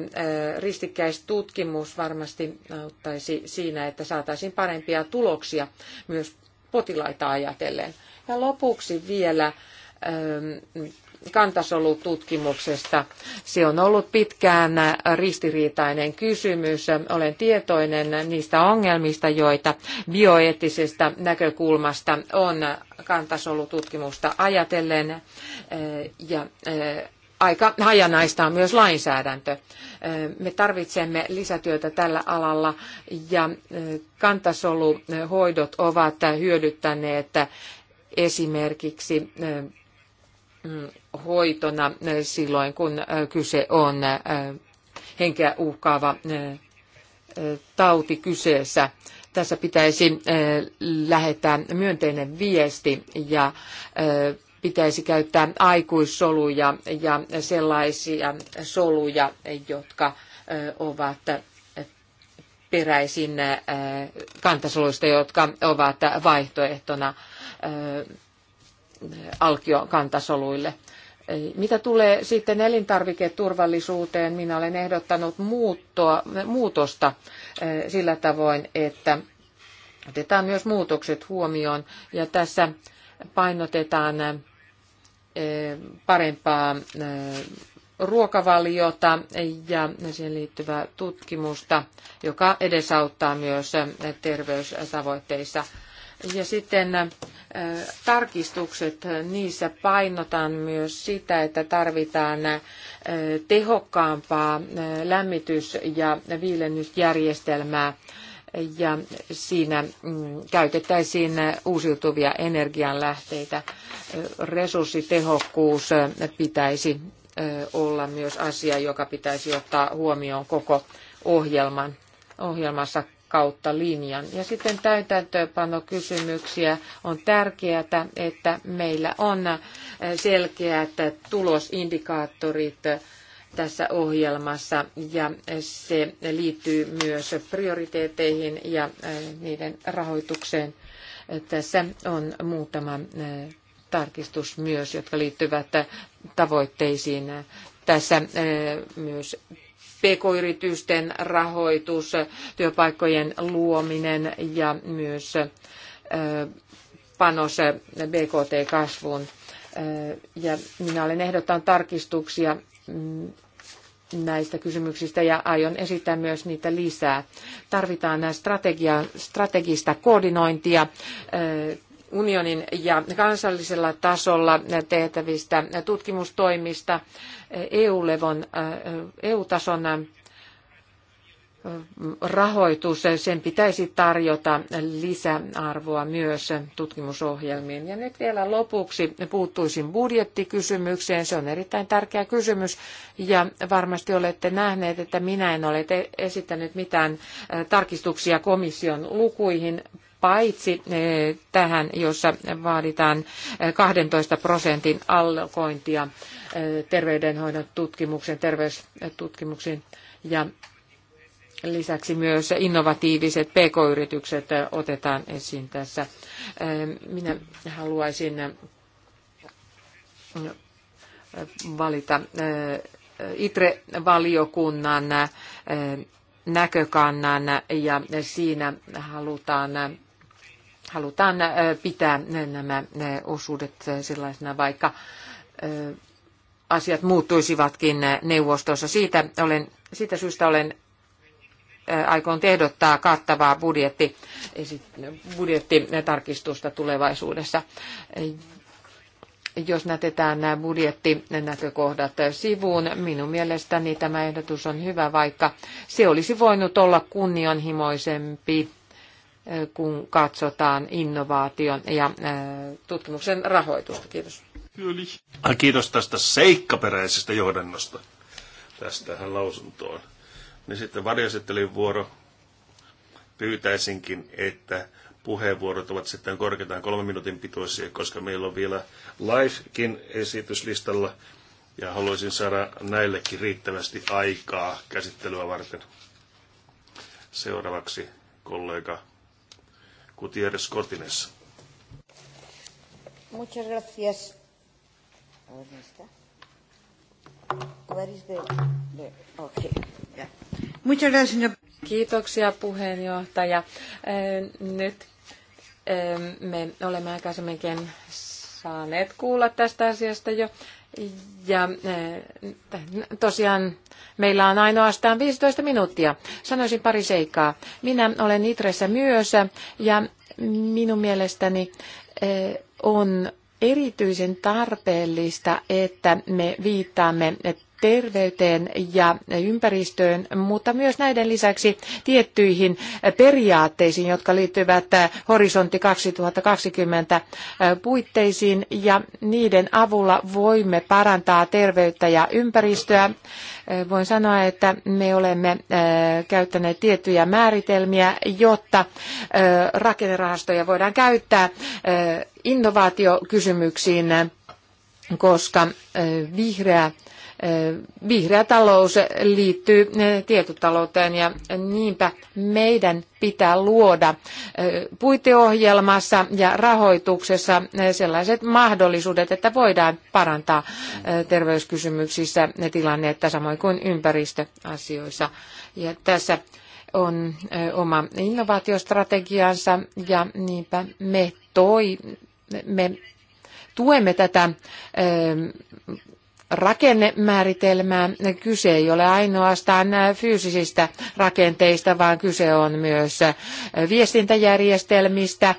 ristikkäistutkimus varmasti auttaisi siinä, että saataisiin parempia tuloksia myös potilaita ajatellen. Ja lopuksi vielä ähm, kantasolututkimuksesta. Se on ollut pitkään ristiriitainen kysymys. Olen tietoinen niistä ongelmista, joita bioeettisestä näkökulmasta on kantasolututkimusta ajatellen. Ja eh, aika hajanaista on myös lainsäädäntö. Eh, me tarvitsemme lisätyötä tällä alalla ja eh, kantasoluhoidot ovat hyödyttäneet esimerkiksi mm, hoitona eh, silloin, kun eh, kyse on eh, henkeä uhkaava tauti kyseessä. Tässä pitäisi lähettää myönteinen viesti ja pitäisi käyttää aikuissoluja ja sellaisia soluja, jotka ovat peräisin kantasoluista, jotka ovat vaihtoehtona alkiokantasoluille. Mitä tulee sitten elintarviketurvallisuuteen, minä olen ehdottanut muuttoa, muutosta eh, sillä tavoin, että otetaan myös muutokset huomioon ja tässä painotetaan eh, parempaa eh, ruokavaliota ja siihen liittyvää tutkimusta, joka edesauttaa myös terveystavoitteissa ja sitten tarkistukset, niissä painotan myös sitä, että tarvitaan tehokkaampaa lämmitys- ja viilennysjärjestelmää ja siinä mm, käytettäisiin uusiutuvia energianlähteitä. Resurssitehokkuus pitäisi olla myös asia, joka pitäisi ottaa huomioon koko ohjelman, ohjelmassa kautta linjan. Ja sitten täytäntöönpanokysymyksiä on tärkeää, että meillä on äh, selkeät tulosindikaattorit äh, tässä ohjelmassa ja se liittyy myös prioriteetteihin ja äh, niiden rahoitukseen. Tässä on muutama tarkistus myös, jotka liittyvät tavoitteisiin. Tässä myös pk-yritysten rahoitus, työpaikkojen luominen ja myös panos BKT-kasvuun. Ja minä olen ehdottanut tarkistuksia mm, näistä kysymyksistä ja aion esittää myös niitä lisää. Tarvitaan strategia, strategista koordinointia unionin ja kansallisella tasolla tehtävistä tutkimustoimista EU-levon, EU-tason rahoitus, sen pitäisi tarjota lisäarvoa myös tutkimusohjelmiin. Ja nyt vielä lopuksi puuttuisin budjettikysymykseen. Se on erittäin tärkeä kysymys ja varmasti olette nähneet, että minä en ole esittänyt mitään tarkistuksia komission lukuihin, paitsi eh, tähän, jossa vaaditaan 12 eh, prosentin allokointia eh, terveydenhoidon tutkimuksen, terveystutkimuksiin ja Lisäksi myös innovatiiviset pk-yritykset otetaan esiin tässä. Minä haluaisin valita ITRE-valiokunnan näkökannan ja siinä halutaan halutaan äh, pitää nämä osuudet sellaisena, vaikka äh, asiat muuttuisivatkin neuvostossa. Siitä, olen, siitä syystä olen äh, aikoon tehdottaa kattavaa budjetti, budjettitarkistusta tulevaisuudessa. Jos nätetään nämä budjettinäkökohdat sivuun, minun mielestäni tämä ehdotus on hyvä, vaikka se olisi voinut olla kunnianhimoisempi kun katsotaan innovaation ja äh, tutkimuksen rahoitusta. Kiitos. Ah, kiitos tästä seikkaperäisestä johdannosta tästähän lausuntoon. Niin sitten varjoesittelyn vuoro. Pyytäisinkin, että puheenvuorot ovat sitten korkeintaan kolmen minuutin pituisia, koska meillä on vielä livekin esityslistalla ja haluaisin saada näillekin riittävästi aikaa käsittelyä varten. Seuraavaksi kollega Gutierrez Cortines. Muchas gracias. Kiitoksia puheenjohtaja. Eh, nyt eh, me olemme aikaisemminkin saaneet kuulla tästä asiasta jo. Ja eh, tosiaan meillä on ainoastaan 15 minuuttia. Sanoisin pari seikkaa. Minä olen Itressä myös ja minun mielestäni eh, on erityisen tarpeellista, että me viittaamme terveyteen ja ympäristöön, mutta myös näiden lisäksi tiettyihin periaatteisiin, jotka liittyvät äh, horisontti 2020 äh, puitteisiin ja niiden avulla voimme parantaa terveyttä ja ympäristöä. Äh, voin sanoa, että me olemme käyttäneet tiettyjä määritelmiä, jotta rakennerahastoja voidaan käyttää innovaatiokysymyksiin koska vihreä Vihreä talous liittyy tietotalouteen ja niinpä meidän pitää luoda puiteohjelmassa ja rahoituksessa sellaiset mahdollisuudet, että voidaan parantaa terveyskysymyksissä tilannetta samoin kuin ympäristöasioissa. Ja tässä on oma innovaatiostrategiansa ja niinpä me, toi, me tuemme tätä rakennemääritelmää. Kyse ei ole ainoastaan fyysisistä rakenteista, vaan kyse on myös viestintäjärjestelmistä,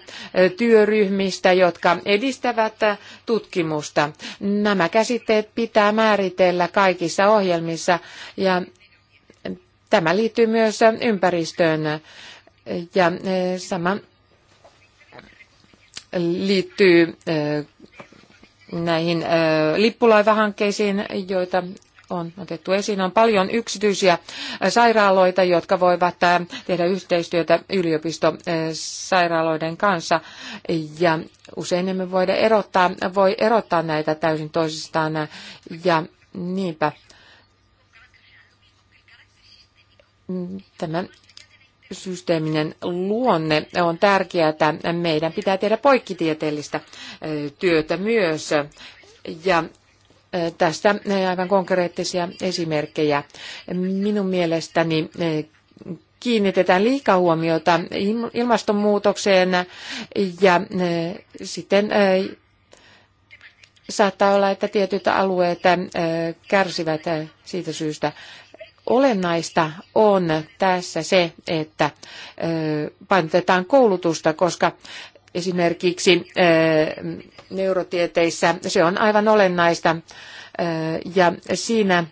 työryhmistä, jotka edistävät tutkimusta. Nämä käsitteet pitää määritellä kaikissa ohjelmissa ja tämä liittyy myös ympäristöön ja eh, sama liittyy eh, näihin lippulaivahankkeisiin, joita on otettu esiin. On paljon yksityisiä sairaaloita, jotka voivat tehdä yhteistyötä yliopistosairaaloiden kanssa. Ja usein emme voida erottaa, voi erottaa näitä täysin toisistaan. Ja niinpä mm, tämä systeeminen luonne on tärkeää. että Meidän pitää tehdä poikkitieteellistä työtä myös. Ja tästä aivan konkreettisia esimerkkejä. Minun mielestäni kiinnitetään liikaa huomiota ilmastonmuutokseen ja sitten saattaa olla, että tietyt alueet kärsivät siitä syystä. Olennaista on tässä se, että painotetaan koulutusta, koska esimerkiksi neurotieteissä se on aivan olennaista ja siinä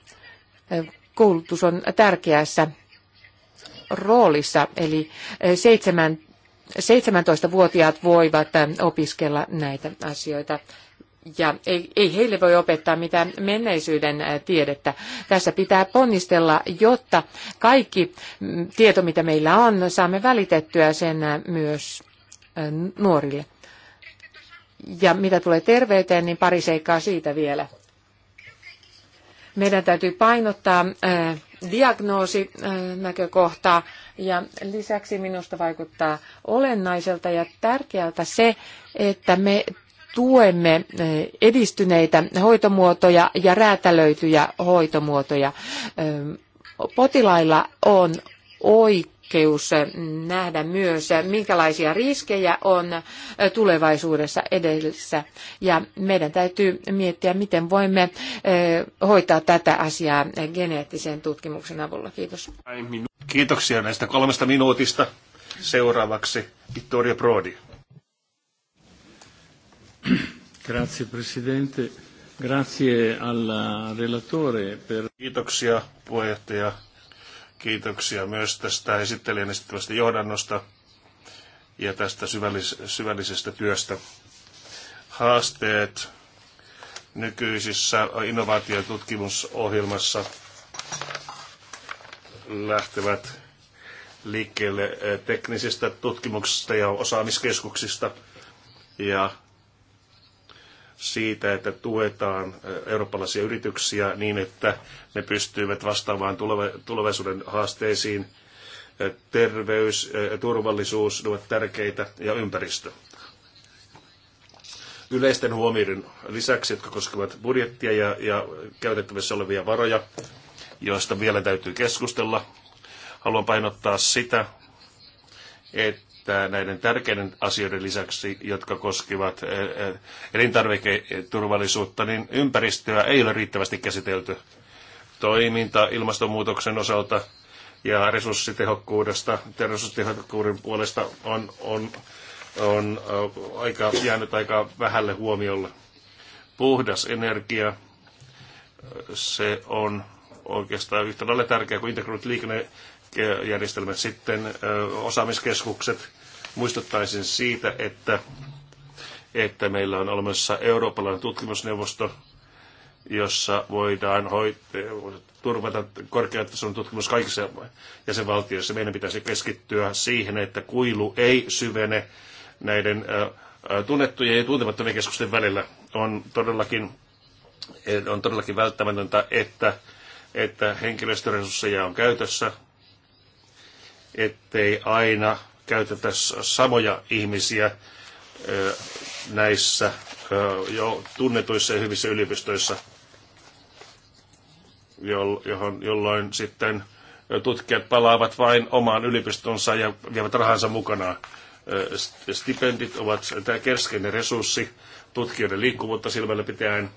koulutus on tärkeässä roolissa, eli 17-vuotiaat voivat opiskella näitä asioita ja ei, ei heille voi opettaa mitään menneisyyden tiedettä. Tässä pitää ponnistella, jotta kaikki mm, tieto, mitä meillä on, saamme välitettyä sen myös nuorille. Ja mitä tulee terveyteen, niin pari seikkaa siitä vielä. Meidän täytyy painottaa diagnoosinäkökohtaa ja lisäksi minusta vaikuttaa olennaiselta ja tärkeältä se, että me tuemme eh, edistyneitä hoitomuotoja ja räätälöityjä hoitomuotoja. Eh, potilailla on oikeus nähdä myös, minkälaisia riskejä on eh, tulevaisuudessa edessä. Ja meidän täytyy miettiä, miten voimme hoitaa tätä asiaa geneettisen tutkimuksen avulla. Kiitos. Kiitoksia näistä kolmesta minuutista. Seuraavaksi Vittoria Prodi. Grazie Presidente. Grazie alla relatore per... Kiitoksia puheenjohtaja. Kiitoksia myös tästä esittelijän esittävästä johdannosta ja tästä syvällis- syvällisestä työstä. Haasteet nykyisissä innovaatiotutkimusohjelmassa lähtevät liikkeelle eh, teknisistä tutkimuksista ja osaamiskeskuksista. Ja siitä, että tuetaan eurooppalaisia yrityksiä niin, että ne pystyvät vastaamaan tulevaisuuden haasteisiin. Terveys, turvallisuus ovat tärkeitä ja ympäristö. Yleisten huomioiden lisäksi, jotka koskevat budjettia ja, ja käytettävissä olevia varoja, joista vielä täytyy keskustella, haluan painottaa sitä, että että näiden tärkeiden asioiden lisäksi, jotka koskivat eh, eh, elintarviketurvallisuutta, niin ympäristöä ei ole riittävästi käsitelty. Toiminta ilmastonmuutoksen osalta ja resurssitehokkuudesta, resurssitehokkuuden puolesta on, on, on eh, aika, jäänyt aika vähälle huomiolle. Puhdas energia, se on oikeastaan yhtä lailla tärkeä kuin integroidut liikenne- järjestelmät. Sitten osaamiskeskukset. Muistuttaisin siitä, että, että meillä on olemassa Eurooppalainen tutkimusneuvosto, jossa voidaan hoitaa, turvata korkeatason tutkimus kaikissa jäsenvaltioissa. Meidän pitäisi keskittyä siihen, että kuilu ei syvene näiden tunnettujen ja tuntemattomien keskusten välillä. On todellakin, on todellakin välttämätöntä, että, että henkilöstöresursseja on käytössä ettei aina käytetä samoja ihmisiä näissä jo tunnetuissa ja hyvissä yliopistoissa, johon, jolloin sitten tutkijat palaavat vain omaan yliopistonsa ja vievät rahansa mukanaan. Stipendit ovat tämä keskeinen resurssi tutkijoiden liikkuvuutta silmällä pitäen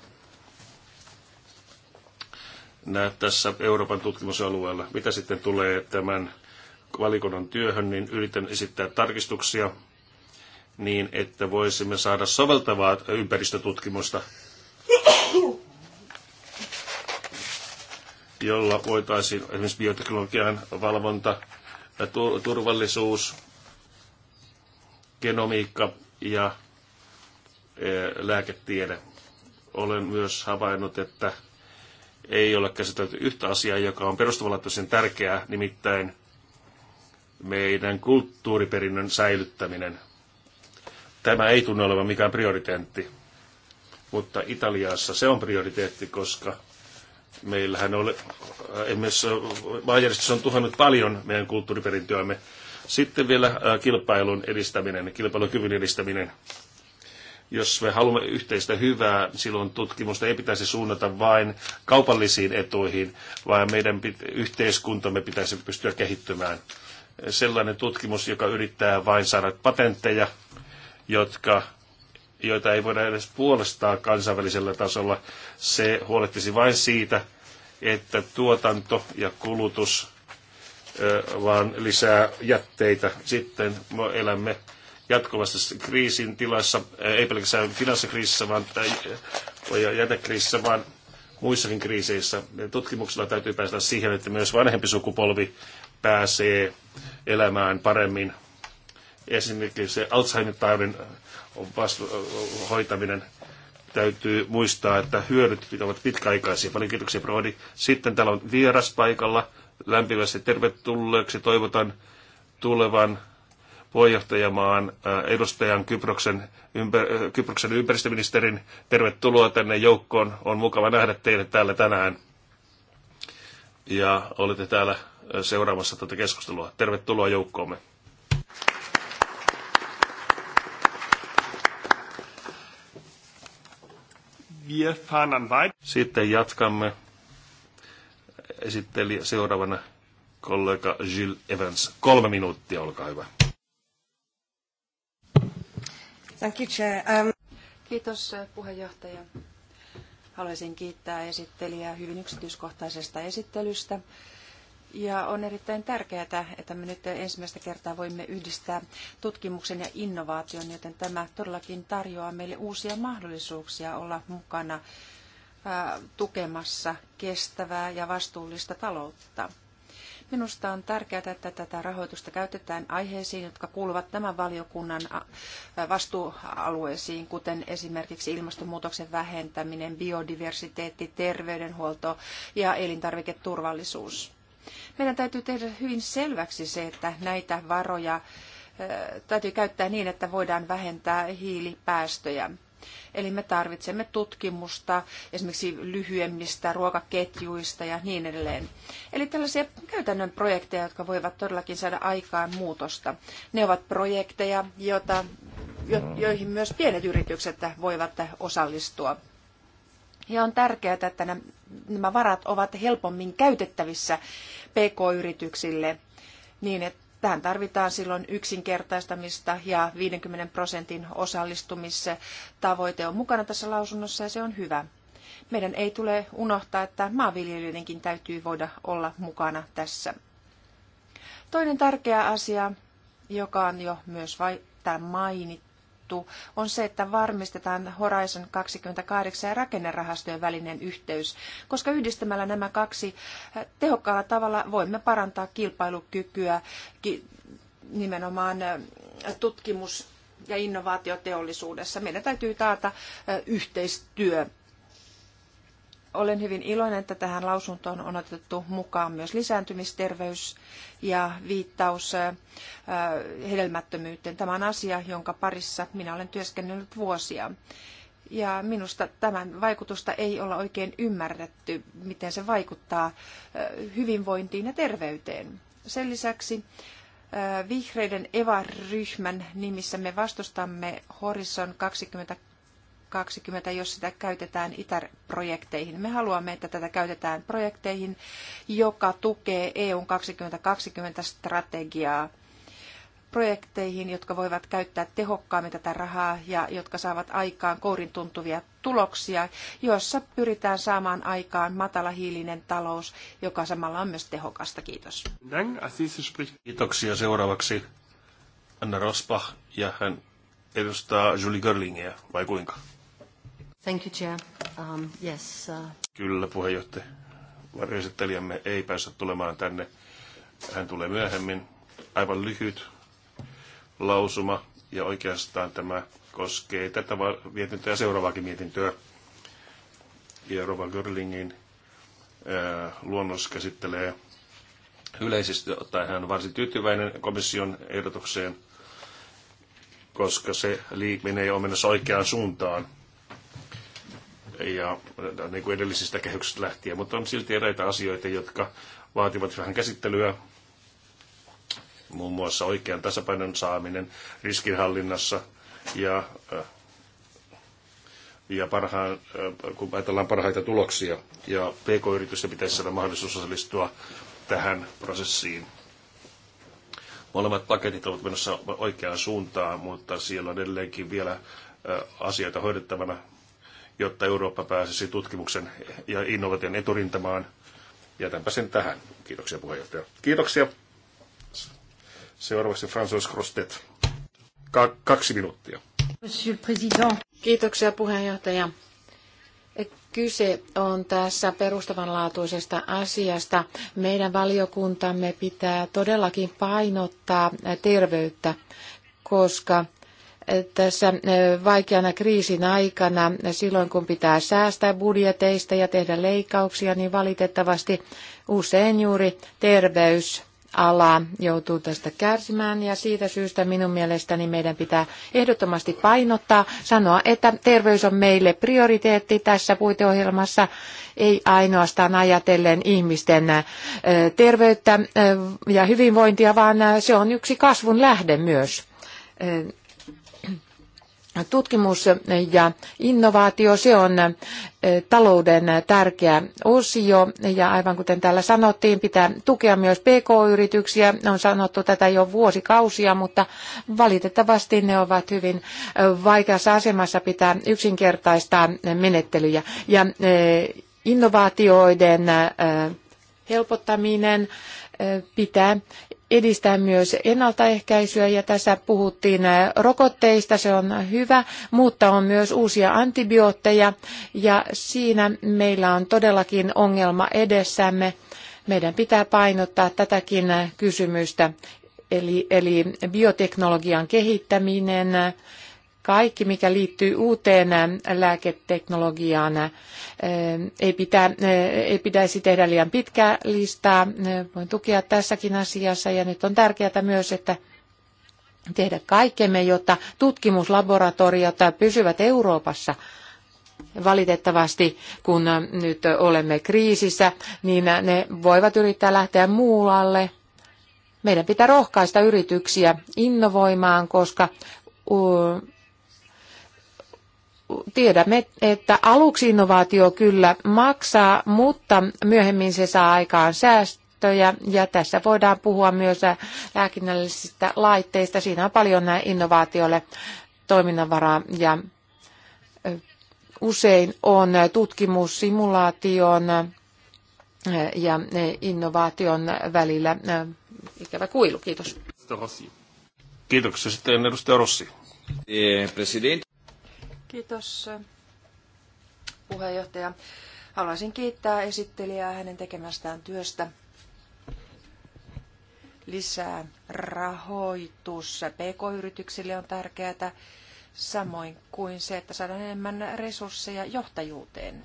näet tässä Euroopan tutkimusalueella. Mitä sitten tulee tämän valikunnan työhön, niin yritän esittää tarkistuksia niin, että voisimme saada soveltavaa ympäristötutkimusta, jolla voitaisiin esimerkiksi bioteknologian valvonta, turvallisuus, genomiikka ja e, lääketiede. Olen myös havainnut, että ei ole käsitelty yhtä asiaa, joka on perustavanlaatuisen tärkeää, nimittäin meidän kulttuuriperinnön säilyttäminen. Tämä ei tunne olevan mikään prioriteetti, mutta Italiassa se on prioriteetti, koska meillähän ole, esimerkiksi maanjärjestys on tuhannut paljon meidän kulttuuriperintöämme. Sitten vielä äh, kilpailun edistäminen, kilpailukyvyn edistäminen. Jos me haluamme yhteistä hyvää, silloin tutkimusta ei pitäisi suunnata vain kaupallisiin etuihin, vaan meidän yhteiskuntamme pitäisi pystyä kehittymään sellainen tutkimus, joka yrittää vain saada patentteja, jotka, joita ei voida edes puolestaan kansainvälisellä tasolla. Se huolehtisi vain siitä, että tuotanto ja kulutus vaan lisää jätteitä. Sitten me elämme jatkuvasti kriisin tilassa, ei pelkästään finanssikriisissä vaan, jätekriisissä, vaan muissakin kriiseissä. Tutkimuksella täytyy päästä siihen, että myös vanhempi sukupolvi pääsee elämään paremmin. Esimerkiksi se Alzheimer-taudin hoitaminen täytyy muistaa, että hyödyt ovat pitkäaikaisia. Paljon kiitoksia, Brody. Sitten täällä on vieras paikalla. Lämpimästi tervetulleeksi toivotan tulevan puheenjohtajamaan äh, edustajan Kyproksen, ympär- äh, Kyproksen ympäristöministerin. Tervetuloa tänne joukkoon. On mukava nähdä teidät täällä tänään ja olette täällä seuraamassa tätä keskustelua. Tervetuloa joukkoomme. Sitten jatkamme. Esitteli seuraavana kollega Gilles Evans. Kolme minuuttia, olkaa hyvä. Thank you, Chair. Um... Kiitos puheenjohtaja. Haluaisin kiittää esittelijää hyvin yksityiskohtaisesta esittelystä. Ja on erittäin tärkeää, että me nyt ensimmäistä kertaa voimme yhdistää tutkimuksen ja innovaation, joten tämä todellakin tarjoaa meille uusia mahdollisuuksia olla mukana tukemassa kestävää ja vastuullista taloutta. Minusta on tärkeää, että tätä rahoitusta käytetään aiheisiin, jotka kuuluvat tämän valiokunnan vastuualueisiin, kuten esimerkiksi ilmastonmuutoksen vähentäminen, biodiversiteetti, terveydenhuolto ja elintarviketurvallisuus. Meidän täytyy tehdä hyvin selväksi se, että näitä varoja täytyy käyttää niin, että voidaan vähentää hiilipäästöjä. Eli me tarvitsemme tutkimusta esimerkiksi lyhyemmistä ruokaketjuista ja niin edelleen. Eli tällaisia käytännön projekteja, jotka voivat todellakin saada aikaan muutosta. Ne ovat projekteja, joita, joihin myös pienet yritykset voivat osallistua. Ja on tärkeää, että nämä varat ovat helpommin käytettävissä pk-yrityksille niin, että Tähän tarvitaan silloin yksinkertaistamista ja 50 prosentin osallistumistavoite on mukana tässä lausunnossa ja se on hyvä. Meidän ei tule unohtaa, että maanviljelijöidenkin täytyy voida olla mukana tässä. Toinen tärkeä asia, joka on jo myös vai- täällä mainittu, juttu on se, että varmistetaan Horizon 28 ja rakennerahastojen välinen yhteys, koska yhdistämällä nämä kaksi eh, tehokkaalla tavalla voimme parantaa kilpailukykyä nimenomaan eh, tutkimus- ja innovaatioteollisuudessa. Meidän täytyy taata eh, yhteistyö olen hyvin iloinen, että tähän lausuntoon on otettu mukaan myös lisääntymisterveys ja viittaus hedelmättömyyteen. Tämä on asia, jonka parissa minä olen työskennellyt vuosia. Ja minusta tämän vaikutusta ei olla oikein ymmärretty, miten se vaikuttaa hyvinvointiin ja terveyteen. Sen lisäksi vihreiden EVA-ryhmän nimissä me vastustamme Horizon 20. 2020, jos sitä käytetään ITER-projekteihin. Me haluamme, että tätä käytetään projekteihin, joka tukee EUn 2020-strategiaa projekteihin, jotka voivat käyttää tehokkaammin tätä rahaa ja jotka saavat aikaan kourin tuntuvia tuloksia, joissa pyritään saamaan aikaan matalahiilinen talous, joka samalla on myös tehokasta. Kiitos. Kiitoksia. Seuraavaksi Anna Rosbach ja hän edustaa Julie Görlingiä, vai kuinka? Thank you, Chair. Um, yes, uh, Kyllä, puheenjohtaja. Varjoesittelijämme ei päässyt tulemaan tänne. Hän tulee myöhemmin. Aivan lyhyt lausuma, ja oikeastaan tämä koskee tätä mietintöä ja seuraavaakin mietintöä. Ja Rova Görlingin äh, luonnos käsittelee yleisesti ottaen hän on varsin tyytyväinen komission ehdotukseen, koska se menee omenassa oikeaan suuntaan ja niin kuin edellisistä kehyksistä lähtien, mutta on silti eräitä asioita, jotka vaativat vähän käsittelyä, muun muassa oikean tasapainon saaminen riskinhallinnassa ja, äh, ja parhaan, äh, kun ajatellaan parhaita tuloksia. Ja PK-yritysten pitäisi saada mahdollisuus osallistua tähän prosessiin. Molemmat paketit ovat menossa oikeaan suuntaan, mutta siellä on edelleenkin vielä äh, asioita hoidettavana jotta Eurooppa pääsisi tutkimuksen ja innovaation eturintamaan. Jätänpä sen tähän. Kiitoksia puheenjohtaja. Kiitoksia. Seuraavaksi François Crostet. Ka- kaksi minuuttia. Monsieur President. Kiitoksia puheenjohtaja. Eh, kyse on tässä perustavanlaatuisesta asiasta. Meidän valiokuntamme pitää todellakin painottaa terveyttä, koska tässä vaikeana kriisin aikana, silloin kun pitää säästää budjeteista ja tehdä leikkauksia, niin valitettavasti usein juuri terveysala joutuu tästä kärsimään ja siitä syystä minun mielestäni meidän pitää ehdottomasti painottaa, sanoa, että terveys on meille prioriteetti tässä puiteohjelmassa, ei ainoastaan ajatellen ihmisten terveyttä ja hyvinvointia, vaan se on yksi kasvun lähde myös Tutkimus ja innovaatio, se on eh, talouden tärkeä osio ja aivan kuten täällä sanottiin, pitää tukea myös PK-yrityksiä. On sanottu tätä jo vuosikausia, mutta valitettavasti ne ovat hyvin eh, vaikeassa asemassa pitää yksinkertaistaa menettelyjä. Ja eh, innovaatioiden helpottaminen pitää edistää myös ennaltaehkäisyä ja tässä puhuttiin äh, rokotteista, se on hyvä, mutta on myös uusia antibiootteja ja siinä meillä on todellakin ongelma edessämme. Meidän pitää painottaa tätäkin äh, kysymystä, eli, eli bioteknologian kehittäminen, kaikki, mikä liittyy uuteen lääketeknologiaan, ei, pitä, ei pitäisi tehdä liian pitkää listaa. Voin tukea tässäkin asiassa ja nyt on tärkeää myös, että tehdä kaikkemme, jotta tutkimuslaboratoriot pysyvät Euroopassa. Valitettavasti, kun nyt olemme kriisissä, niin ne voivat yrittää lähteä muualle. Meidän pitää rohkaista yrityksiä innovoimaan, koska tiedämme, että aluksi innovaatio kyllä maksaa, mutta myöhemmin se saa aikaan säästöjä ja tässä voidaan puhua myös lääkinnällisistä laitteista. Siinä on paljon innovaatiolle toiminnanvaraa ja usein on tutkimus simulaation ja innovaation välillä ikävä kuilu. Kiitos. Kiitoksia sitten edustaja Rossi. Eh, Kiitos puheenjohtaja. Haluaisin kiittää esittelijää hänen tekemästään työstä. Lisää rahoitus pk-yrityksille on tärkeää, samoin kuin se, että saadaan enemmän resursseja johtajuuteen.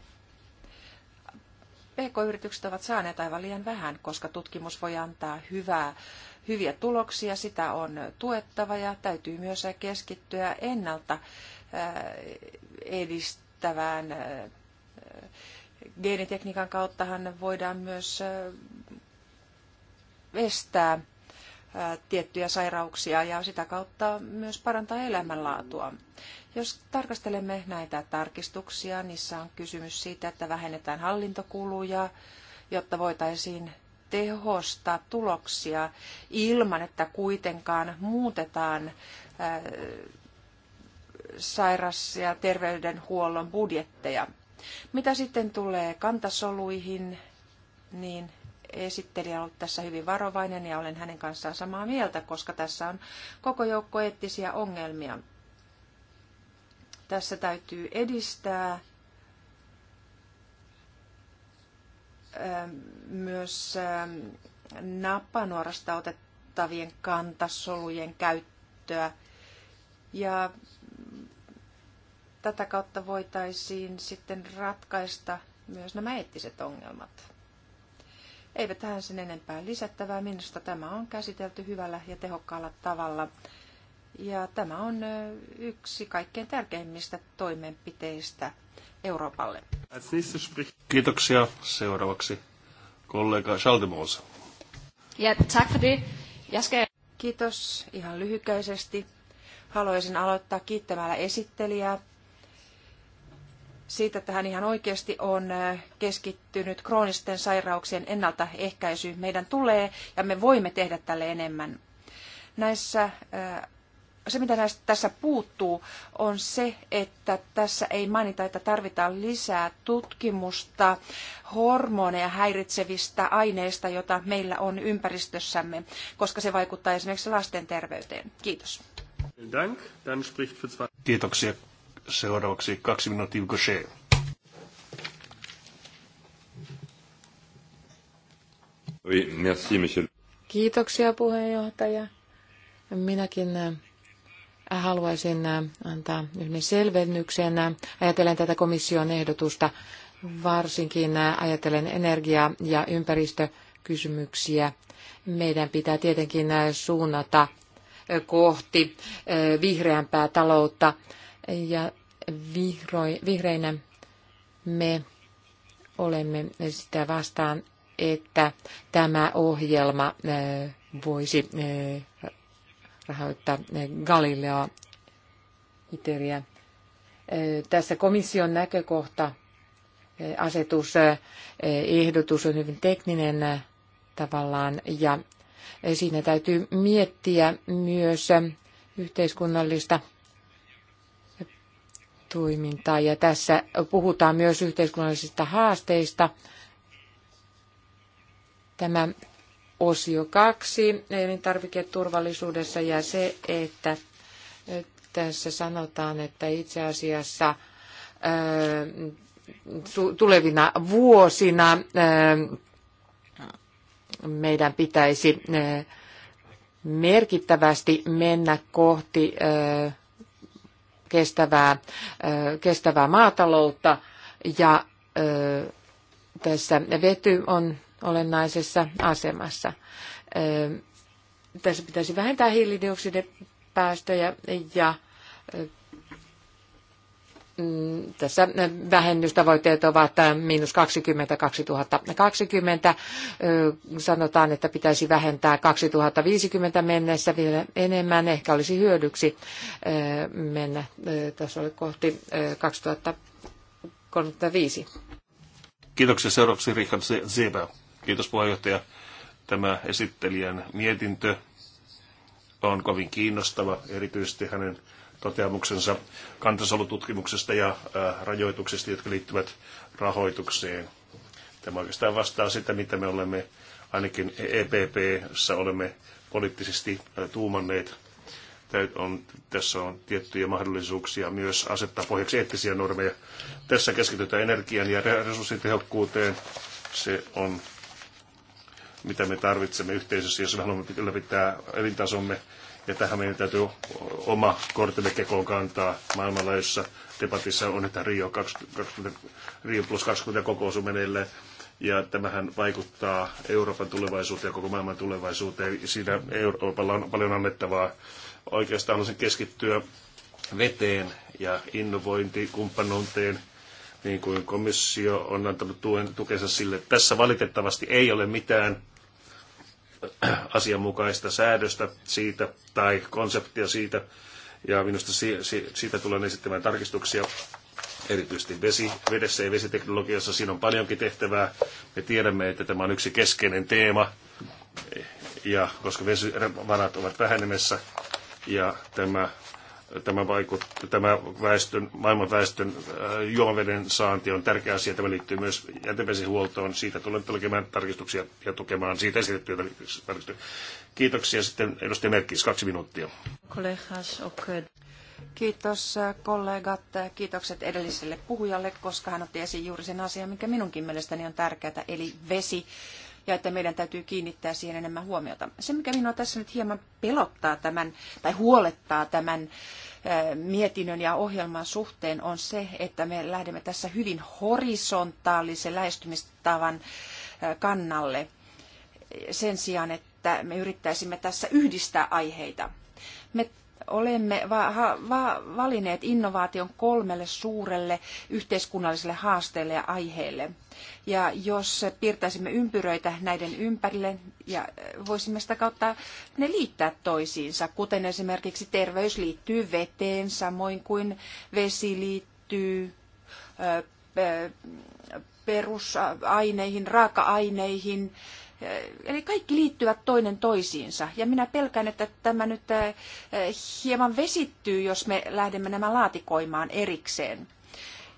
PK-yritykset ovat saaneet aivan liian vähän, koska tutkimus voi antaa hyvää, hyviä tuloksia, sitä on tuettava ja täytyy myös keskittyä ennalta Äh, edistävään äh, geenitekniikan kauttahan voidaan myös äh, estää tiettyjä sairauksia ja sitä kautta myös parantaa elämänlaatua. Jos tarkastelemme näitä tarkistuksia, niissä on kysymys siitä, että vähennetään hallintokuluja, jotta voitaisiin tehostaa tuloksia ilman, että kuitenkaan muutetaan sairas- ja terveydenhuollon budjetteja. Mitä sitten tulee kantasoluihin, niin esittelijä on ollut tässä hyvin varovainen ja olen hänen kanssaan samaa mieltä, koska tässä on koko joukko eettisiä ongelmia. Tässä täytyy edistää ähm, myös ähm, nappanuorasta otettavien kantasolujen käyttöä ja tätä kautta voitaisiin sitten ratkaista myös nämä eettiset ongelmat. Eipä tähän sen enempää lisättävää. Minusta tämä on käsitelty hyvällä ja tehokkaalla tavalla. Ja tämä on yksi kaikkein tärkeimmistä toimenpiteistä Euroopalle. Kiitoksia. Seuraavaksi kollega Schaldemosa. Ja, Kiitos ihan lyhykäisesti. Haluaisin aloittaa kiittämällä esittelijää siitä, että hän ihan oikeasti on äh, keskittynyt kroonisten sairauksien ennaltaehkäisyyn. Meidän tulee ja me voimme tehdä tälle enemmän. Näissä, äh, se, mitä näistä, tässä puuttuu, on se, että tässä ei mainita, että tarvitaan lisää tutkimusta hormoneja häiritsevistä aineista, joita meillä on ympäristössämme, koska se vaikuttaa esimerkiksi lasten terveyteen. Kiitos. Kiitoksia. Seuraavaksi kaksi minuuttia Gaucher. Kiitoksia puheenjohtaja. Minäkin äh, haluaisin äh, antaa yhden selvennyksen. Äh, ajatellen tätä komission ehdotusta, varsinkin ajatellen energia- ja ympäristökysymyksiä. Meidän pitää tietenkin suunnata kohti vihreämpää taloutta ja vihroi, vihreinä me olemme sitä vastaan, että tämä ohjelma äh, voisi äh, rahoittaa äh, Galileo Iteriä. Tässä komission näkökohta, asetus, ehdotus on hyvin tekninen tavallaan ja siinä täytyy miettiä myös yhteiskunnallista toimintaa ja tässä puhutaan myös yhteiskunnallisista haasteista. Tämä osio kaksi elintarviketurvallisuudessa ja se, että tässä sanotaan, että itse asiassa äh, tulevina vuosina äh, meidän pitäisi äh, merkittävästi mennä kohti kestävää, kestävää maataloutta ja tässä vety on olennaisessa asemassa. Tässä pitäisi vähentää hiilidioksidipäästöjä ja Mm, tässä äh, vähennystavoitteet ovat äh, miinus 20 2020. Sanotaan, että pitäisi vähentää 2050 mennessä vielä enemmän. Ehkä olisi hyödyksi äh, mennä tasolle kohti 2035. Kiitoksia seuraavaksi Richard Zebra. Kiitos puheenjohtaja. Tämä esittelijän mietintö on kovin kiinnostava, erityisesti hänen toteamuksensa kantasolututkimuksesta ja äh, rajoituksista, jotka liittyvät rahoitukseen. Tämä oikeastaan vastaa sitä, mitä me olemme ainakin EPPssä olemme poliittisesti äh, tuumanneet. On, tässä on tiettyjä mahdollisuuksia myös asettaa pohjaksi eettisiä normeja. Tässä keskitytään energian ja resurssitehokkuuteen. Se on, mitä me tarvitsemme yhteisössä, jos me haluamme ylläpitää elintasomme ja tähän meidän täytyy oma kortemme kekoon kantaa maailmanlaajuisessa debatissa on, että Rio, 20, Rio plus 20 kokous on meneillään. Ja tämähän vaikuttaa Euroopan tulevaisuuteen ja koko maailman tulevaisuuteen. Siinä Euroopalla on paljon annettavaa. Oikeastaan haluaisin keskittyä veteen ja innovointikumppanuuteen, niin kuin komissio on antanut tuen, tukensa sille. Tässä valitettavasti ei ole mitään asianmukaista säädöstä siitä tai konseptia siitä, ja minusta siitä tulee esittämään tarkistuksia erityisesti vesi, vedessä ja vesiteknologiassa. Siinä on paljonkin tehtävää. Me tiedämme, että tämä on yksi keskeinen teema, ja koska vesivarat ovat vähenemässä ja tämä tämä, vaikut, tämä väestön, maailman väestön äh, juomaveden saanti on tärkeä asia. Tämä liittyy myös jätevesihuoltoon. Siitä tulen tekemään tarkistuksia ja tukemaan siitä esitettyjä tarkistuksia. Kiitoksia. Sitten edustaja Merkis, kaksi minuuttia. Kiitos äh, kollegat. Kiitokset edelliselle puhujalle, koska hän otti esiin juuri sen asian, mikä minunkin mielestäni on tärkeää, eli vesi ja että meidän täytyy kiinnittää siihen enemmän huomiota. Se, mikä minua tässä nyt hieman pelottaa tämän tai huolettaa tämän mietinnön ja ohjelman suhteen on se, että me lähdemme tässä hyvin horisontaalisen lähestymistavan kannalle sen sijaan, että me yrittäisimme tässä yhdistää aiheita. Me olemme va- va- valinneet innovaation kolmelle suurelle yhteiskunnalliselle haasteelle ja aiheelle. Ja jos piirtäisimme ympyröitä näiden ympärille, ja äh, voisimme sitä kautta ne liittää toisiinsa, kuten esimerkiksi terveys liittyy veteen, samoin kuin vesi liittyy äh, perusaineihin, raaka-aineihin, Eli kaikki liittyvät toinen toisiinsa ja minä pelkään, että tämä nyt hieman vesittyy, jos me lähdemme nämä laatikoimaan erikseen.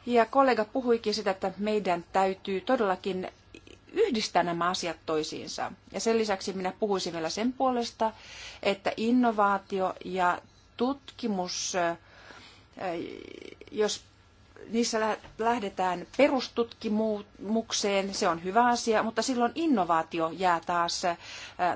Ja kollega puhuikin sitä, että meidän täytyy todellakin yhdistää nämä asiat toisiinsa. Ja sen lisäksi minä puhuisin vielä sen puolesta, että innovaatio ja tutkimus, jos niissä lähdetään perustutkimukseen, se on hyvä asia, mutta silloin innovaatio jää taas äh,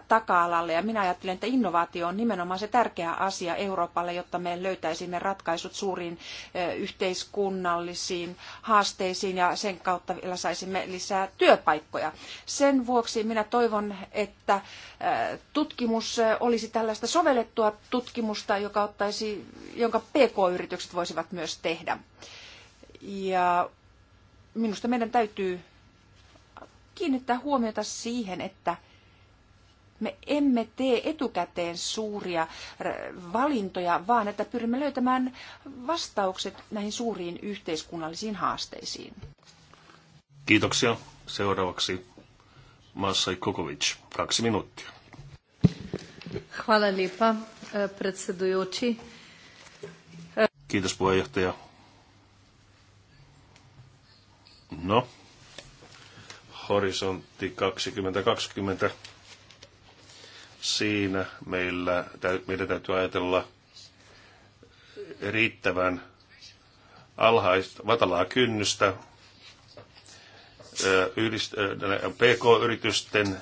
taka-alalle. Ja minä ajattelen, että innovaatio on nimenomaan se tärkeä asia Euroopalle, jotta me löytäisimme ratkaisut suuriin äh, yhteiskunnallisiin haasteisiin ja sen kautta vielä saisimme lisää työpaikkoja. Sen vuoksi minä toivon, että äh, tutkimus olisi tällaista sovellettua tutkimusta, joka ottaisi, jonka PK-yritykset voisivat myös tehdä. Ja minusta meidän täytyy kiinnittää huomiota siihen, että me emme tee etukäteen suuria äh, valintoja, vaan että pyrimme löytämään vastaukset näihin suuriin yhteiskunnallisiin haasteisiin. Kiitoksia. Seuraavaksi Masai Kokovic, kaksi minuuttia. Hvala lijepa, eh, predsedujući. Kiitos puheenjohtaja. No, horisontti 2020. Siinä meillä, meidän täytyy ajatella riittävän alhaista, matalaa kynnystä PK-yritysten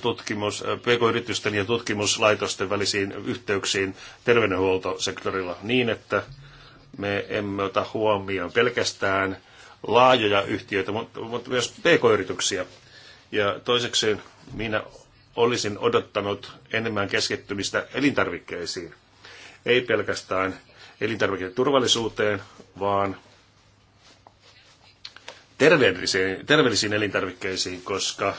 tutkimus, PK-yritysten ja tutkimuslaitosten välisiin yhteyksiin terveydenhuoltosektorilla niin, että me emme ota huomioon pelkästään laajoja yhtiöitä, mutta myös pk-yrityksiä. Ja toiseksi minä olisin odottanut enemmän keskittymistä elintarvikkeisiin. Ei pelkästään elintarvikkeiden turvallisuuteen vaan terveellisiin, terveellisiin elintarvikkeisiin, koska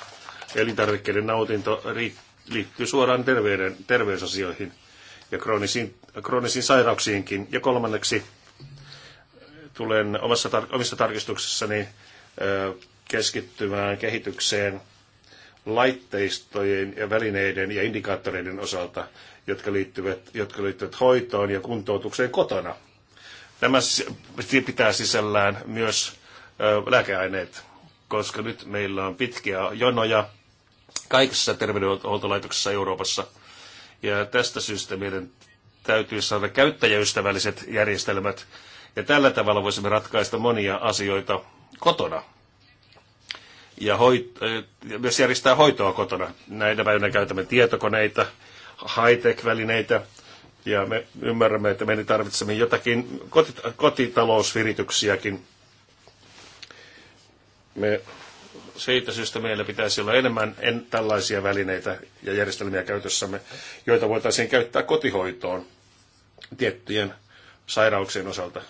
elintarvikkeiden nautinto liittyy suoraan terveyden, terveysasioihin ja kroonisiin, kroonisiin sairauksiinkin. Ja kolmanneksi tulen omassa tar- omissa tarkistuksissani keskittymään kehitykseen laitteistojen ja välineiden ja indikaattoreiden osalta, jotka liittyvät, jotka liittyvät hoitoon ja kuntoutukseen kotona. Tämä pitää sisällään myös lääkeaineet, koska nyt meillä on pitkiä jonoja kaikissa terveydenhuoltolaitoksissa Euroopassa. Ja tästä syystä meidän täytyy saada käyttäjäystävälliset järjestelmät, ja tällä tavalla voisimme ratkaista monia asioita kotona ja, hoit- ja myös järjestää hoitoa kotona. Näinä päivinä käytämme tietokoneita, high-tech-välineitä, ja me ymmärrämme, että me tarvitsemme jotakin koti- kotitalousvirityksiäkin. Me, siitä syystä meillä pitäisi olla enemmän en, tällaisia välineitä ja järjestelmiä käytössämme, joita voitaisiin käyttää kotihoitoon tiettyjen sairauksien osalta.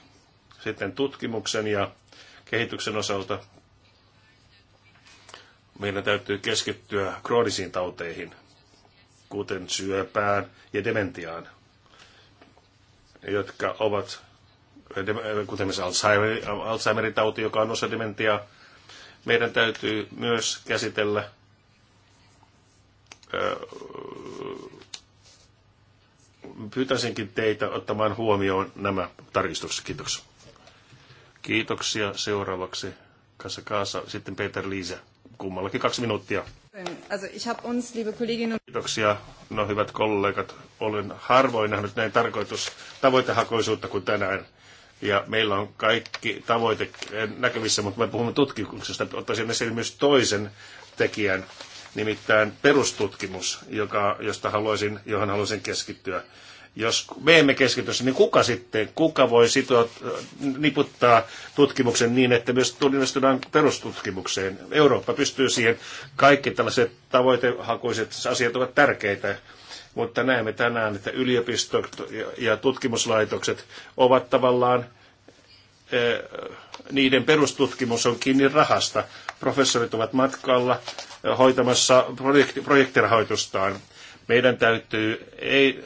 Sitten tutkimuksen ja kehityksen osalta meidän täytyy keskittyä kroonisiin tauteihin, kuten syöpään ja dementiaan, jotka ovat, kuten myös Alzheimerin tauti, joka on osa dementiaa. Meidän täytyy myös käsitellä pyytäisinkin teitä ottamaan huomioon nämä tarkistukset. Kiitoksia. Kiitoksia. Seuraavaksi Kassa Kaasa, sitten Peter Liise. Kummallakin kaksi minuuttia. Kiitoksia. No hyvät kollegat, olen harvoin nähnyt näin tarkoitus tavoitehakoisuutta kuin tänään. Ja meillä on kaikki tavoite eh, näkyvissä, mutta me puhumme tutkimuksesta. Ottaisin esille myös toisen tekijän, nimittäin perustutkimus, joka, josta haluaisin, johon haluaisin keskittyä. Jos me emme keskity, niin kuka sitten, kuka voi sitoa, niputtaa tutkimuksen niin, että myös tunnistetaan perustutkimukseen? Eurooppa pystyy siihen. Kaikki tällaiset tavoitehakuiset asiat ovat tärkeitä mutta näemme tänään, että yliopistot ja tutkimuslaitokset ovat tavallaan, eh, niiden perustutkimus on kiinni rahasta. Professorit ovat matkalla eh, hoitamassa projekti- projektirahoitustaan. Meidän täytyy ei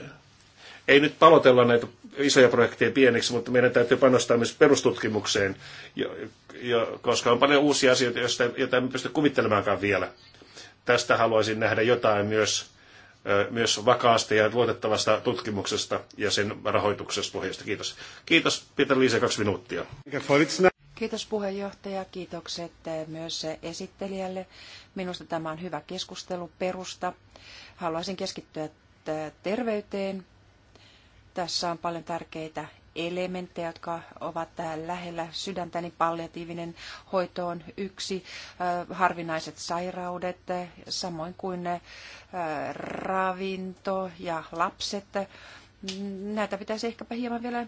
ei nyt palotella näitä isoja projekteja pieniksi, mutta meidän täytyy panostaa myös perustutkimukseen, jo, jo, koska on paljon uusia asioita, joista, joita emme pysty kuvittelemaankaan vielä. Tästä haluaisin nähdä jotain myös, myös vakaasta ja luotettavasta tutkimuksesta ja sen rahoituksesta pohjasta. Kiitos. Kiitos, Peter Liise, kaksi minuuttia. Kiitos puheenjohtaja, kiitokset myös esittelijälle. Minusta tämä on hyvä keskusteluperusta. Haluaisin keskittyä terveyteen tässä on paljon tärkeitä elementtejä, jotka ovat täällä lähellä sydäntäni. Niin palliatiivinen hoito on yksi, harvinaiset sairaudet, samoin kuin ravinto ja lapset. Näitä pitäisi ehkäpä hieman vielä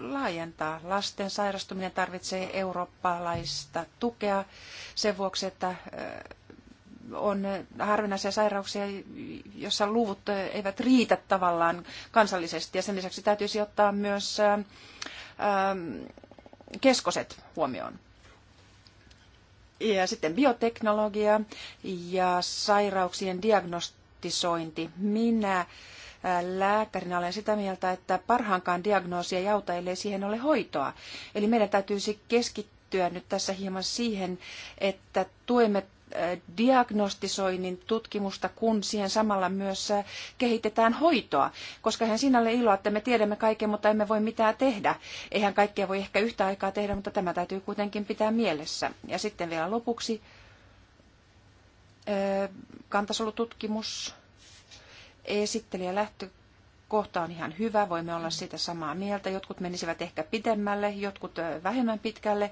laajentaa. Lasten sairastuminen tarvitsee eurooppalaista tukea sen vuoksi, että on harvinaisia sairauksia, joissa luvut eivät riitä tavallaan kansallisesti. Ja sen lisäksi täytyisi ottaa myös ähm, ähm, keskoset huomioon. Ja sitten bioteknologia ja sairauksien diagnostisointi. Minä äh, lääkärinä olen sitä mieltä, että parhaankaan diagnoosia ei auta, ellei siihen ole hoitoa. Eli meidän täytyisi keskittyä nyt tässä hieman siihen, että tuemme diagnostisoinnin tutkimusta, kun siihen samalla myös äh, kehitetään hoitoa. Koska eihän siinä ole iloa, että me tiedämme kaiken, mutta emme voi mitään tehdä. Eihän kaikkea voi ehkä yhtä aikaa tehdä, mutta tämä täytyy kuitenkin pitää mielessä. Ja sitten vielä lopuksi äh, kantasolututkimus. Esittelijä lähtö kohta on ihan hyvä, voimme olla siitä samaa mieltä. Jotkut menisivät ehkä pidemmälle, jotkut äh, vähemmän pitkälle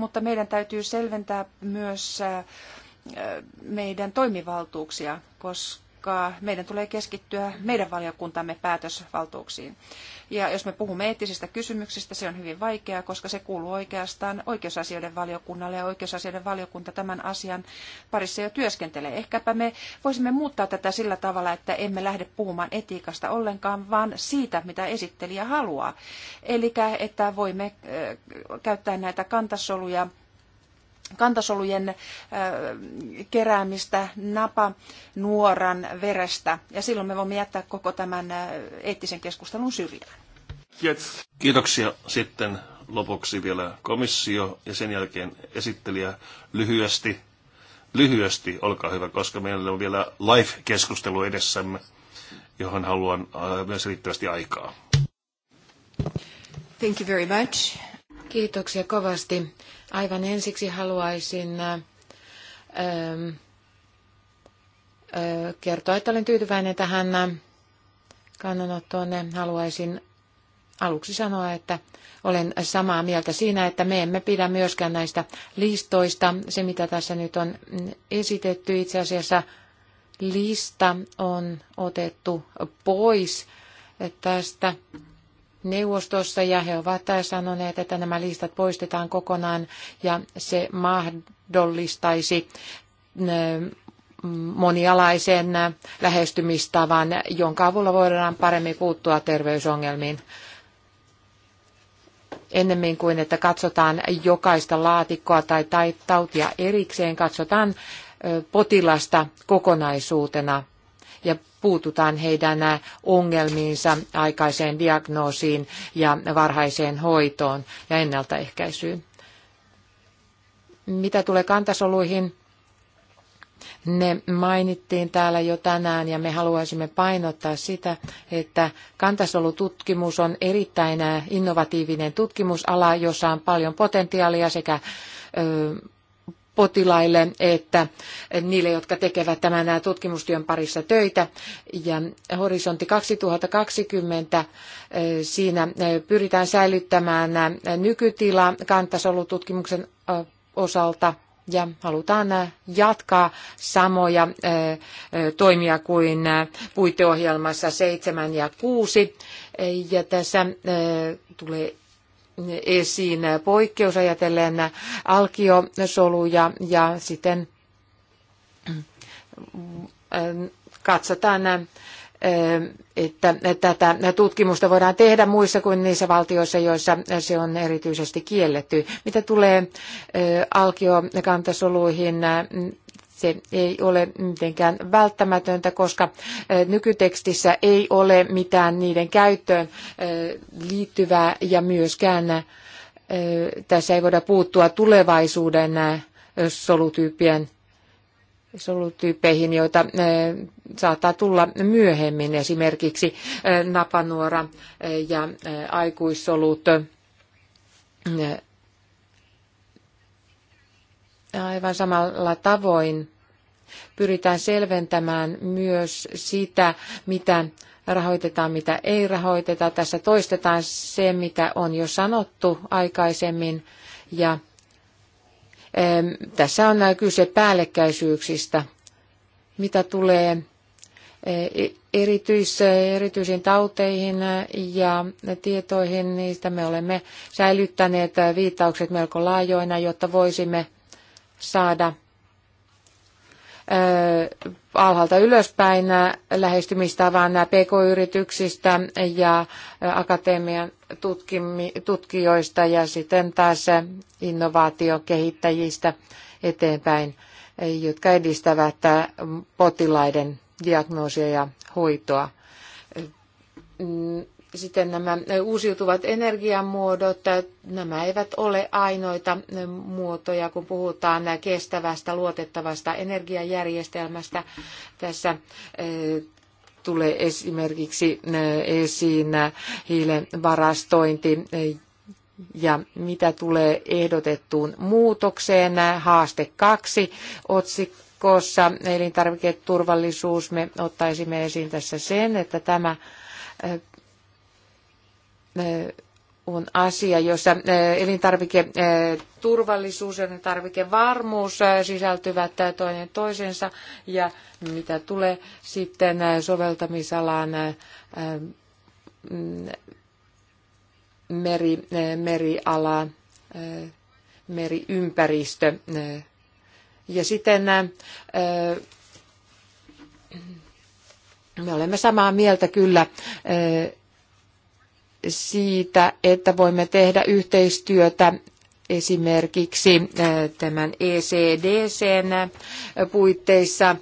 mutta meidän täytyy selventää myös äh, äh, meidän toimivaltuuksia, koska koska meidän tulee keskittyä meidän valiokuntamme päätösvaltuuksiin. Ja jos me puhumme eettisistä kysymyksistä, se on hyvin vaikeaa, koska se kuuluu oikeastaan oikeusasioiden valiokunnalle ja oikeusasioiden valiokunta tämän asian parissa jo työskentelee. Ehkäpä me voisimme muuttaa tätä sillä tavalla, että emme lähde puhumaan etiikasta ollenkaan, vaan siitä, mitä esittelijä haluaa. Eli että voimme käyttää näitä kantasoluja kantasolujen keräämistä napa nuoran verestä. Ja silloin me voimme jättää koko tämän eettisen keskustelun syrjään. Yes. Kiitoksia sitten lopuksi vielä komissio ja sen jälkeen esittelijä lyhyesti. Lyhyesti, olkaa hyvä, koska meillä on vielä live-keskustelu edessämme, johon haluan myös riittävästi aikaa. Thank you very much. Kiitoksia kovasti. Aivan ensiksi haluaisin kertoa, että olen tyytyväinen tähän kannanottoon. Haluaisin aluksi sanoa, että olen samaa mieltä siinä, että me emme pidä myöskään näistä listoista. Se, mitä tässä nyt on mm, esitetty, itse asiassa lista on otettu pois tästä neuvostossa ja he ovat sanoneet, että nämä listat poistetaan kokonaan ja se mahdollistaisi äh, monialaisen lähestymistavan, jonka avulla voidaan paremmin puuttua terveysongelmiin ennemmin kuin että katsotaan jokaista laatikkoa tai tautia erikseen, katsotaan äh, potilasta kokonaisuutena ja puututaan heidän ongelmiinsa, aikaiseen diagnoosiin ja varhaiseen hoitoon ja ennaltaehkäisyyn. Mitä tulee kantasoluihin, ne mainittiin täällä jo tänään ja me haluaisimme painottaa sitä, että kantasolututkimus on erittäin äh, innovatiivinen tutkimusala, jossa on paljon potentiaalia sekä potilaille että niille, jotka tekevät tämän tutkimustyön parissa töitä. Ja horisontti 2020, siinä pyritään säilyttämään nykytila kantasolututkimuksen osalta ja halutaan jatkaa samoja toimia kuin puiteohjelmassa 7 ja 6. Ja tässä tulee esiin poikkeus ajatellen alkiosoluja ja sitten äh, katsotaan äh, että tätä tutkimusta voidaan tehdä muissa kuin niissä valtioissa, joissa se on erityisesti kielletty. Mitä tulee äh, alkiokantasoluihin, se ei ole mitenkään välttämätöntä, koska nykytekstissä ei ole mitään niiden käyttöön liittyvää ja myöskään tässä ei voida puuttua tulevaisuuden solutyyppien solutyyppeihin, joita saattaa tulla myöhemmin, esimerkiksi napanuora ja aikuissolut aivan samalla tavoin pyritään selventämään myös sitä, mitä rahoitetaan, mitä ei rahoiteta. Tässä toistetaan se, mitä on jo sanottu aikaisemmin ja tässä on kyse päällekkäisyyksistä, mitä tulee e, erityis, erityisiin tauteihin ja tietoihin. Niistä me olemme säilyttäneet viittaukset melko laajoina, jotta voisimme saada alhaalta ylöspäin lähestymistavan pk-yrityksistä ja akatemian tutkijoista ja sitten taas innovaatiokehittäjistä eteenpäin, jotka edistävät potilaiden diagnoosia ja hoitoa. Sitten nämä uusiutuvat energiamuodot, nämä eivät ole ainoita muotoja, kun puhutaan kestävästä, luotettavasta energiajärjestelmästä. Tässä eh, tulee esimerkiksi eh, esiin hiilen varastointi eh, ja mitä tulee ehdotettuun muutokseen, haaste kaksi otsikossa elintarviketurvallisuus, me ottaisimme esiin tässä sen, että tämä on asia, jossa elintarviketurvallisuus ja elintarvikevarmuus sisältyvät toinen toisensa ja mitä tulee sitten soveltamisalaan meri, meriala, meriympäristö ja sitten me olemme samaa mieltä kyllä siitä, että voimme tehdä yhteistyötä esimerkiksi äh, tämän ECDCn äh, puitteissa, äh,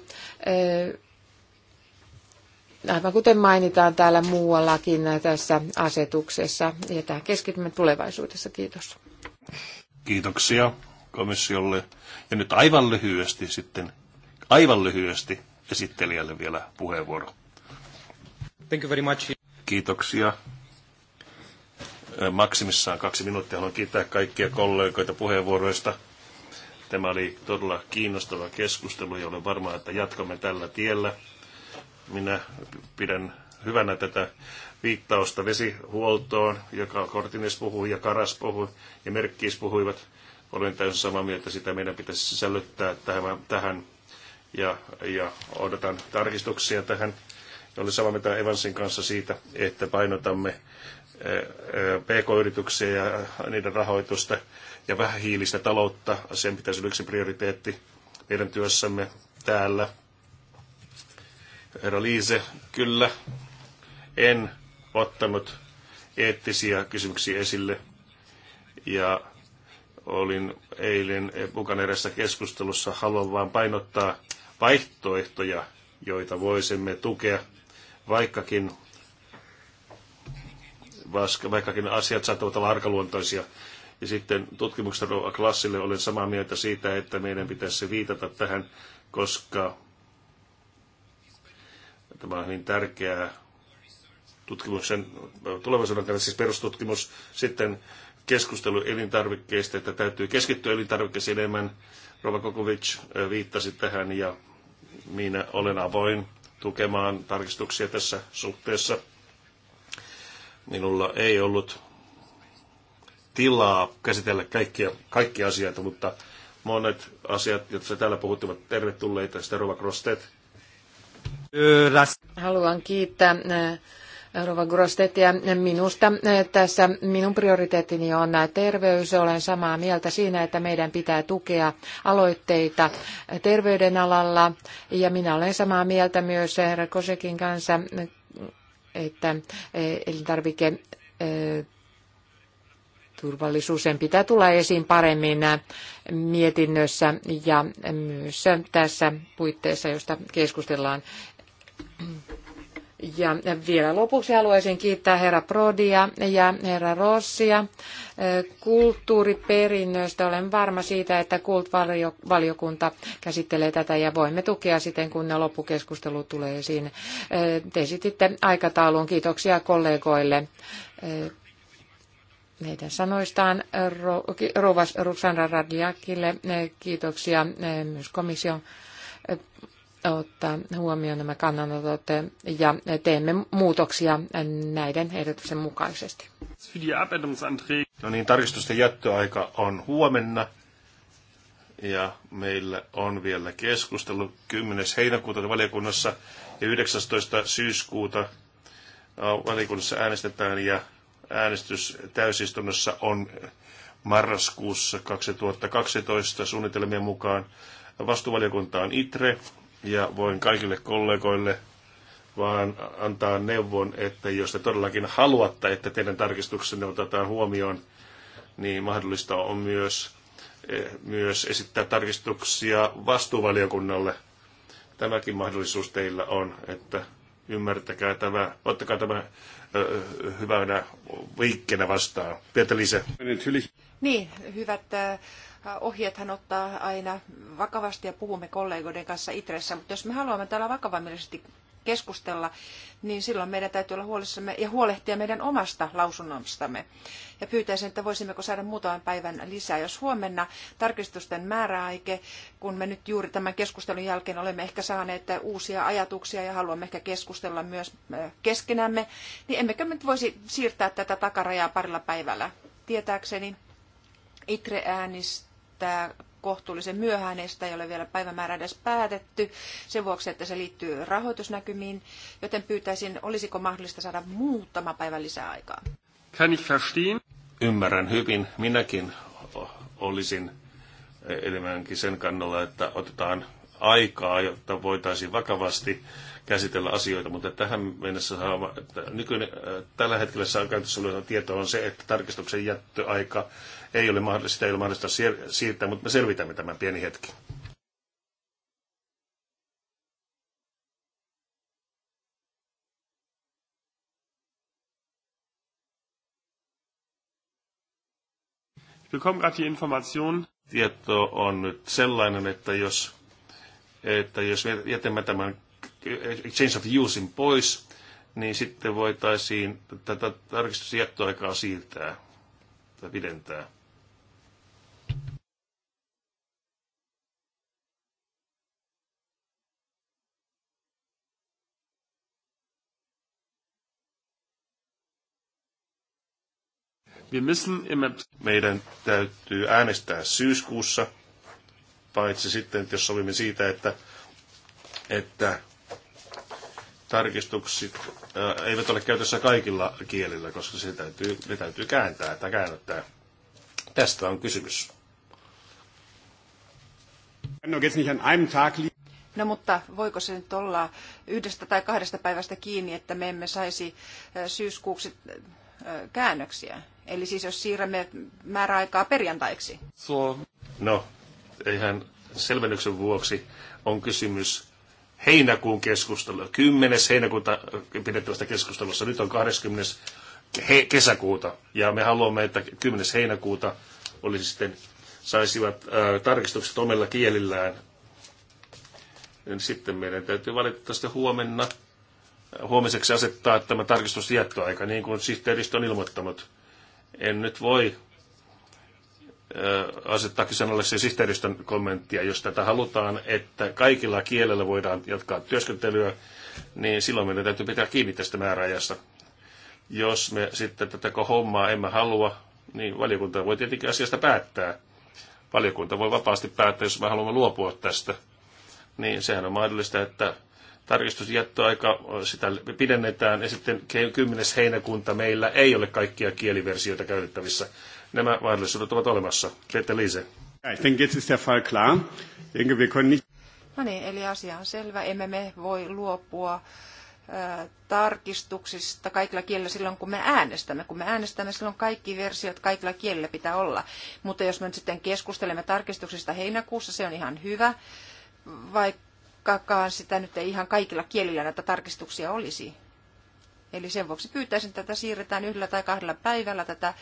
aivan kuten mainitaan täällä muuallakin tässä asetuksessa. Ja tähän keskitymme tulevaisuudessa. Kiitos. Kiitoksia komissiolle. Ja nyt aivan lyhyesti sitten, aivan lyhyesti esittelijälle vielä puheenvuoro. Thank you very much. Kiitoksia maksimissaan kaksi minuuttia. Haluan kiittää kaikkia kollegoita puheenvuoroista. Tämä oli todella kiinnostava keskustelu ja olen varma, että jatkamme tällä tiellä. Minä pidän hyvänä tätä viittausta vesihuoltoon, joka Kortines puhui ja Karas puhui ja Merkkiis puhuivat. Olen täysin samaa mieltä, että sitä meidän pitäisi sisällyttää tähän, ja, ja odotan tarkistuksia tähän. olen samaa mieltä Evansin kanssa siitä, että painotamme PK-yrityksiä ja niiden rahoitusta ja vähähiilistä taloutta. Sen pitäisi olla yksi prioriteetti meidän työssämme täällä. Herra Liise, kyllä, en ottanut eettisiä kysymyksiä esille. Ja olin eilen mukana erässä keskustelussa. Haluan vain painottaa vaihtoehtoja, joita voisimme tukea, vaikkakin vaikkakin asiat saattavat olla arkaluontoisia. Ja sitten tutkimuksen klassille olen samaa mieltä siitä, että meidän pitäisi viitata tähän, koska tämä on niin tärkeää tutkimuksen tulevaisuuden kannalta, siis perustutkimus, sitten keskustelu elintarvikkeista, että täytyy keskittyä elintarvikkeisiin enemmän. Rova Kokovic viittasi tähän ja minä olen avoin tukemaan tarkistuksia tässä suhteessa. Minulla ei ollut tilaa käsitellä kaikkia, kaikkia asioita, mutta monet asiat, jotka täällä puhuttivat, tervetulleita. Sitä Rova Grostet. Haluan kiittää äh, Rova Grostetia. Minusta äh, tässä minun prioriteettini on äh, terveys. Olen samaa mieltä siinä, että meidän pitää tukea aloitteita terveyden alalla. Ja minä olen samaa mieltä myös herra Kosekin kanssa että eh, elintarvike eh, turvallisuus sen pitää tulla esiin paremmin eh, mietinnössä ja myös tässä puitteessa josta keskustellaan ja vielä lopuksi haluaisin kiittää herra Prodia ja herra Rossia eh, kulttuuriperinnöstä. Olen varma siitä, että kultvaliokunta käsittelee tätä ja voimme tukea siten, kun ne loppukeskustelu tulee esiin. Eh, te esititte aikatauluun Kiitoksia kollegoille meidän eh, sanoistaan Rouvas Ruxandra Radiakille. Kiitoksia myös komission ottaa huomioon nämä kannanotot ja teemme muutoksia näiden ehdotuksen mukaisesti. No niin, tarkistusten jättöaika on huomenna ja meillä on vielä keskustelu 10. heinäkuuta valiokunnassa ja 19. syyskuuta valiokunnassa äänestetään ja äänestys täysistunnossa on marraskuussa 2012 suunnitelmien mukaan. Vastuvaliokunta on ITRE, ja voin kaikille kollegoille vaan antaa neuvon, että jos te todellakin haluatte, että teidän tarkistuksenne otetaan huomioon, niin mahdollista on myös, eh, myös esittää tarkistuksia vastuuvaliokunnalle. Tämäkin mahdollisuus teillä on, että ymmärtäkää tämä, ottakaa tämä hyvänä liikkeenä vastaan. Pietä Lise. Niin, hyvät ohjeet, hän ottaa aina vakavasti ja puhumme kollegoiden kanssa itressä, mutta jos me haluamme täällä vakavammillisesti keskustella, niin silloin meidän täytyy olla huolissamme ja huolehtia meidän omasta lausunnostamme ja pyytäisin, että voisimmeko saada muutaman päivän lisää. Jos huomenna tarkistusten määräaike, kun me nyt juuri tämän keskustelun jälkeen olemme ehkä saaneet uusia ajatuksia ja haluamme ehkä keskustella myös keskenämme, niin emmekö me nyt voisi siirtää tätä takarajaa parilla päivällä? Tietääkseni ITRE äänistää kohtuullisen myöhään, sitä ei ole vielä päivämäärä edes päätetty sen vuoksi, että se liittyy rahoitusnäkymiin, joten pyytäisin, olisiko mahdollista saada muutama päivä lisää aikaa. Kann ich verstehen ymmärrän hyvin. Minäkin olisin enemmänkin sen kannalla, että otetaan aikaa, jotta voitaisiin vakavasti käsitellä asioita, mutta tähän mennessä saama, että nykyinen, äh, tällä hetkellä saa käytössä oleva tieto on se, että tarkistuksen jättöaika ei ole mahdollista, sitä ei ole mahdollista siirtää, mutta me selvitämme tämän pieni hetki. Tieto on nyt sellainen, että jos, että jos jätämme tämän exchange of usein pois, niin sitten voitaisiin tätä tarkistusjättöaikaa siirtää tai pidentää. Meidän täytyy äänestää syyskuussa, paitsi sitten, että jos sovimme siitä, että, että tarkistukset äh, eivät ole käytössä kaikilla kielillä, koska se täytyy, ne täytyy kääntää tai käännöttää. Tästä on kysymys. No mutta voiko se nyt olla yhdestä tai kahdesta päivästä kiinni, että me emme saisi äh, syyskuuksi äh, käännöksiä? Eli siis jos siirrämme määräaikaa perjantaiksi. No, eihän selvennyksen vuoksi on kysymys heinäkuun keskustelua. 10. heinäkuuta pidettävästä keskustelussa. Nyt on 20. He, kesäkuuta. Ja me haluamme, että 10. heinäkuuta olisi sitten, saisivat äh, tarkistukset omilla kielillään. Ja niin sitten meidän täytyy valitettavasti huomenna, huomiseksi asettaa tämä tarkistusjättöaika, niin kuin sihteeristö on ilmoittanut. En nyt voi asettaa kyseenalalle se sihteeristön kommenttia, jos tätä halutaan, että kaikilla kielellä voidaan jatkaa työskentelyä, niin silloin meidän täytyy pitää kiinni tästä määräajasta. Jos me sitten tätä hommaa emme halua, niin valiokunta voi tietenkin asiasta päättää. Valiokunta voi vapaasti päättää, jos me haluamme luopua tästä. Niin sehän on mahdollista, että tarkistusjättöaika, sitä pidennetään ja sitten 10. heinäkuuta meillä ei ole kaikkia kieliversioita käytettävissä. Nämä mahdollisuudet ovat olemassa. Peter Liise. Ja, ich Fall klar. können nicht... No niin, eli asia on selvä. Emme me voi luopua äh, tarkistuksista kaikilla kielillä silloin, kun me äänestämme. Kun me äänestämme, silloin kaikki versiot kaikilla kielillä pitää olla. Mutta jos me nyt sitten keskustelemme tarkistuksista heinäkuussa, se on ihan hyvä, vaikka vaikkakaan sitä nyt ei ihan kaikilla kielillä näitä tarkistuksia olisi. Eli sen vuoksi pyytäisin, että tätä siirretään yhdellä tai kahdella päivällä tätä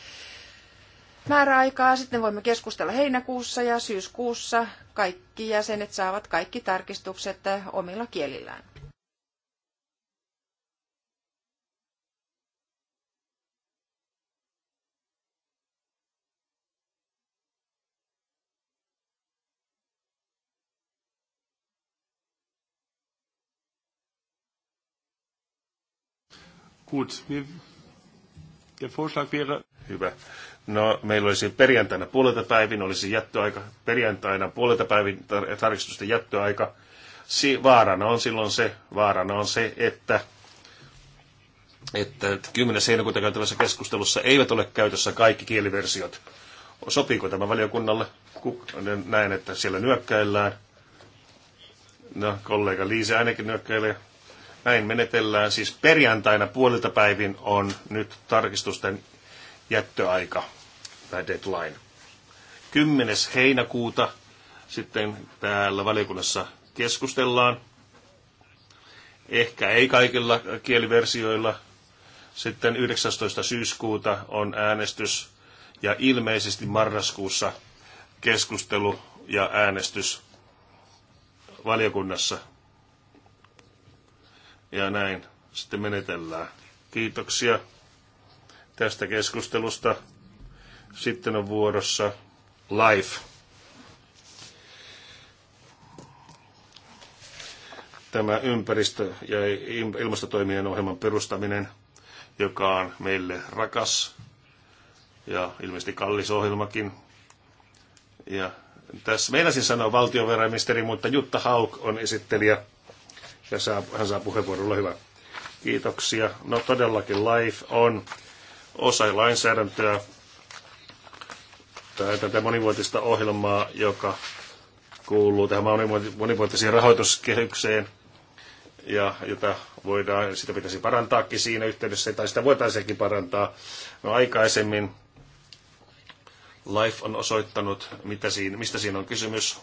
määräaikaa. Sitten voimme keskustella heinäkuussa ja syyskuussa. Kaikki jäsenet saavat kaikki tarkistukset omilla kielillään. Gut, mir, der Vorschlag wäre... Hyvä. No, meillä olisi perjantaina puolelta päivin, olisi jättöaika, perjantaina puolelta päivin tar- tarkistusten jättöaika. Si- vaarana on silloin se, vaarana on se, että että 10. heinäkuuta käytävässä keskustelussa eivät ole käytössä kaikki kieliversiot. Sopiiko tämä valiokunnalle? Näen, että siellä nyökkäillään. No, kollega Liise ainakin nyökkäilee. Näin menetellään siis perjantaina puolilta päivin on nyt tarkistusten jättöaika tai deadline. 10. heinäkuuta sitten täällä valiokunnassa keskustellaan. Ehkä ei kaikilla kieliversioilla. Sitten 19. syyskuuta on äänestys ja ilmeisesti marraskuussa keskustelu ja äänestys valiokunnassa ja näin sitten menetellään. Kiitoksia tästä keskustelusta. Sitten on vuorossa live. Tämä ympäristö- ja ilmastotoimien ohjelman perustaminen, joka on meille rakas ja ilmeisesti kallis ohjelmakin. Ja tässä meinasin sanoa valtiovarainministeri, mutta Jutta Hauk on esittelijä ja saa, hän saa puheenvuorolla hyvä. Kiitoksia. No todellakin LIFE on osa lainsäädäntöä, tai tätä monivuotista ohjelmaa, joka kuuluu tähän monivuotiseen rahoituskehykseen, ja jota voidaan, sitä pitäisi parantaakin siinä yhteydessä, tai sitä voitaisiinkin parantaa. No aikaisemmin Life on osoittanut, mitä siinä, mistä siinä on kysymys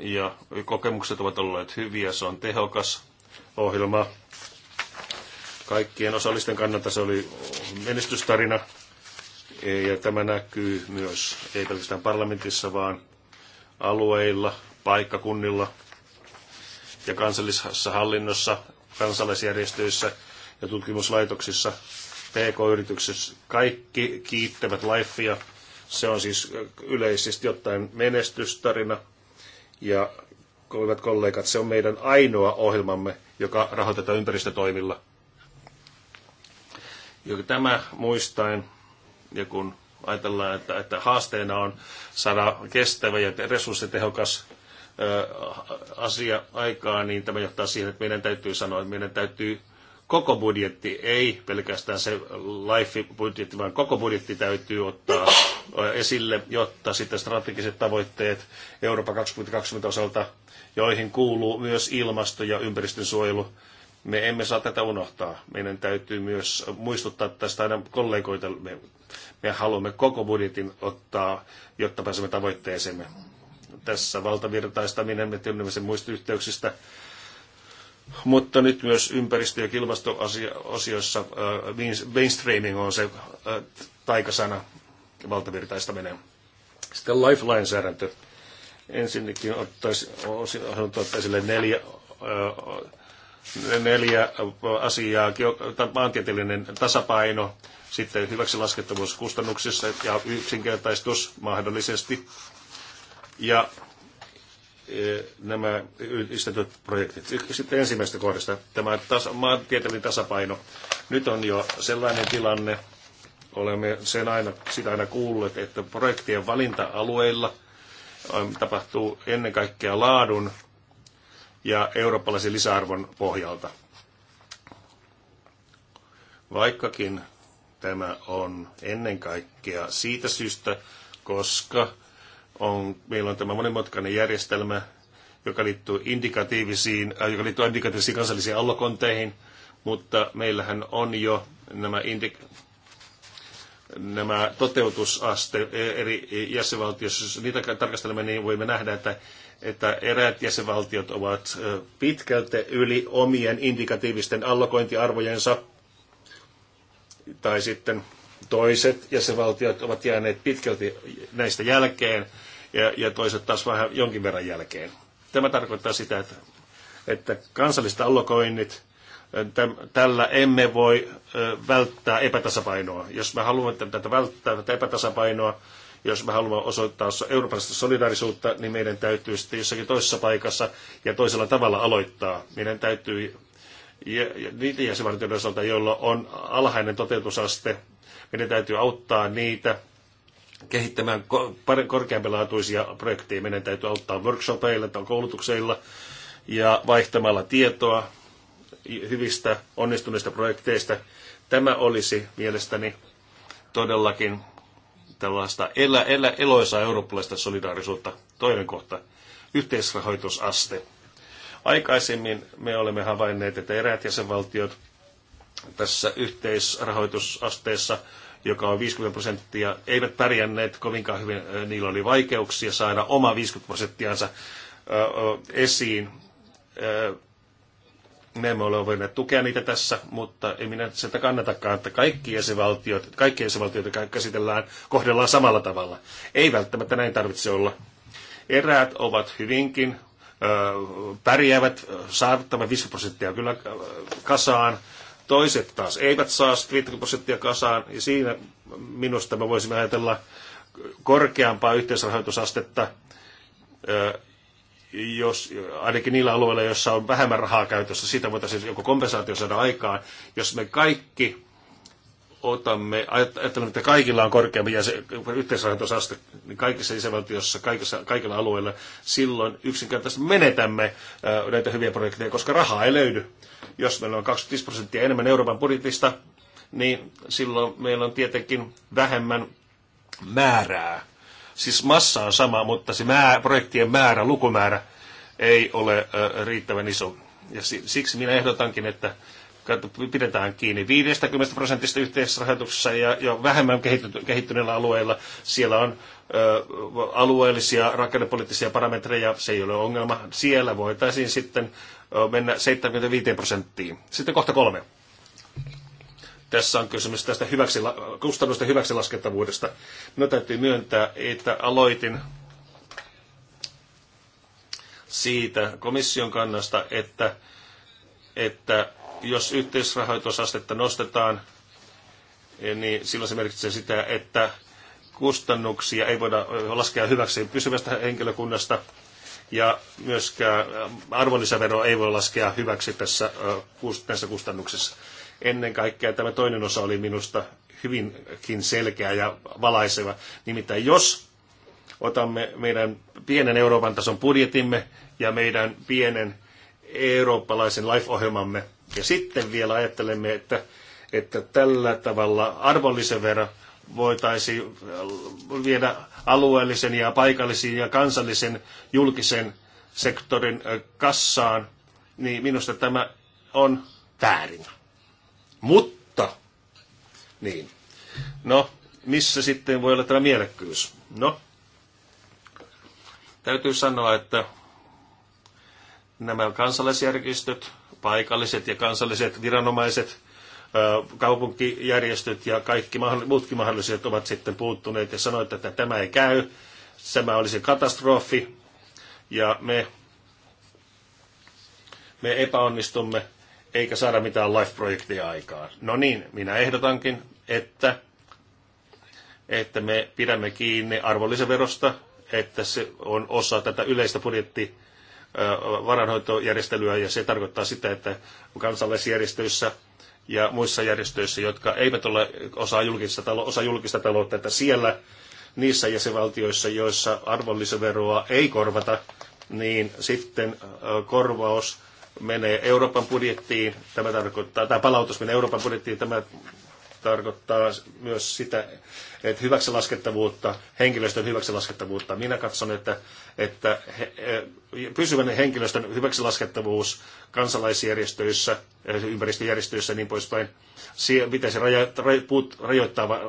ja kokemukset ovat olleet hyviä, se on tehokas ohjelma. Kaikkien osallisten kannalta se oli menestystarina ja tämä näkyy myös ei pelkästään parlamentissa, vaan alueilla, paikkakunnilla ja kansallisessa hallinnossa, kansalaisjärjestöissä ja tutkimuslaitoksissa, PK-yrityksissä. Kaikki kiittävät Lifea. Se on siis yleisesti ottaen menestystarina – ja hyvät kollegat, se on meidän ainoa ohjelmamme, joka rahoitetaan ympäristötoimilla. Ja tämä muistaen, ja kun ajatellaan, että, että haasteena on saada kestävä ja resurssitehokas asia aikaa, niin tämä johtaa siihen, että meidän täytyy sanoa, että meidän täytyy koko budjetti, ei pelkästään se LIFE-budjetti, vaan koko budjetti täytyy ottaa esille, jotta sitten strategiset tavoitteet Euroopan 2020 osalta, joihin kuuluu myös ilmasto ja ympäristönsuojelu, me emme saa tätä unohtaa. Meidän täytyy myös muistuttaa tästä aina kollegoita. Me, me haluamme koko budjetin ottaa, jotta pääsemme tavoitteeseemme. Tässä valtavirtaistaminen, me tunnemme sen muista yhteyksistä, mutta nyt myös ympäristö- ja kilpastoasioissa mainstreaming on se taikasana valtavirtaista menee. Sitten life-lainsäädäntö. Ensinnäkin ottaisi, esille neljä neljä asiaa, maantieteellinen tasapaino, sitten hyväksi laskettavuus kustannuksissa ja yksinkertaistus mahdollisesti. Ja Eh, nämä yhdistetyt projektit. Sitten ensimmäisestä kohdasta tämä tasa, maantieteellinen tasapaino. Nyt on jo sellainen tilanne, olemme sen aina, sitä aina kuulleet, että projektien valinta-alueilla ähm, tapahtuu ennen kaikkea laadun ja eurooppalaisen lisäarvon pohjalta. Vaikkakin tämä on ennen kaikkea siitä syystä, koska on, meillä on tämä monimutkainen järjestelmä, joka liittyy indikatiivisiin, äh, joka liittyy indikatiivisiin kansallisiin allokonteihin, mutta meillähän on jo nämä, indik, nämä toteutusaste e, eri jäsenvaltioissa. Jos niitä tarkastelemme, niin voimme nähdä, että, että eräät jäsenvaltiot ovat pitkälti yli omien indikatiivisten allokointiarvojensa, tai sitten toiset jäsenvaltiot ovat jääneet pitkälti näistä jälkeen, ja, ja toiset taas vähän jonkin verran jälkeen. Tämä tarkoittaa sitä, että, että kansalliset allokoinnit, tällä emme voi välttää epätasapainoa. Jos me haluamme tätä välttää tätä epätasapainoa, jos me haluamme osoittaa eurooppalaista solidaarisuutta, niin meidän täytyy sitten jossakin toisessa paikassa ja toisella tavalla aloittaa. Meidän täytyy ja, ja niitä jäsenvaltioiden osalta, joilla on alhainen toteutusaste, meidän täytyy auttaa niitä kehittämään korkeampilaatuisia projekteja. Meidän täytyy auttaa workshopeilla tai koulutukseilla ja vaihtamalla tietoa hyvistä onnistuneista projekteista. Tämä olisi mielestäni todellakin tällaista elä, elä, eloisaa eurooppalaista solidaarisuutta. Toinen kohta, yhteisrahoitusaste. Aikaisemmin me olemme havainneet, että eräät jäsenvaltiot tässä yhteisrahoitusasteessa joka on 50 prosenttia, eivät pärjänneet kovinkaan hyvin. Niillä oli vaikeuksia saada oma 50 prosenttiansa esiin. Me emme ole voineet tukea niitä tässä, mutta ei minä sieltä kannatakaan, että kaikki jäsenvaltiot, kaikki jäsenvaltiot käsitellään, kohdellaan samalla tavalla. Ei välttämättä näin tarvitse olla. Eräät ovat hyvinkin pärjäävät, saavuttavat 50 prosenttia kyllä kasaan, Toiset taas eivät saa 50 prosenttia kasaan, ja siinä minusta me voisimme ajatella korkeampaa yhteisrahoitusastetta, jos, ainakin niillä alueilla, joissa on vähemmän rahaa käytössä, sitä voitaisiin joku kompensaatio saada aikaan. Jos me kaikki otamme, ajattelemme, että kaikilla on korkeampi yhteisrahoitusaste, niin kaikissa isävaltiossa, kaikissa, kaikilla alueilla, silloin yksinkertaisesti menetämme näitä hyviä projekteja, koska rahaa ei löydy. Jos meillä on 25 prosenttia enemmän Euroopan budjetista, niin silloin meillä on tietenkin vähemmän määrää. Siis massa on sama, mutta se määrä, projektien määrä, lukumäärä ei ole ö, riittävän iso. Ja siksi minä ehdotankin, että pidetään kiinni 50 prosentista yhteisrahoituksessa ja jo vähemmän kehittyneillä alueilla. Siellä on ö, alueellisia rakennepoliittisia parametreja, se ei ole ongelma. Siellä voitaisiin sitten mennä 75 prosenttiin. Sitten kohta kolme. Tässä on kysymys tästä hyväksi, kustannusten hyväksilaskettavuudesta. Minun täytyy myöntää, että aloitin siitä komission kannasta, että, että jos yhteisrahoitusastetta nostetaan, eh, niin silloin se merkitsee sitä, että kustannuksia ei voida laskea hyväksi pysyvästä henkilökunnasta, ja myöskään äh, arvonlisävero ei voi laskea hyväksi tässä, näissä äh, kustannuksissa. Ennen kaikkea tämä toinen osa oli minusta hyvinkin selkeä ja valaiseva. Nimittäin jos otamme meidän pienen Euroopan tason budjetimme ja meidän pienen eurooppalaisen life-ohjelmamme, ja sitten vielä ajattelemme, että, että tällä tavalla arvonlisävero voitaisiin viedä alueellisen ja paikallisen ja kansallisen julkisen sektorin kassaan, niin minusta tämä on väärin. Mutta, niin, no, missä sitten voi olla tämä mielekkyys? No, täytyy sanoa, että nämä kansalaisjärjestöt, paikalliset ja kansalliset viranomaiset – kaupunkijärjestöt ja kaikki muutkin mahdolliset ovat sitten puuttuneet ja sanoivat, että tämä ei käy, tämä olisi katastrofi ja me, me epäonnistumme eikä saada mitään live-projekteja aikaan. No niin, minä ehdotankin, että, että me pidämme kiinni arvonlisäverosta, että se on osa tätä yleistä budjetti varanhoitojärjestelyä ja se tarkoittaa sitä, että kansalaisjärjestöissä – ja muissa järjestöissä, jotka eivät ole osa julkista, osa julkista taloutta, että siellä niissä jäsenvaltioissa, joissa arvonlisäveroa ei korvata, niin sitten korvaus menee Euroopan budjettiin, tämä tarkoittaa, tämä palautus menee Euroopan budjettiin, tämä tarkoittaa myös sitä, että hyväksi laskettavuutta, henkilöstön hyväksi laskettavuutta. Minä katson, että, että he, e, pysyvän henkilöstön hyväksi laskettavuus kansalaisjärjestöissä, ympäristöjärjestöissä ja niin poispäin, pitäisi rajoittaa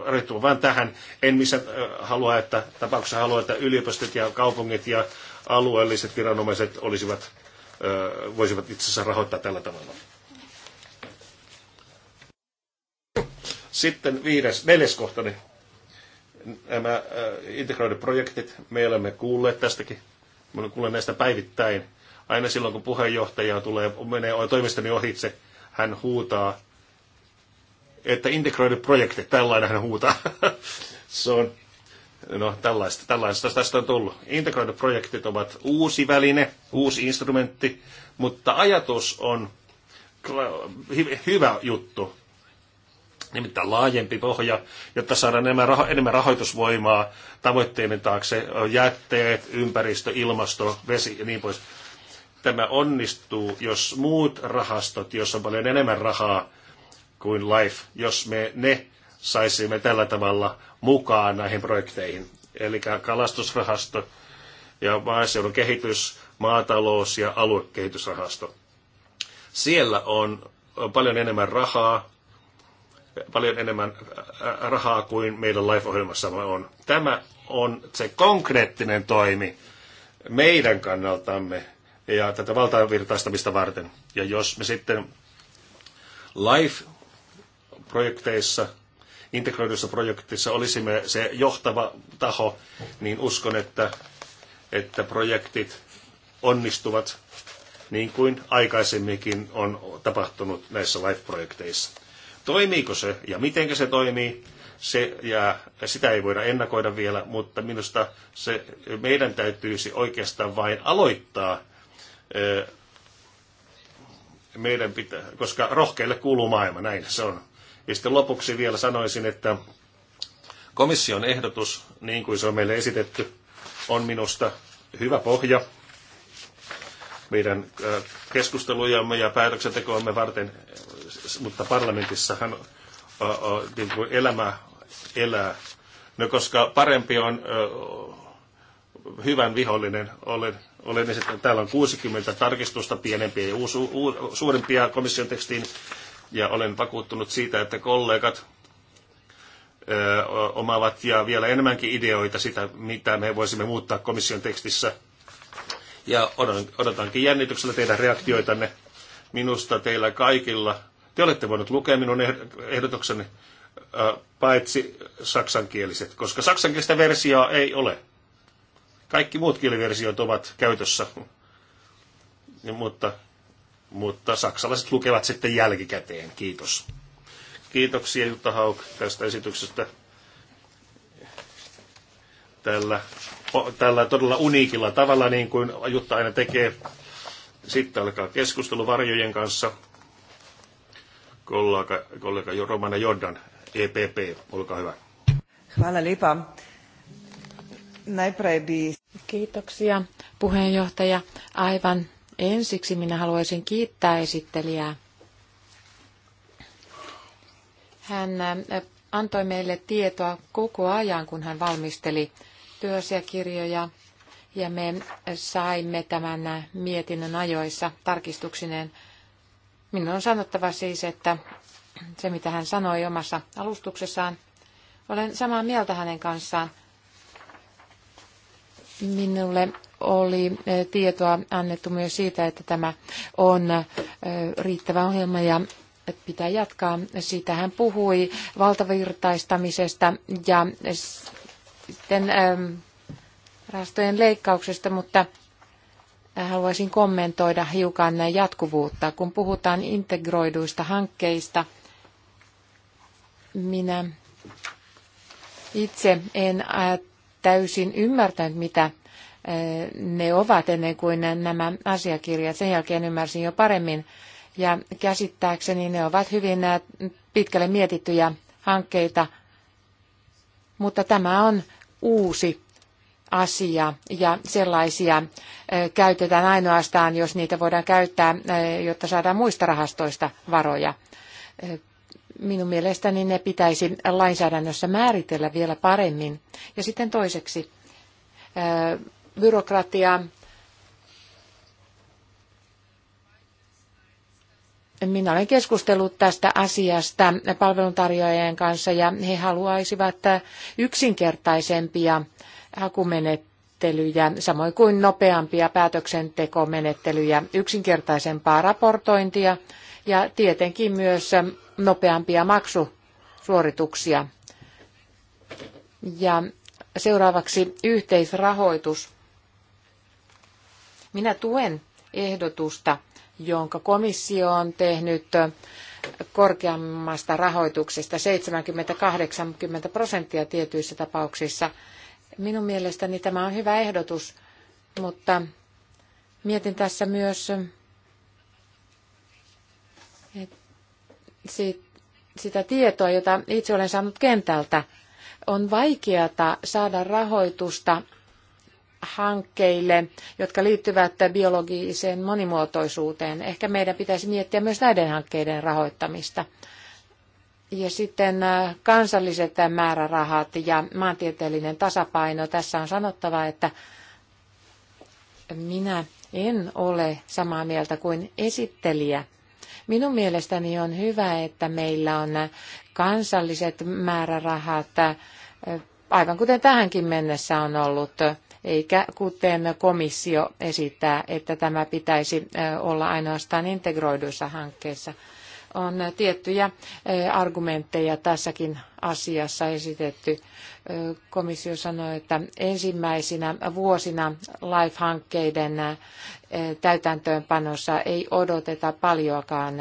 rajoittua vain tähän. En missä e, halua, että tapauksessa halua, että yliopistot ja kaupungit ja alueelliset viranomaiset olisivat, e, voisivat itse asiassa rahoittaa tällä tavalla. Sitten viides, neljäs kohtani. Nämä äh, integroidut projektit, me olemme kuulleet tästäkin. Me kuulleet näistä päivittäin. Aina silloin, kun puheenjohtaja tulee, menee toimistoni ohitse, hän huutaa, että integroidut projektit, tällainen hän huutaa. Se on No tällaista, tällaista tästä on tullut. Integroidut projektit ovat uusi väline, uusi instrumentti, mutta ajatus on hyvä juttu nimittäin laajempi pohja, jotta saadaan enemmän, raho- enemmän rahoitusvoimaa tavoitteiden taakse, jätteet, ympäristö, ilmasto, vesi ja niin pois. Tämä onnistuu, jos muut rahastot, jos on paljon enemmän rahaa kuin LIFE, jos me ne saisimme tällä tavalla mukaan näihin projekteihin. Eli kalastusrahasto ja maaseudun kehitys, maatalous ja aluekehitysrahasto. Siellä on paljon enemmän rahaa, paljon enemmän äh, äh, rahaa kuin meidän live ohjelmassa on. Tämä on se konkreettinen toimi meidän kannaltamme ja tätä valtavirtaistamista varten. Ja jos me sitten live-projekteissa, integroidussa projektissa olisimme se johtava taho, niin uskon, että, että projektit onnistuvat niin kuin aikaisemminkin on tapahtunut näissä live-projekteissa. Toimiiko se ja miten se toimii, se jää, sitä ei voida ennakoida vielä, mutta minusta se, meidän täytyisi oikeastaan vain aloittaa. Meidän pitää, koska rohkeille kuuluu maailma, näin se on. Ja sitten lopuksi vielä sanoisin, että komission ehdotus, niin kuin se on meille esitetty, on minusta hyvä pohja meidän keskustelujamme ja päätöksentekoamme varten mutta parlamentissahan niin kuin elämä elää. No koska parempi on hyvän vihollinen, olen, olen esittänyt, täällä on 60 tarkistusta pienempiä ja uusi, u, suurimpia komission tekstiin, ja olen vakuuttunut siitä, että kollegat ö, omaavat ja vielä enemmänkin ideoita sitä, mitä me voisimme muuttaa komission tekstissä. Ja odotankin jännityksellä teidän reaktioitanne. Minusta teillä kaikilla te olette voinut lukea minun eh- ehdotukseni paitsi saksankieliset, koska saksankielistä versiota ei ole. Kaikki muut kieliversiot ovat käytössä, ja, mutta, mutta saksalaiset lukevat sitten jälkikäteen. Kiitos. Kiitoksia Jutta Hauk tästä esityksestä. Tällä, tällä todella uniikilla tavalla, niin kuin Jutta aina tekee. Sitten alkaa keskustelu varjojen kanssa kollega, kollega Romana Jordan, EPP, olkaa hyvä. Hvala lipa. Kiitoksia puheenjohtaja. Aivan ensiksi minä haluaisin kiittää esittelijää. Hän antoi meille tietoa koko ajan, kun hän valmisteli työasiakirjoja ja me saimme tämän mietinnön ajoissa tarkistuksineen Minun on sanottava siis, että se mitä hän sanoi omassa alustuksessaan, olen samaa mieltä hänen kanssaan. Minulle oli eh, tietoa annettu myös siitä, että tämä on eh, riittävä ohjelma ja pitää jatkaa. Siitä hän puhui valtavirtaistamisesta ja sitten eh, rahastojen leikkauksesta, mutta haluaisin kommentoida hiukan jatkuvuutta. Kun puhutaan integroiduista hankkeista, minä itse en täysin ymmärtänyt, mitä ne ovat ennen kuin nämä asiakirjat. Sen jälkeen ymmärsin jo paremmin. Ja käsittääkseni ne ovat hyvin pitkälle mietittyjä hankkeita, mutta tämä on uusi asia ja sellaisia käytetään ainoastaan, jos niitä voidaan käyttää, jotta saadaan muista rahastoista varoja. Minun mielestäni ne pitäisi lainsäädännössä määritellä vielä paremmin. Ja sitten toiseksi byrokratia. Minä olen keskustellut tästä asiasta palveluntarjoajien kanssa ja he haluaisivat yksinkertaisempia äh, hakumenettelyjä, samoin kuin nopeampia päätöksentekomenettelyjä, yksinkertaisempaa raportointia ja tietenkin myös nopeampia maksusuorituksia. Ja seuraavaksi yhteisrahoitus. Minä tuen ehdotusta, jonka komissio on tehnyt korkeammasta rahoituksesta 70-80 prosenttia tietyissä tapauksissa Minun mielestäni tämä on hyvä ehdotus, mutta mietin tässä myös sitä tietoa, jota itse olen saanut kentältä. On vaikeata saada rahoitusta hankkeille, jotka liittyvät biologiseen monimuotoisuuteen. Ehkä meidän pitäisi miettiä myös näiden hankkeiden rahoittamista. Ja sitten äh, kansalliset määrärahat ja maantieteellinen tasapaino. Tässä on sanottava, että minä en ole samaa mieltä kuin esittelijä. Minun mielestäni on hyvä, että meillä on kansalliset määrärahat, äh, aivan kuten tähänkin mennessä on ollut, eikä kuten komissio esittää, että tämä pitäisi äh, olla ainoastaan integroiduissa hankkeissa on tiettyjä e, argumentteja tässäkin asiassa esitetty. E, komissio sanoi, että ensimmäisinä vuosina LIFE-hankkeiden e, täytäntöönpanossa ei odoteta paljoakaan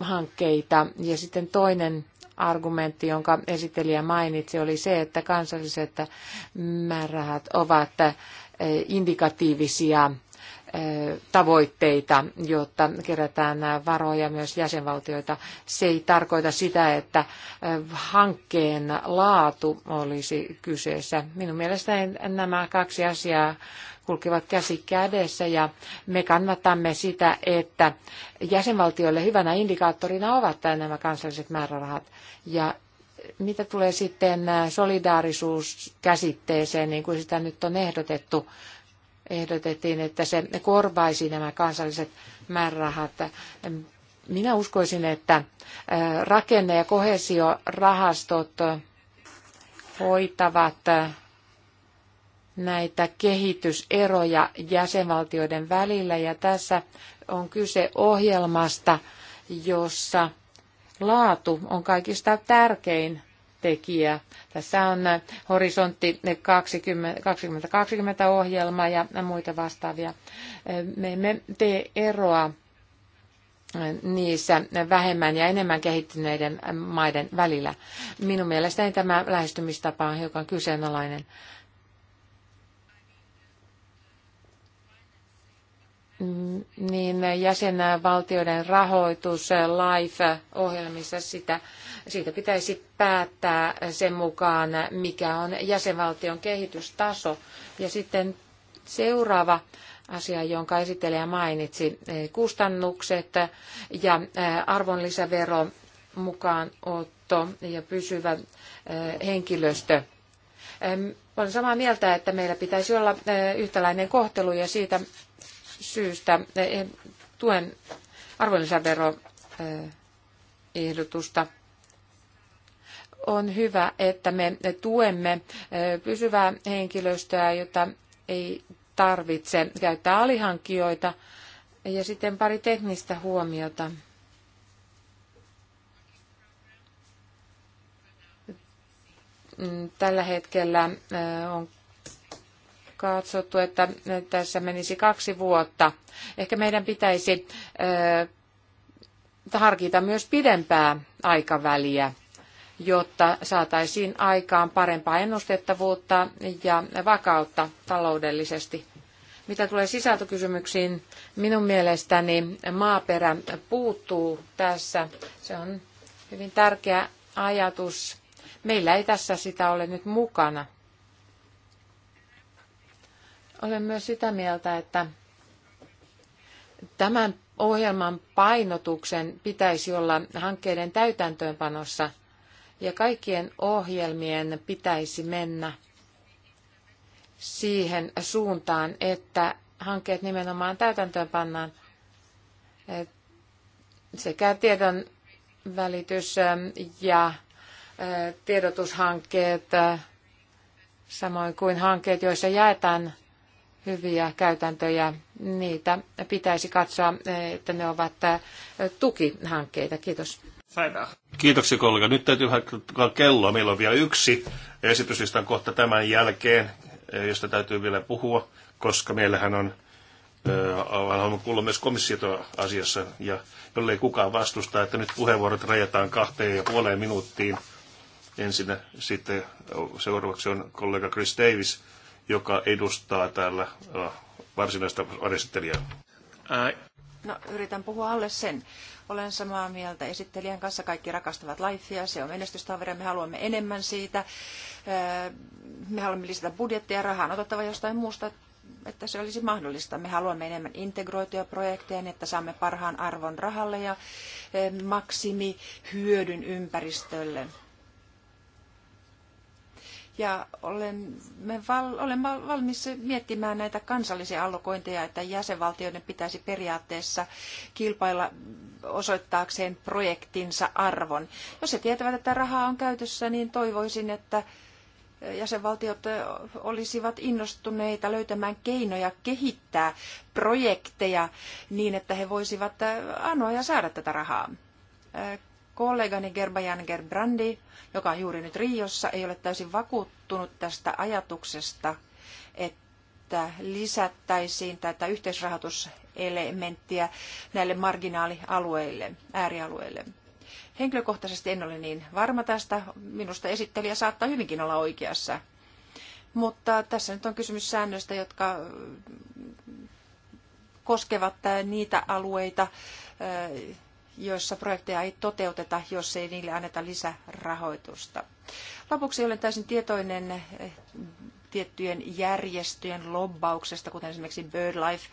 hankkeita. Ja sitten toinen argumentti, jonka esittelijä mainitsi, oli se, että kansalliset määrärahat ovat indikatiivisia tavoitteita, jotta kerätään varoja myös jäsenvaltioita. Se ei tarkoita sitä, että hankkeen laatu olisi kyseessä. Minun mielestäni nämä kaksi asiaa kulkevat käsi kädessä ja me kannatamme sitä, että jäsenvaltioille hyvänä indikaattorina ovat nämä kansalliset määrärahat ja mitä tulee sitten solidaarisuuskäsitteeseen, niin kuin sitä nyt on ehdotettu, ehdotettiin, että se korvaisi nämä kansalliset määrärahat. Minä uskoisin, että rakenne- ja kohesiorahastot hoitavat näitä kehityseroja jäsenvaltioiden välillä. Ja tässä on kyse ohjelmasta, jossa laatu on kaikista tärkein tekijä. Tässä on horisontti 2020, 2020 ohjelma ja muita vastaavia. Me emme tee eroa niissä vähemmän ja enemmän kehittyneiden maiden välillä. Minun mielestäni tämä lähestymistapa on hiukan kyseenalainen. niin jäsenvaltioiden rahoitus LIFE-ohjelmissa sitä, siitä pitäisi päättää sen mukaan, mikä on jäsenvaltion kehitystaso. Ja sitten seuraava asia, jonka esittelijä mainitsi, kustannukset ja arvonlisävero mukaan otto ja pysyvä henkilöstö. Olen samaa mieltä, että meillä pitäisi olla yhtäläinen kohtelu ja siitä syystä eh, tuen arvonlisäveroehdotusta. Eh, on hyvä, että me tuemme eh, pysyvää henkilöstöä, jota ei tarvitse käyttää alihankkijoita. Ja sitten pari teknistä huomiota. Tällä hetkellä on katsottu, että tässä menisi kaksi vuotta. Ehkä meidän pitäisi harkita myös pidempää aikaväliä, jotta saataisiin aikaan parempaa ennustettavuutta ja vakautta taloudellisesti. Mitä tulee sisältökysymyksiin, minun mielestäni maaperä puuttuu tässä. Se on hyvin tärkeä ajatus. Meillä ei tässä sitä ole nyt mukana. Olen myös sitä mieltä, että tämän ohjelman painotuksen pitäisi olla hankkeiden täytäntöönpanossa ja kaikkien ohjelmien pitäisi mennä siihen suuntaan, että hankkeet nimenomaan täytäntöönpannaan sekä tiedon välitys ähm, ja äh, tiedotushankkeet, äh, samoin kuin hankkeet, joissa jaetaan hyviä käytäntöjä, niitä pitäisi katsoa, että ne ovat tukihankkeita. Kiitos. Kiitoksia kollega. Nyt täytyy hakkaa kelloa. Meillä on vielä yksi esityslistan kohta tämän jälkeen, josta täytyy vielä puhua, koska meillähän on haluan kuulla myös komissiota asiassa, ja jollei kukaan vastusta, että nyt puheenvuorot rajataan kahteen ja puoleen minuuttiin ensin, sitten seuraavaksi on kollega Chris Davis, joka edustaa täällä varsinaista esittelijää. No, yritän puhua alle sen. Olen samaa mieltä esittelijän kanssa. Kaikki rakastavat lifea, se on menestystavere. Me haluamme enemmän siitä. Me haluamme lisätä budjettia. Rahaa on otettava jostain muusta, että se olisi mahdollista. Me haluamme enemmän integroituja projekteja, niin, että saamme parhaan arvon rahalle ja maksimi hyödyn ympäristölle. Ja olemme val, olen valmis miettimään näitä kansallisia allokointeja, että jäsenvaltioiden pitäisi periaatteessa kilpailla osoittaakseen projektinsa arvon. Jos he tietävät, että rahaa on käytössä, niin toivoisin, että jäsenvaltiot olisivat innostuneita löytämään keinoja kehittää projekteja niin, että he voisivat anoa ja saada tätä rahaa kollegani Gerbajan Gerbrandi, joka on juuri nyt Riossa, ei ole täysin vakuuttunut tästä ajatuksesta, että lisättäisiin tätä yhteisrahoituselementtiä näille marginaalialueille, äärialueille. Henkilökohtaisesti en ole niin varma tästä. Minusta esittelijä saattaa hyvinkin olla oikeassa. Mutta tässä nyt on kysymys säännöistä, jotka koskevat niitä alueita, joissa projekteja ei toteuteta, jos ei niille anneta lisärahoitusta. Lopuksi olen täysin tietoinen eh, tiettyjen järjestöjen lobbauksesta, kuten esimerkiksi BirdLife,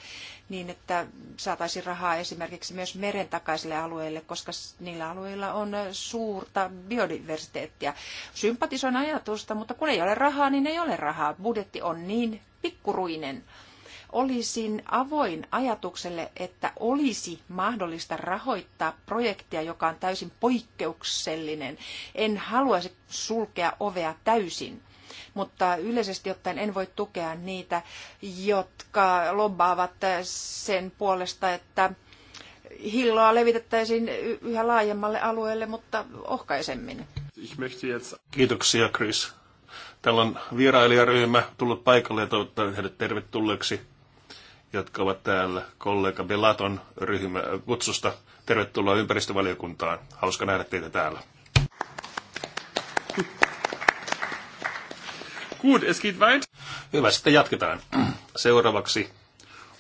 niin että saataisiin rahaa esimerkiksi myös meren takaisille alueille, koska niillä alueilla on eh, suurta biodiversiteettiä. Sympatisoin ajatusta, mutta kun ei ole rahaa, niin ei ole rahaa. Budjetti on niin pikkuruinen olisin avoin ajatukselle, että olisi mahdollista rahoittaa projektia, joka on täysin poikkeuksellinen. En haluaisi sulkea ovea täysin mutta yleisesti ottaen en voi tukea niitä, jotka lobbaavat sen puolesta, että hilloa levitettäisiin yhä laajemmalle alueelle, mutta ohkaisemmin. Kiitoksia, Chris. Täällä on vierailijaryhmä tullut paikalle ja toivotan heidät tervetulleeksi jotka ovat täällä kollega Belaton ryhmä, kutsusta. Tervetuloa ympäristövaliokuntaan. Hauska nähdä teitä täällä. Gut, es geht weit. Hyvä, sitten jatketaan. Seuraavaksi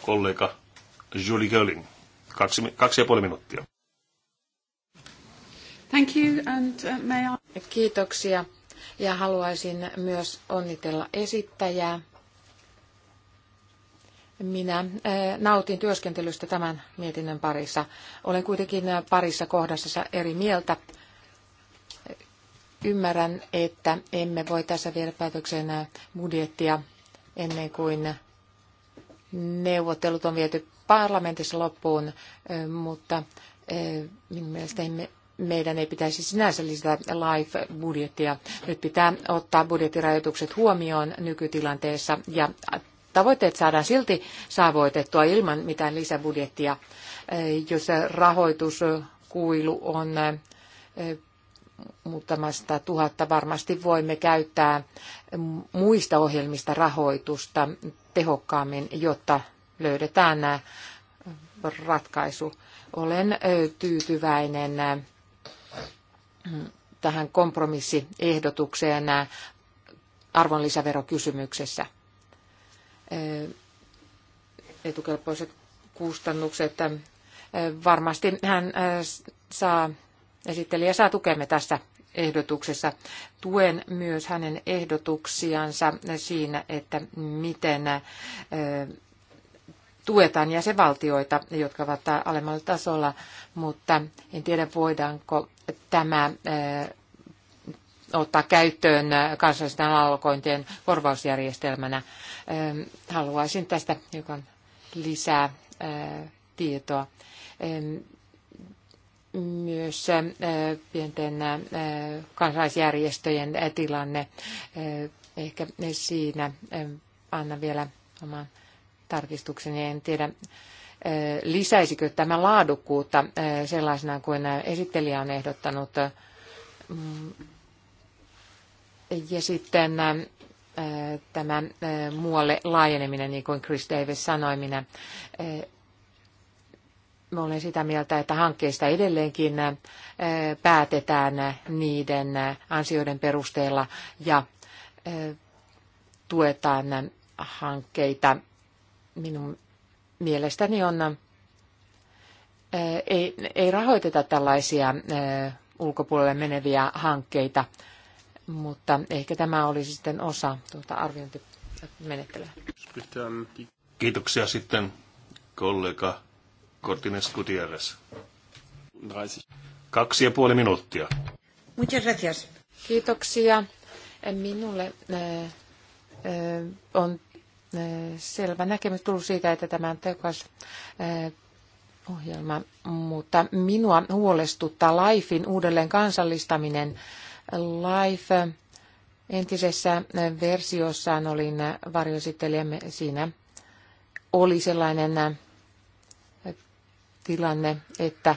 kollega Julie Gölling. Kaksi, kaksi ja puoli minuuttia. Thank you and uh, may I... Kiitoksia ja haluaisin myös onnitella esittäjää minä eh, nautin työskentelystä tämän mietinnön parissa. Olen kuitenkin eh, parissa kohdassa eri mieltä. Eh, ymmärrän, että emme voi tässä viedä päätökseen budjettia ennen kuin neuvottelut on viety parlamentissa loppuun, mutta minun mielestäni meidän ei pitäisi sinänsä lisätä live-budjettia. Nyt pitää ottaa budjettirajoitukset huomioon nykytilanteessa ja tavoitteet saadaan silti saavutettua ilman mitään lisäbudjettia, äh, jos rahoituskuilu on äh, muutamasta tuhatta. Varmasti voimme käyttää muista ohjelmista rahoitusta tehokkaammin, jotta löydetään äh, ratkaisu. Olen tyytyväinen tähän kompromissiehdotukseen arvonlisäverokysymyksessä. Eh, etukelpoiset kustannukset. Eh, varmasti hän eh, saa, esittelijä saa tukemme tässä ehdotuksessa. Tuen myös hänen ehdotuksiansa siinä, että miten tuetaan jäsenvaltioita, jotka ovat alemmalla tasolla, mutta en tiedä voidaanko tämä ottaa käyttöön äh, kansallisten allokointien korvausjärjestelmänä. Ähm, haluaisin tästä hiukan lisää äh, tietoa. Ähm, myös äh, pienten kansalaisjärjestöjen tilanne. Ehkä siinä ähm, anna vielä oman tarkistukseni. En tiedä, lisäisikö tämä laadukkuutta sellaisena kuin esittelijä on ehdottanut mm, ja sitten tämä muualle laajeneminen, niin kuin Chris Davis sanoi, minä Mä olen sitä mieltä, että hankkeista edelleenkin päätetään niiden ansioiden perusteella ja tuetaan hankkeita. Minun mielestäni on, ei, ei rahoiteta tällaisia ulkopuolelle meneviä hankkeita mutta ehkä tämä olisi sitten osa tuota arviointimenettelyä. Kiitoksia sitten kollega Cortines Gutierrez. Kaksi ja puoli minuuttia. Muchas gracias. Kiitoksia. Minulle eh, eh, on eh, selvä näkemys tullut siitä, että tämä on tehokas ohjelma, mutta minua huolestuttaa LIFEin uudelleen kansallistaminen Life entisessä versiossaan olin varjoesittelijämme siinä oli sellainen tilanne, että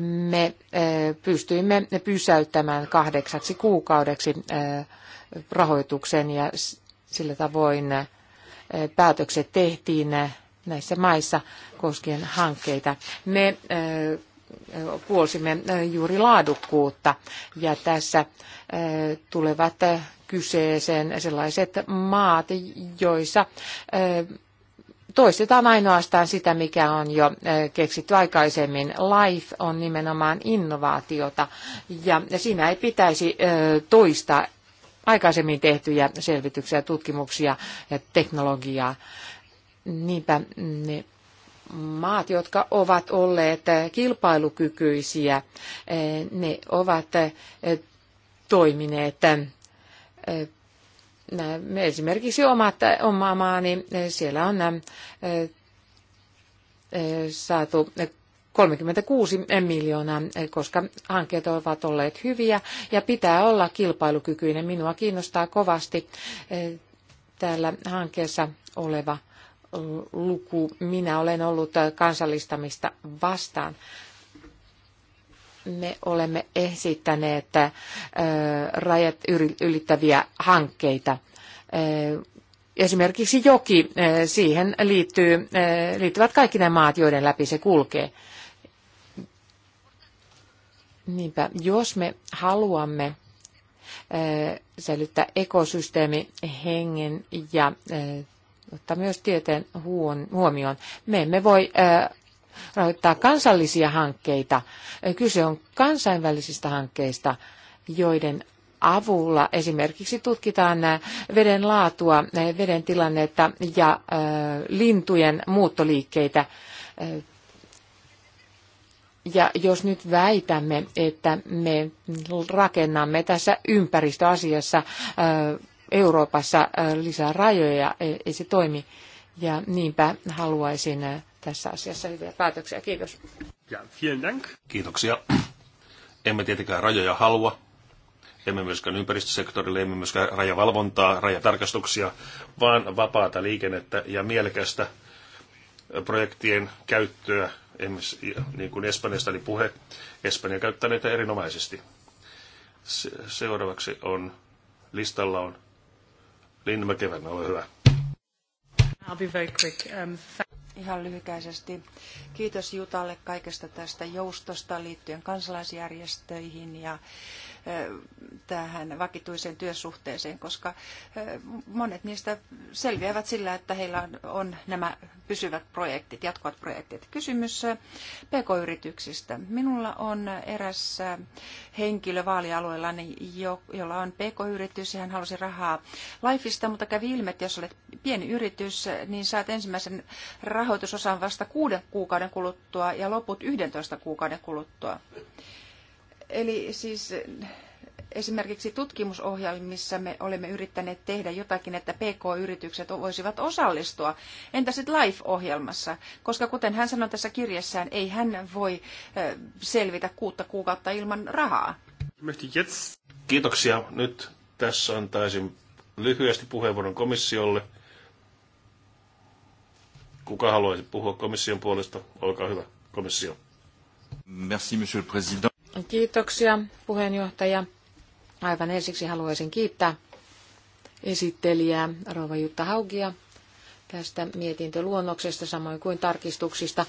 me eh, pystyimme pysäyttämään kahdeksaksi kuukaudeksi eh, rahoituksen ja sillä tavoin eh, päätökset tehtiin näissä maissa koskien hankkeita. Me puolsimme äh, juuri laadukkuutta. Ja tässä äh, tulevat kyseeseen sellaiset maat, joissa äh, toistetaan ainoastaan sitä, mikä on jo keksitty aikaisemmin. Life on nimenomaan innovaatiota ja siinä ei pitäisi toistaa aikaisemmin tehtyjä selvityksiä, tutkimuksia ja teknologiaa. Niinpä ne maat, jotka ovat olleet kilpailukykyisiä, eh, ne ovat eh, toimineet eh, esimerkiksi omat, oma maani, siellä on saatu 36 miljoonaa, koska hankkeet ovat olleet hyviä ja pitää olla kilpailukykyinen. Minua kiinnostaa kovasti täällä hankkeessa oleva luku. Minä olen ollut kansallistamista vastaan. Me olemme esittäneet rajat ylittäviä hankkeita. Esimerkiksi joki, siihen liittyy, liittyvät kaikki nämä maat, joiden läpi se kulkee. Niinpä, jos me haluamme säilyttää ekosysteemi hengen ja ottaa myös tieteen huomioon. Me emme voi rahoittaa kansallisia hankkeita. Kyse on kansainvälisistä hankkeista, joiden avulla esimerkiksi tutkitaan veden laatua, veden tilannetta ja lintujen muuttoliikkeitä. Ja jos nyt väitämme, että me rakennamme tässä ympäristöasiassa Euroopassa äh, lisää rajoja, ei se toimi. Ja niinpä haluaisin äh, tässä asiassa hyviä päätöksiä. Kiitos. Ja, vielen dank. Kiitoksia. Emme tietenkään rajoja halua. Emme myöskään ympäristösektorille, emme myöskään rajavalvontaa, rajatarkastuksia, vaan vapaata liikennettä ja mielekästä äh, projektien käyttöä, niin kuin Espanjasta oli puhe. Espanja käyttää näitä erinomaisesti. Seuraavaksi on, listalla on Linna Mäkevän, ole hyvä. I'll be very quick. Um, Ihan lyhykäisesti. Kiitos Jutalle kaikesta tästä joustosta liittyen kansalaisjärjestöihin ja tähän vakituiseen työsuhteeseen, koska monet niistä selviävät sillä, että heillä on, nämä pysyvät projektit, jatkuvat projektit. Kysymys PK-yrityksistä. Minulla on eräs henkilö vaalialueellani, jolla on PK-yritys ja hän halusi rahaa Lifeista, mutta kävi ilmi, että jos olet pieni yritys, niin saat ensimmäisen rahoitusosan vasta kuuden kuukauden kuluttua ja loput 11 kuukauden kuluttua. Eli siis eh, esimerkiksi tutkimusohjelmissa me olemme yrittäneet tehdä jotakin, että PK-yritykset voisivat osallistua. Entä sitten LIFE-ohjelmassa? Koska kuten hän sanoi tässä kirjassaan, ei hän voi eh, selvitä kuutta kuukautta ilman rahaa. Kiitoksia. Nyt tässä antaisin lyhyesti puheenvuoron komissiolle. Kuka haluaisi puhua komission puolesta? Olkaa hyvä, komissio. Merci, monsieur le président. Kiitoksia puheenjohtaja. Aivan ensiksi haluaisin kiittää esittelijää Rova Jutta Haukia tästä mietintöluonnoksesta samoin kuin tarkistuksista,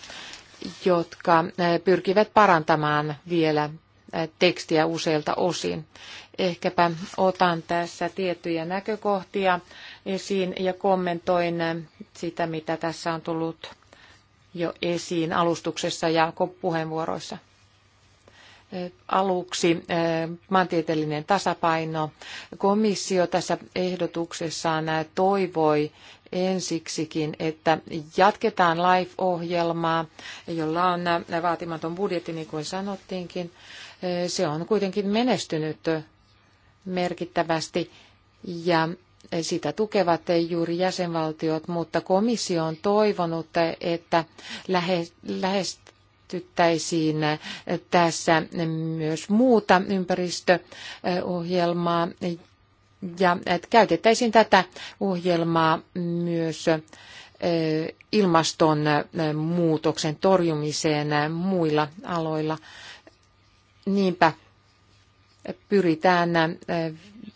jotka eh, pyrkivät parantamaan vielä eh, tekstiä useilta osin. Ehkäpä otan tässä tiettyjä näkökohtia esiin ja kommentoin eh, sitä, mitä tässä on tullut jo esiin alustuksessa ja puheenvuoroissa aluksi maantieteellinen tasapaino. Komissio tässä ehdotuksessaan toivoi ensiksikin, että jatketaan LIFE-ohjelmaa, jolla on vaatimaton budjetti, niin kuin sanottiinkin. Se on kuitenkin menestynyt merkittävästi ja sitä tukevat juuri jäsenvaltiot, mutta komissio on toivonut, että lähes, lähes käytettäisiin tässä myös muuta ympäristöohjelmaa ja että käytettäisiin tätä ohjelmaa myös ilmastonmuutoksen torjumiseen muilla aloilla. Niinpä pyritään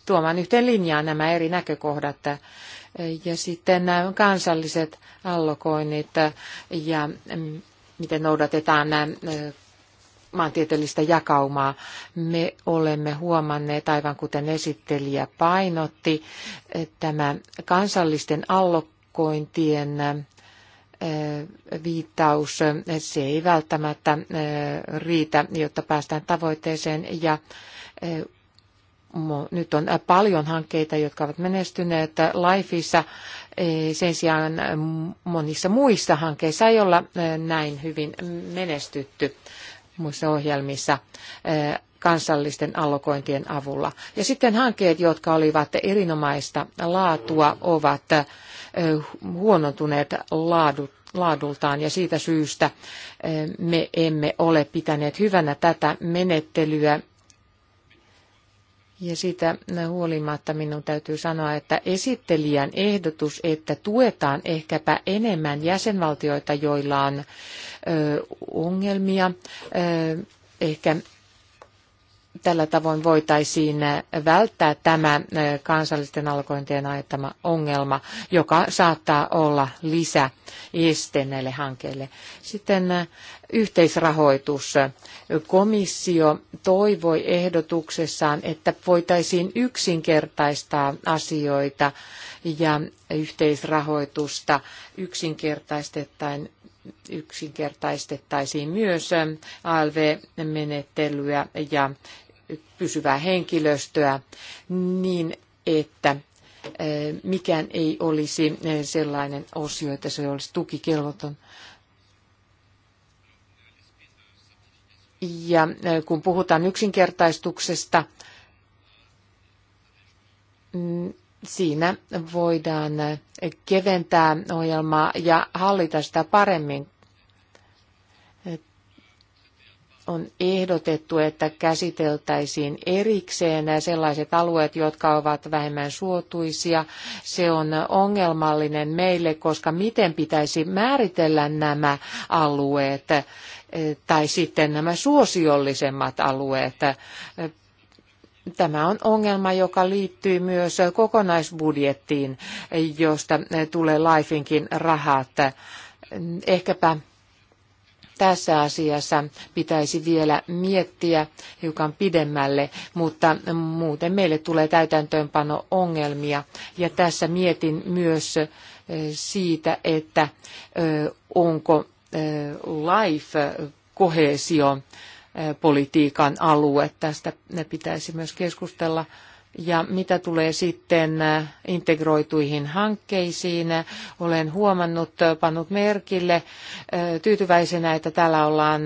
tuomaan yhteen linjaan nämä eri näkökohdat ja sitten nämä kansalliset allokoinnit ja mm, miten noudatetaan maantieteellistä jakaumaa. Me olemme huomanneet, aivan kuten esittelijä painotti, tämä kansallisten allokointien viittaus, se ei välttämättä riitä, jotta päästään tavoitteeseen ja nyt on äh, paljon hankkeita, jotka ovat menestyneet Lifeissa. Äh, sen sijaan äh, monissa muissa hankkeissa ei olla näin hyvin menestytty muissa ohjelmissa kansallisten allokointien avulla. Ja sitten hankkeet, jotka olivat erinomaista laatua, ovat huonontuneet laadut, laadultaan ja siitä syystä me emme ole pitäneet hyvänä tätä menettelyä ja siitä huolimatta minun täytyy sanoa, että esittelijän ehdotus, että tuetaan ehkäpä enemmän jäsenvaltioita, joilla on ongelmia, ehkä tällä tavoin voitaisiin välttää tämä kansallisten alkointien aiheuttama ongelma, joka saattaa olla lisäeste näille hankkeille. Sitten yhteisrahoitus. Komissio toivoi ehdotuksessaan, että voitaisiin yksinkertaistaa asioita ja yhteisrahoitusta yksinkertaistettaisiin yksinkertaistettaisiin myös ähm, ALV-menettelyä ja pysyvää henkilöstöä niin, että äh, mikään ei olisi äh, sellainen osio, että se olisi tukikelvoton. Ja äh, kun puhutaan yksinkertaistuksesta, mm, Siinä voidaan keventää ohjelmaa ja hallita sitä paremmin. On ehdotettu, että käsiteltäisiin erikseen sellaiset alueet, jotka ovat vähemmän suotuisia. Se on ongelmallinen meille, koska miten pitäisi määritellä nämä alueet eh, tai sitten nämä suosiollisemmat alueet Tämä on ongelma, joka liittyy myös kokonaisbudjettiin, josta tulee Lifeinkin rahat. Ehkäpä tässä asiassa pitäisi vielä miettiä hiukan pidemmälle, mutta muuten meille tulee täytäntöönpano-ongelmia. Ja tässä mietin myös siitä, että onko life kohesio politiikan alue. Tästä ne pitäisi myös keskustella. Ja mitä tulee sitten integroituihin hankkeisiin, olen huomannut, pannut merkille tyytyväisenä, että täällä ollaan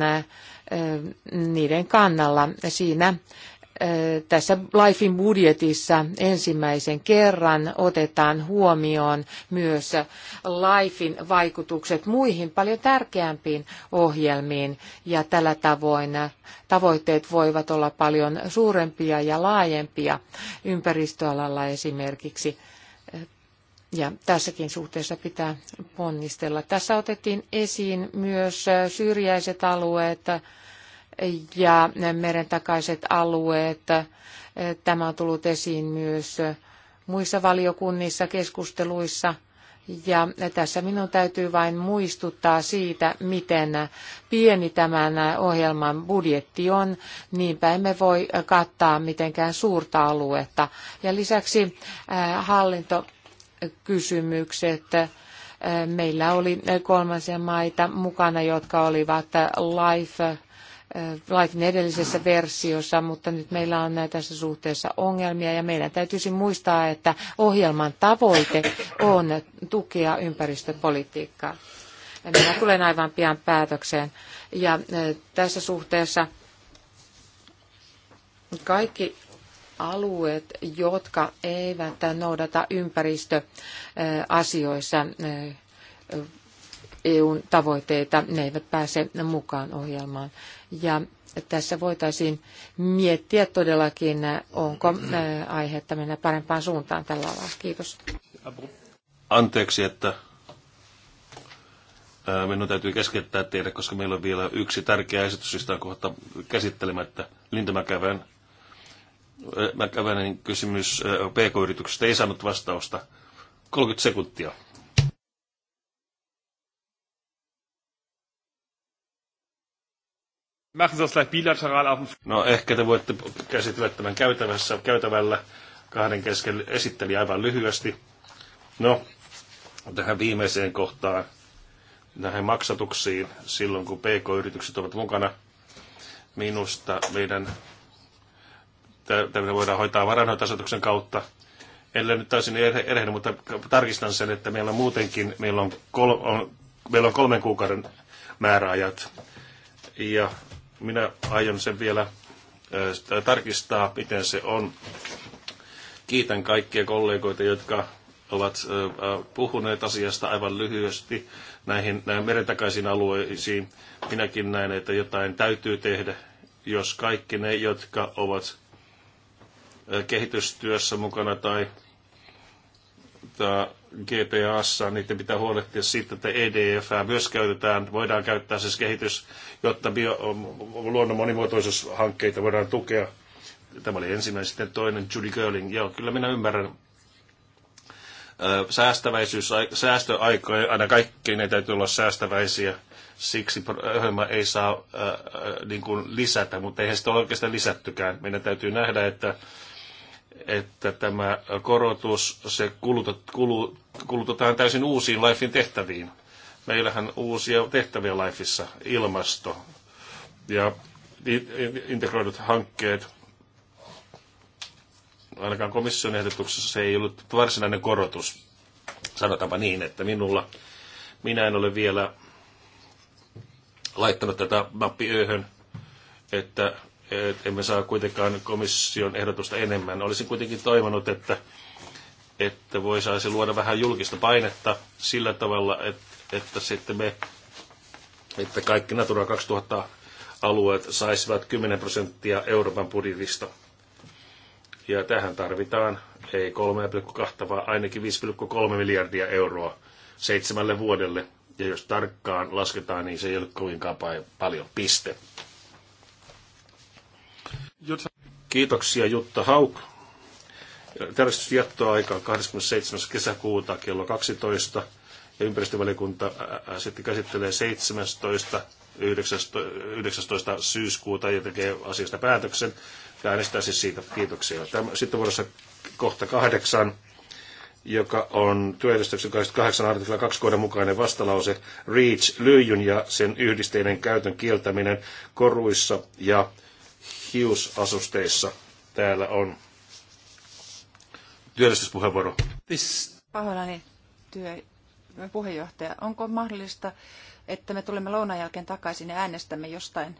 niiden kannalla. Siinä tässä Lifein budjetissa ensimmäisen kerran otetaan huomioon myös Lifein vaikutukset muihin paljon tärkeämpiin ohjelmiin ja tällä tavoin tavoitteet voivat olla paljon suurempia ja laajempia ympäristöalalla esimerkiksi. Ja tässäkin suhteessa pitää ponnistella. Tässä otettiin esiin myös syrjäiset alueet, ja meren takaiset alueet. Tämä on tullut esiin myös muissa valiokunnissa keskusteluissa. Ja tässä minun täytyy vain muistuttaa siitä, miten pieni tämän ohjelman budjetti on. Niinpä emme voi kattaa mitenkään suurta aluetta. Ja lisäksi äh, hallintokysymykset. Äh, meillä oli kolmansia maita mukana, jotka olivat LIFE lain edellisessä versiossa, mutta nyt meillä on tässä suhteessa ongelmia ja meidän täytyisi muistaa, että ohjelman tavoite on tukea ympäristöpolitiikkaa. Minä tulen aivan pian päätökseen ja tässä suhteessa kaikki alueet, jotka eivät noudata ympäristöasioissa EUn tavoitteita, ne eivät pääse mukaan ohjelmaan. Ja tässä voitaisiin miettiä todellakin, onko aihetta mennä parempaan suuntaan tällä alalla. Kiitos. Anteeksi, että minun täytyy keskeyttää teille, koska meillä on vielä yksi tärkeä esitys, josta on kohta käsittelemättä. Linda Mäkävän, Mäkävänen kysymys PK-yrityksestä ei saanut vastausta. 30 sekuntia. No ehkä te voitte käsitellä tämän käytävässä, käytävällä kahden kesken esitteli aivan lyhyesti. No, tähän viimeiseen kohtaan, näihin maksatuksiin, silloin kun PK-yritykset ovat mukana, minusta meidän tämä voidaan hoitaa varainhoitasetuksen kautta. Ellei nyt täysin erehdy, mutta tarkistan sen, että meillä on muutenkin, meillä on, kol, on, meillä on kolmen kuukauden määräajat. Ja minä aion sen vielä tarkistaa, miten se on. Kiitän kaikkia kollegoita, jotka ovat puhuneet asiasta aivan lyhyesti näihin, näihin merentakaisiin alueisiin. Minäkin näen, että jotain täytyy tehdä, jos kaikki ne, jotka ovat kehitystyössä mukana tai GPAssa, niiden pitää huolehtia siitä, että EDF myös käytetään, voidaan käyttää siis kehitys, jotta bio, luonnon monimuotoisuushankkeita voidaan tukea. Tämä oli ensimmäinen, sitten toinen Judy Girling. Joo, kyllä minä ymmärrän. Säästäväisyys, säästöaikoja, aina kaikki ne täytyy olla säästäväisiä. Siksi ohjelma ei saa äh, niin kuin lisätä, mutta eihän sitä ole oikeastaan lisättykään. Meidän täytyy nähdä, että että tämä korotus se kulutet, kulu, kulutetaan täysin uusiin Lifein tehtäviin. Meillähän uusia tehtäviä Lifeissa, ilmasto ja integroidut hankkeet. Ainakaan komission ehdotuksessa se ei ollut varsinainen korotus. Sanotaanpa niin, että minulla, minä en ole vielä laittanut tätä yöhön, että emme saa kuitenkaan komission ehdotusta enemmän. Olisin kuitenkin toivonut, että, että voisaisi luoda vähän julkista painetta sillä tavalla, että, että sitten me, että kaikki Natura 2000 alueet saisivat 10 prosenttia Euroopan budjetista. Ja tähän tarvitaan ei 3,2, vaan ainakin 5,3 miljardia euroa seitsemälle vuodelle. Ja jos tarkkaan lasketaan, niin se ei ole kovinkaan paljon piste. Jutta. Kiitoksia Jutta Hauk. Tarkastus aikaa 27. kesäkuuta kello 12 ja ympäristövaliokunta sitten käsittelee 17. 19, 19. syyskuuta ja tekee asiasta päätöksen ja äänestää siis siitä. Kiitoksia. Tämä, sitten vuorossa kohta kahdeksan, joka on työjärjestyksen 28 artikla 2 kohdan mukainen vastalause REACH, lyijyn ja sen yhdisteiden käytön kieltäminen koruissa ja hiusasusteissa täällä on. Työllisyyspuheenvuoro. Pahoillani työ, puheenjohtaja. Onko mahdollista, että me tulemme lounan jälkeen takaisin ja äänestämme jostain,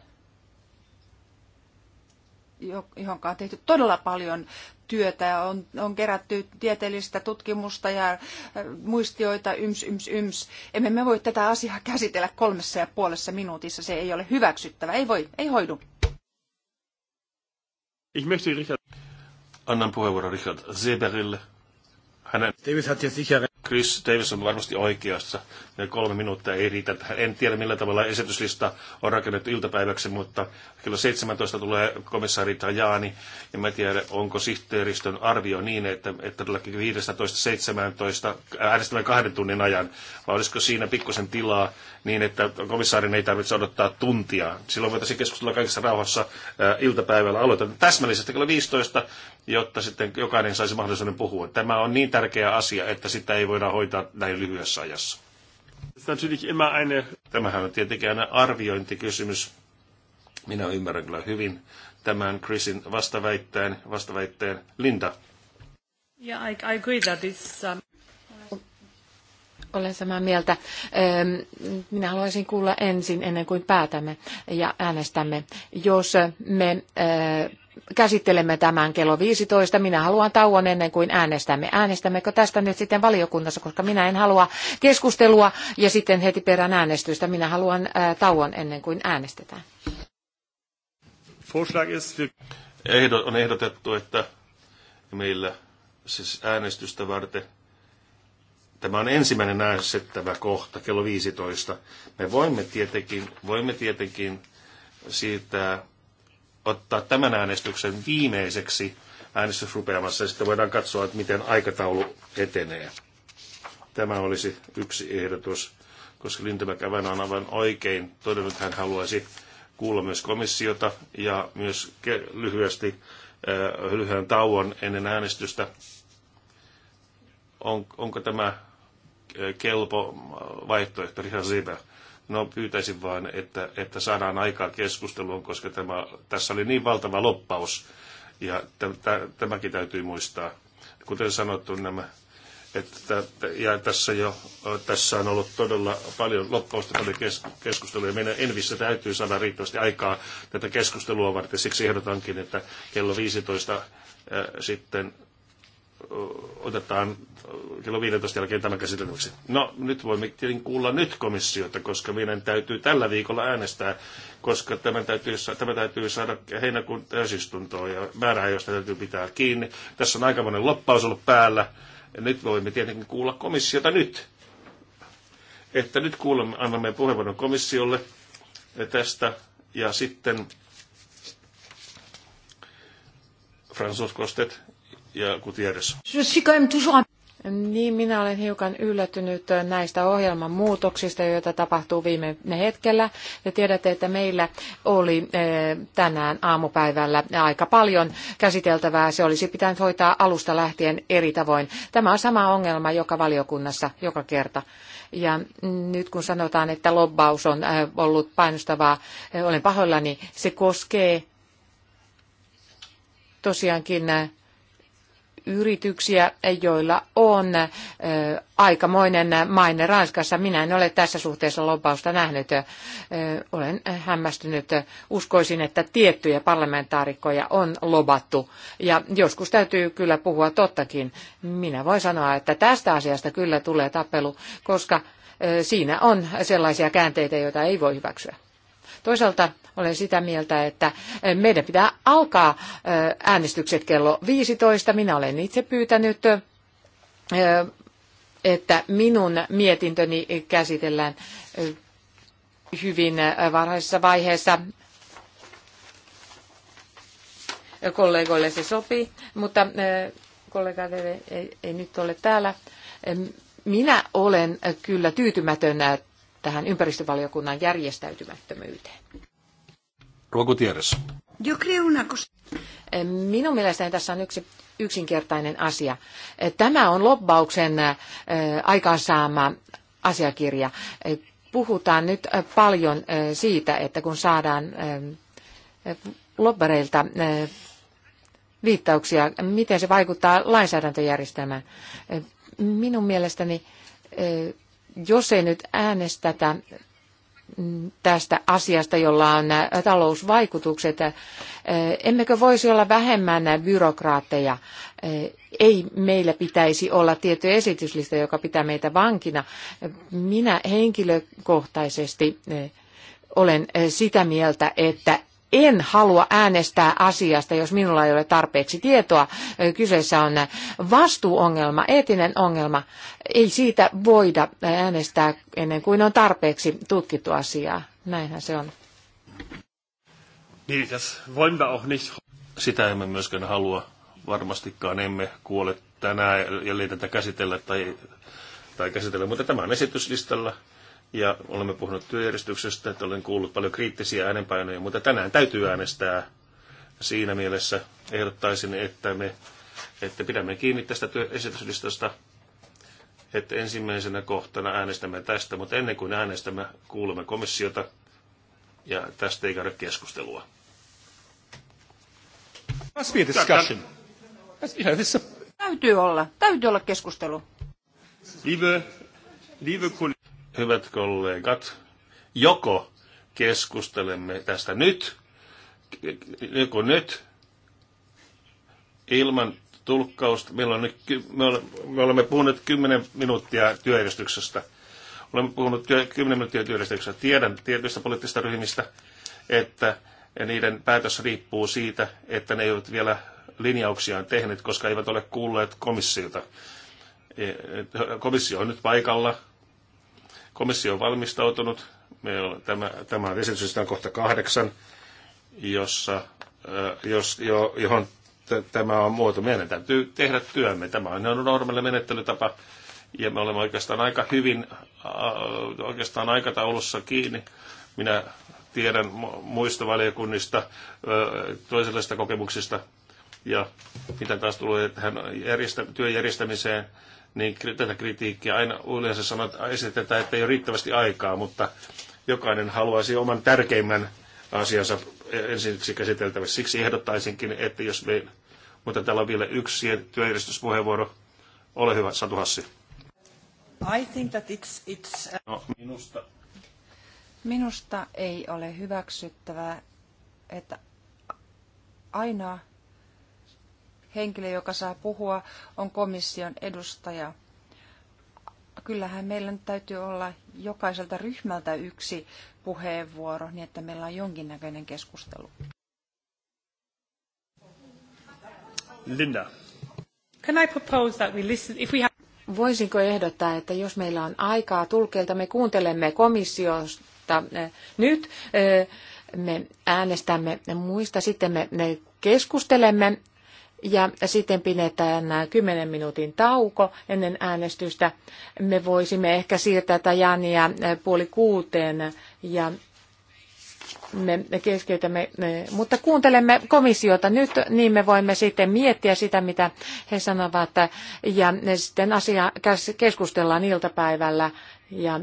johon on tehty todella paljon työtä. On, on kerätty tieteellistä tutkimusta ja äh, muistioita, yms, yms, yms. Emme me voi tätä asiaa käsitellä kolmessa ja puolessa minuutissa. Se ei ole hyväksyttävä. Ei voi, ei hoidu. Ich möchte Richard... Annan puheenvuoro, Richard Zeberille. Hänen... Davis hat ja sicher... Chris Davis on varmasti oikeassa. Ne kolme minuuttia ei riitä. En tiedä, millä tavalla esityslista on rakennettu iltapäiväksi, mutta kello 17 tulee komissaari Tajani, ja mä tiedä, onko sihteeristön arvio niin, että, että todellakin 15-17 kahden tunnin ajan, vai olisiko siinä pikkusen tilaa niin että komissaarin ei tarvitse odottaa tuntia. Silloin voitaisiin keskustella kaikessa rauhassa ää, äh, iltapäivällä. Aloitetaan täsmällisesti kello 15, jotta sitten jokainen saisi mahdollisuuden puhua. Tämä on niin tärkeä asia, että sitä ei voida hoitaa näin lyhyessä ajassa. Tämähän on tietenkin aina arviointikysymys. Minä ymmärrän kyllä hyvin tämän Chrisin vastaväitteen, vastaväitteen Linda. Yeah, I, I agree that it's, um... Olen samaa mieltä. Minä haluaisin kuulla ensin, ennen kuin päätämme ja äänestämme. Jos me käsittelemme tämän kello 15. Minä haluan tauon ennen kuin äänestämme. Äänestämmekö tästä nyt sitten valiokunnassa, koska minä en halua keskustelua ja sitten heti perään äänestystä. Minä haluan tauon ennen kuin äänestetään. Ehdot, on ehdotettu, että meillä siis äänestystä varten Tämä on ensimmäinen äästettävä kohta kello 15. Me voimme tietenkin, voimme tietenkin siitä ottaa tämän äänestyksen viimeiseksi äänestysrupeamassa ja sitten voidaan katsoa, että miten aikataulu etenee. Tämä olisi yksi ehdotus, koska Lintemäkävän on aivan oikein todennut, että hän haluaisi kuulla myös komissiota ja myös lyhyesti äh, lyhyen tauon ennen äänestystä. On, onko tämä kelpo vaihtoehto, Richard Zibä. No pyytäisin vain, että, että saadaan aikaa keskusteluun, koska tämä, tässä oli niin valtava loppaus, ja tämäkin täytyy muistaa. Kuten sanottu, nämä että, ja tässä, jo, tässä on ollut todella paljon loppausta paljon kes, keskustelua, ja meidän Envissä täytyy saada riittävästi aikaa tätä keskustelua varten. Siksi ehdotankin, että kello 15 äh, sitten otetaan kello 15 jälkeen tämän käsiteltäväksi. No, nyt voimme tietenkin kuulla nyt komissiota, koska meidän täytyy tällä viikolla äänestää, koska tämä täytyy, tämä täytyy saada heinäkuun täysistuntoon ja josta täytyy pitää kiinni. Tässä on aikamoinen loppaus ollut päällä. Nyt voimme tietenkin kuulla komissiota nyt. Että nyt kuulemme, annamme puheenvuoron komissiolle tästä ja sitten Fransus Kostet ja Gutierrez. Niin, minä olen hiukan yllättynyt äh, näistä ohjelman muutoksista, joita tapahtuu viime hetkellä. Te tiedätte, että meillä oli äh, tänään aamupäivällä aika paljon käsiteltävää. Se olisi pitänyt hoitaa alusta lähtien eri tavoin. Tämä on sama ongelma joka valiokunnassa joka kerta. Ja nyt kun sanotaan, että lobbaus on äh, ollut painostavaa, olen pahoillani, se koskee tosiaankin yrityksiä, joilla on aikamoinen maine Ranskassa. Minä en ole tässä suhteessa lobausta nähnyt. Olen hämmästynyt. Uskoisin, että tiettyjä parlamentaarikkoja on lobattu. Ja joskus täytyy kyllä puhua tottakin. Minä voin sanoa, että tästä asiasta kyllä tulee tapelu, koska siinä on sellaisia käänteitä, joita ei voi hyväksyä. Toisaalta olen sitä mieltä, että eh, meidän pitää alkaa eh, äänestykset kello 15. Minä olen itse pyytänyt eh, että minun mietintöni käsitellään hyvin varhaisessa vaiheessa. Kollegoille se sopii, mutta kollega ei, ei nyt ole täällä. Minä olen kyllä tyytymätön tähän ympäristövaliokunnan järjestäytymättömyyteen. Minun mielestäni tässä on yksi yksinkertainen asia. Tämä on lobbauksen aikaansaama asiakirja. Puhutaan nyt paljon siitä, että kun saadaan lobbareilta viittauksia, miten se vaikuttaa lainsäädäntöjärjestelmään. Minun mielestäni jos ei nyt äänestetä tästä asiasta, jolla on äh, talousvaikutukset, äh, emmekö voisi olla vähemmän byrokraatteja? Äh, ei meillä pitäisi olla tietty esityslista, joka pitää meitä vankina. Minä henkilökohtaisesti olen sitä mieltä, että en halua äänestää asiasta, jos minulla ei ole tarpeeksi tietoa. Kyseessä on vastuuongelma, eettinen ongelma. Ei siitä voida äänestää ennen kuin on tarpeeksi tutkittu asiaa. Näinhän se on. Niin, das nicht. Sitä emme myöskään halua. Varmastikaan emme kuole tänään, ja tätä käsitellä tai, tai käsitellä, mutta tämä on esityslistalla ja olemme puhuneet työjärjestyksestä, että olen kuullut paljon kriittisiä äänenpainoja, mutta tänään täytyy äänestää. Siinä mielessä ehdottaisin, että me että pidämme kiinni tästä esityslistasta, että ensimmäisenä kohtana äänestämme tästä, mutta ennen kuin äänestämme, kuulemme komissiota ja tästä ei käydä keskustelua. Täytyy olla, täytyy olla keskustelu. Liebe, liebe Hyvät kollegat, joko keskustelemme tästä nyt, joko nyt ilman tulkkausta. Meillä on nyt, me olemme puhuneet 10 minuuttia työjärjestyksestä. Olemme puhuneet 10 minuuttia työjärjestyksestä. Tiedän tietyistä poliittisista ryhmistä, että niiden päätös riippuu siitä, että ne eivät vielä linjauksiaan tehneet, koska eivät ole kuulleet komissiota. E-, e-, komissio on nyt paikalla, Komissio on valmistautunut. Meillä on tämä, tämä on esitys on kohta kahdeksan, jossa, jos, jo, johon tämä on muoto. Meidän täytyy tehdä työmme. Tämä on normaali menettelytapa ja me olemme oikeastaan aika hyvin äh, oikeastaan aikataulussa kiinni. Minä tiedän muista valiokunnista äh, kokemuksista ja mitä taas tulee tähän järjestä, työjärjestämiseen, niin tätä kritiikkiä aina yleensä sanot, esitetään, että ei ole riittävästi aikaa, mutta jokainen haluaisi oman tärkeimmän asiansa e-, ensiksi käsiteltäväksi. Siksi ehdottaisinkin, että jos me, mutta täällä on vielä yksi työjärjestyspuheenvuoro. Ole hyvä, Satu Hassi. I think that it's, it's... Uh, no, minusta. minusta ei ole hyväksyttävää, että aina henkilö, joka saa puhua, on komission edustaja. Kyllähän meillä nyt täytyy olla jokaiselta ryhmältä yksi puheenvuoro, niin että meillä on jonkinnäköinen keskustelu. Linda. Can I propose that we listen, if we have... Voisinko ehdottaa, että jos meillä on aikaa tulkeilta, me kuuntelemme komissiosta eh, nyt, eh, me äänestämme muista, sitten me keskustelemme ja sitten pidetään 10 minuutin tauko ennen äänestystä. Me voisimme ehkä siirtää Tajania eh, puoli kuuteen ja me keskeytämme, eh, mutta kuuntelemme komissiota nyt, niin me voimme sitten miettiä sitä, mitä he sanovat, ja sitten asia keskustellaan iltapäivällä, ja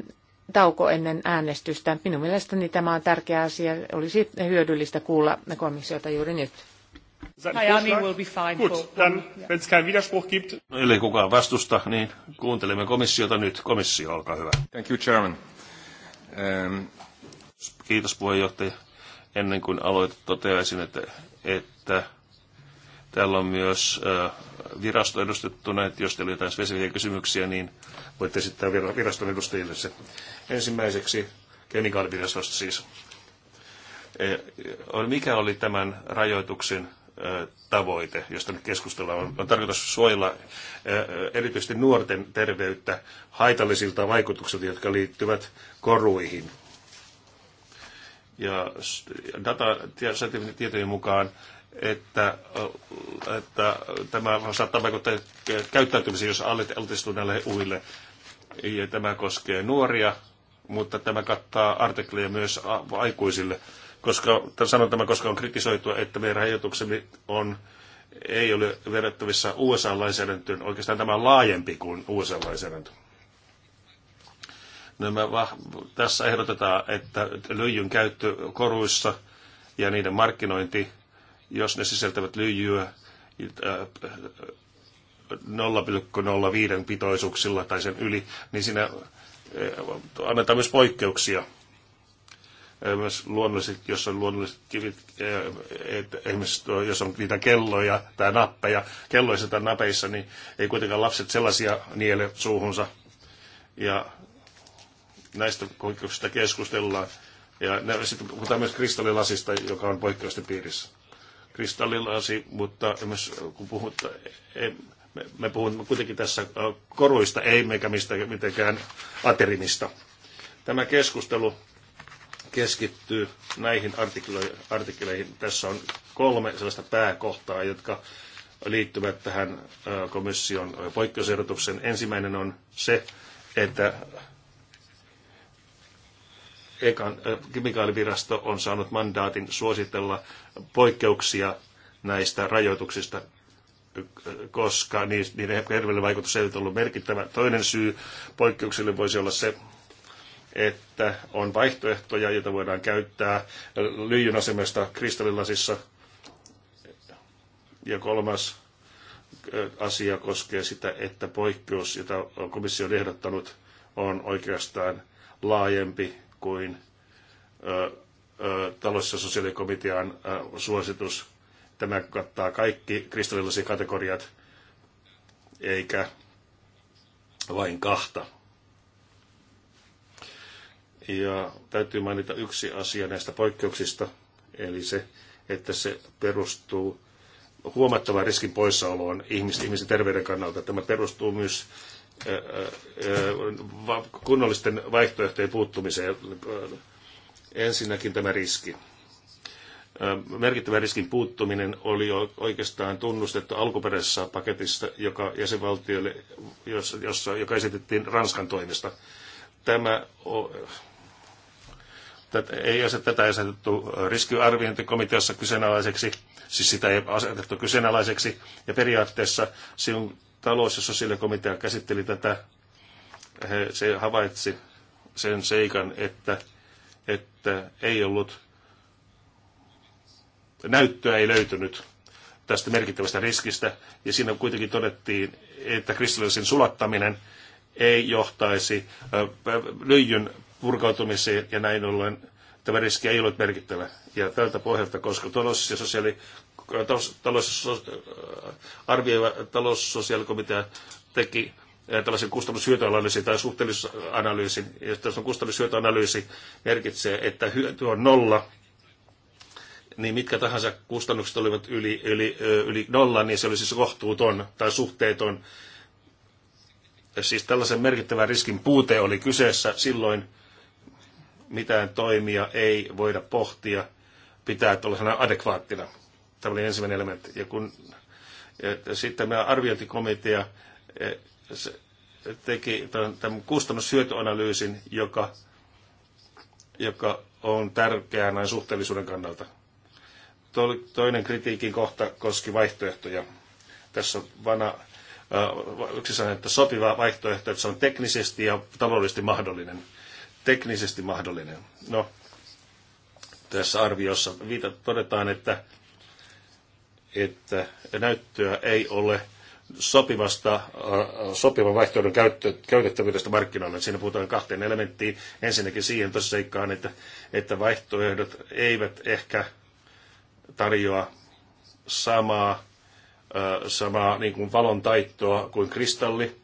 tauko ennen äänestystä. Minun mielestäni tämä on tärkeä asia. Olisi hyödyllistä kuulla komissiota juuri nyt. Tajani will be fine Gut, dann, wenn es keinen Widerspruch gibt. Eli kukaan vastusta, niin kuuntelemme komissiota nyt. Komissio, olkaa hyvä. Thank you, Chairman. Um... Kiitos puheenjohtaja. Ennen kuin aloitan, toteaisin, että, että täällä on myös virasto edustettuna, että jos teillä on jotain spesifiä kysymyksiä, niin voitte esittää viraston edustajille se. Ensimmäiseksi kemikaalivirastosta siis. E, mikä oli tämän rajoituksen tavoite, josta nyt keskustellaan, on, on tarkoitus suojella erityisesti nuorten terveyttä haitallisilta vaikutuksilta, jotka liittyvät koruihin. Ja data tietojen mukaan, että, että tämä saattaa vaikuttaa käyttäytymiseen, jos altistuu näille uille. Ja tämä koskee nuoria, mutta tämä kattaa artikleja myös aikuisille koska, sanon tämän, koska on kritisoitu, että meidän rajoituksemme on, ei ole verrattavissa USA-lainsäädäntöön. Oikeastaan tämä on laajempi kuin USA-lainsäädäntö. Nämä, no, tässä ehdotetaan, että lyijyn käyttö koruissa ja niiden markkinointi, jos ne sisältävät lyijyä 0,05 pitoisuuksilla tai sen yli, niin siinä eh, annetaan myös poikkeuksia – myös luonnolliset, jos on luonnolliset kivit, että esimerkiksi jos on niitä kelloja tai nappeja, kelloissa tai napeissa, niin ei kuitenkaan lapset sellaisia niele suuhunsa. Ja näistä poikkeuksista keskustellaan. Ja ne, sitten puhutaan myös kristallilasista, joka on poikkeusten piirissä. Kristallilasi, mutta myös kun puhutaan, e, me, me puhumme kuitenkin tässä koruista, ei meikä mistä, mitenkään aterimista. Tämä keskustelu keskittyy näihin artikkeleihin. Tässä on kolme sellaista pääkohtaa, jotka liittyvät tähän komission poikkeusehdotuksen. Ensimmäinen on se, että ekan, kemikaalivirasto on saanut mandaatin suositella poikkeuksia näistä rajoituksista, koska niiden terveydellinen vaikutus ei ole ollut merkittävä. Toinen syy poikkeuksille voisi olla se, että on vaihtoehtoja, joita voidaan käyttää lyijyn asemesta kristallilasissa. Ja kolmas äh, asia koskee sitä, että poikkeus, jota komissio on ehdottanut, on oikeastaan laajempi kuin äh, äh, talous- ja sosiaalikomitean suositus. Tämä kattaa kaikki kristallilasikategoriat, kategoriat, eikä vain kahta ja täytyy mainita yksi asia näistä poikkeuksista, eli se, että se perustuu huomattavan riskin poissaoloon ihmisten, ihmisten terveyden kannalta. Tämä perustuu myös kunnollisten vaihtoehtojen puuttumiseen. Ensinnäkin tämä riski. Merkittävä riskin puuttuminen oli oikeastaan tunnustettu alkuperäisessä paketissa, joka jossa, jossa, joka esitettiin Ranskan toimesta. Tämä ei aset, tätä ei asetettu riskiarviointikomiteassa kyseenalaiseksi, siis sitä ei asetettu kyseenalaiseksi, ja periaatteessa sinun talous- ja sosiaalikomitea käsitteli tätä, he, se havaitsi sen seikan, että, että ei ollut, näyttöä ei löytynyt tästä merkittävästä riskistä, ja siinä kuitenkin todettiin, että kristillisen sulattaminen ei johtaisi lyijyn purkautumiseen ja näin ollen tämä riski ei ollut merkittävä. Ja tältä pohjalta, koska talous- ja sosiaali, talous, so, arvioiva taloussosiaalikomitea teki eh, tällaisen kustannushyötyanalyysin tai suhteellisuusanalyysin, ja jos on kustannushyötyanalyysi merkitsee, että hyöty on nolla, niin mitkä tahansa kustannukset olivat yli, yli, eh, yli nolla, niin se oli siis kohtuuton tai suhteeton. Siis tällaisen merkittävän riskin puute oli kyseessä silloin, mitään toimia ei voida pohtia, pitää olla sana adekvaattina. Tämä oli ensimmäinen elementti. Ja kun ja sitten meidän arviointikomitea e, se teki tämän kustannushyötyanalyysin, joka, joka on tärkeää näin suhteellisuuden kannalta. Toinen kritiikin kohta koski vaihtoehtoja. Tässä on vana yksi sanoi, että sopiva vaihtoehto, että se on teknisesti ja taloudellisesti mahdollinen teknisesti mahdollinen. No, tässä arviossa todetaan, että, että näyttöä ei ole sopivasta, äh, sopivan vaihtoehdon käyttö, käytettävyydestä markkinoille. Siinä puhutaan kahteen elementtiin. Ensinnäkin siihen tosiseikkaan, että, että vaihtoehdot eivät ehkä tarjoa samaa, äh, samaa niin kuin valon taittoa kuin kristalli,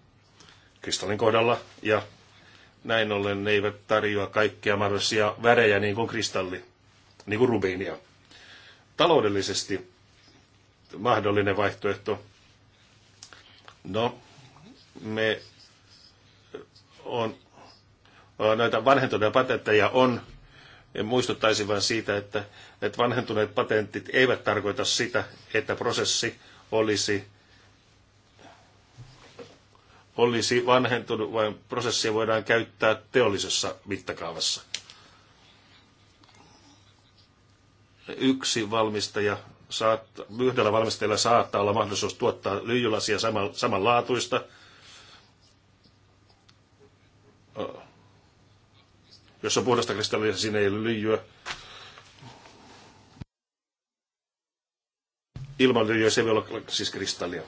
kristallin kohdalla, ja näin ollen ne eivät tarjoa kaikkia mahdollisia värejä niin kuin kristalli, niin kuin rubiinia. Taloudellisesti mahdollinen vaihtoehto. No, me on, näitä vanhentuneita patentteja on, ja muistuttaisin vain siitä, että, että vanhentuneet patentit eivät tarkoita sitä, että prosessi olisi olisi vanhentunut, vai prosessia voidaan käyttää teollisessa mittakaavassa. Yksi valmistaja saattaa, yhdellä valmistajalla saattaa olla mahdollisuus tuottaa lyijylasia saman, samanlaatuista. Jos on puhdasta kristallia, siinä ei ole lyijyä. Ilman lyijyä se ei voi olla siis kristallia.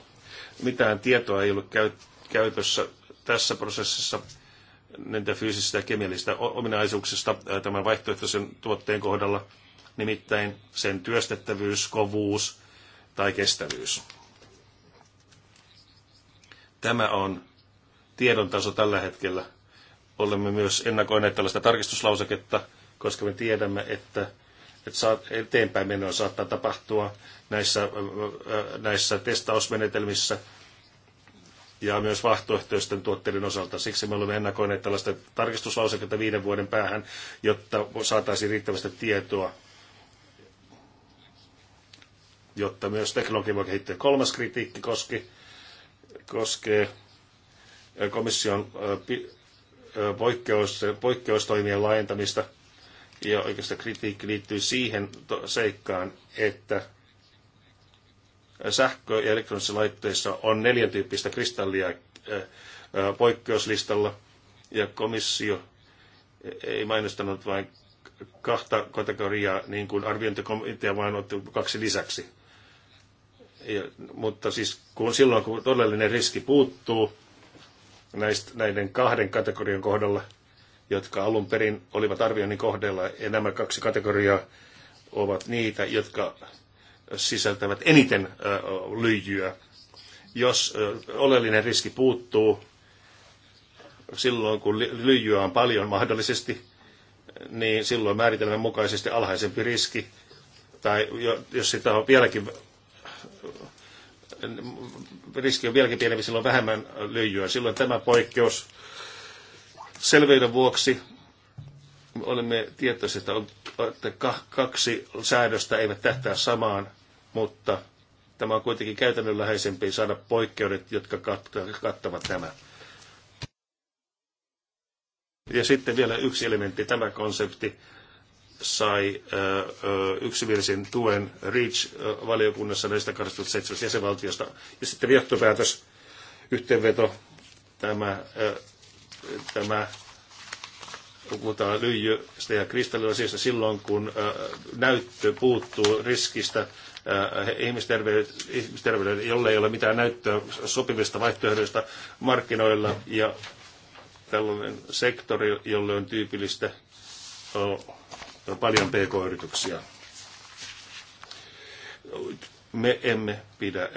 Mitään tietoa ei ollut käyt- käytössä tässä prosessissa niiden fyysisistä ja kemiallisista ominaisuuksista tämän vaihtoehtoisen tuotteen kohdalla, nimittäin sen työstettävyys, kovuus tai kestävyys. Tämä on tiedon taso tällä hetkellä. Olemme myös ennakoineet tällaista tarkistuslauseketta, koska me tiedämme, että, että eteenpäin menoa saattaa tapahtua näissä, näissä testausmenetelmissä – ja myös vaihtoehtoisten tuotteiden osalta. Siksi me olemme ennakoineet tällaista tarkistuslauseketta viiden vuoden päähän, jotta saataisiin riittävästi tietoa, jotta myös teknologia voi kehittyä. Kolmas kritiikki koski, koskee komission poikkeus, poikkeustoimien laajentamista. Ja oikeastaan kritiikki liittyy siihen seikkaan, että sähkö- ja elektronisissa laitteissa on neljän tyyppistä kristallia äh, äh, poikkeuslistalla, ja komissio ei mainostanut vain kahta kategoriaa, niin kuin arviointikomitea vaan otti kaksi lisäksi. Ja, mutta siis kun silloin, kun todellinen riski puuttuu näistä, näiden kahden kategorian kohdalla, jotka alun perin olivat arvioinnin kohdalla, ja nämä kaksi kategoriaa ovat niitä, jotka sisältävät eniten lyijyä. Jos oleellinen riski puuttuu silloin, kun lyijyä on paljon mahdollisesti, niin silloin määritelmän mukaisesti alhaisempi riski, tai jos sitä on vieläkin riski on vieläkin pienempi, silloin vähemmän lyijyä. Silloin tämä poikkeus selvyyden vuoksi olemme tietoisia, että, on, että kaksi säädöstä eivät tähtää samaan mutta tämä on kuitenkin käytännönläheisempi saada poikkeudet, jotka kattavat nämä. Ja sitten vielä yksi elementti, tämä konsepti sai yksimielisen tuen REACH-valiokunnassa näistä 27 jäsenvaltiosta. Ja sitten johtopäätös, yhteenveto, tämä, tämä puhutaan lyijystä ja kristallilasista silloin, kun näyttö puuttuu riskistä, Äh, ihmisterveyden, jolle ei ole mitään näyttöä sopivista vaihtoehdoista markkinoilla ja tällainen sektori, jolle on tyypillistä on paljon pk-yrityksiä. Me emme pidä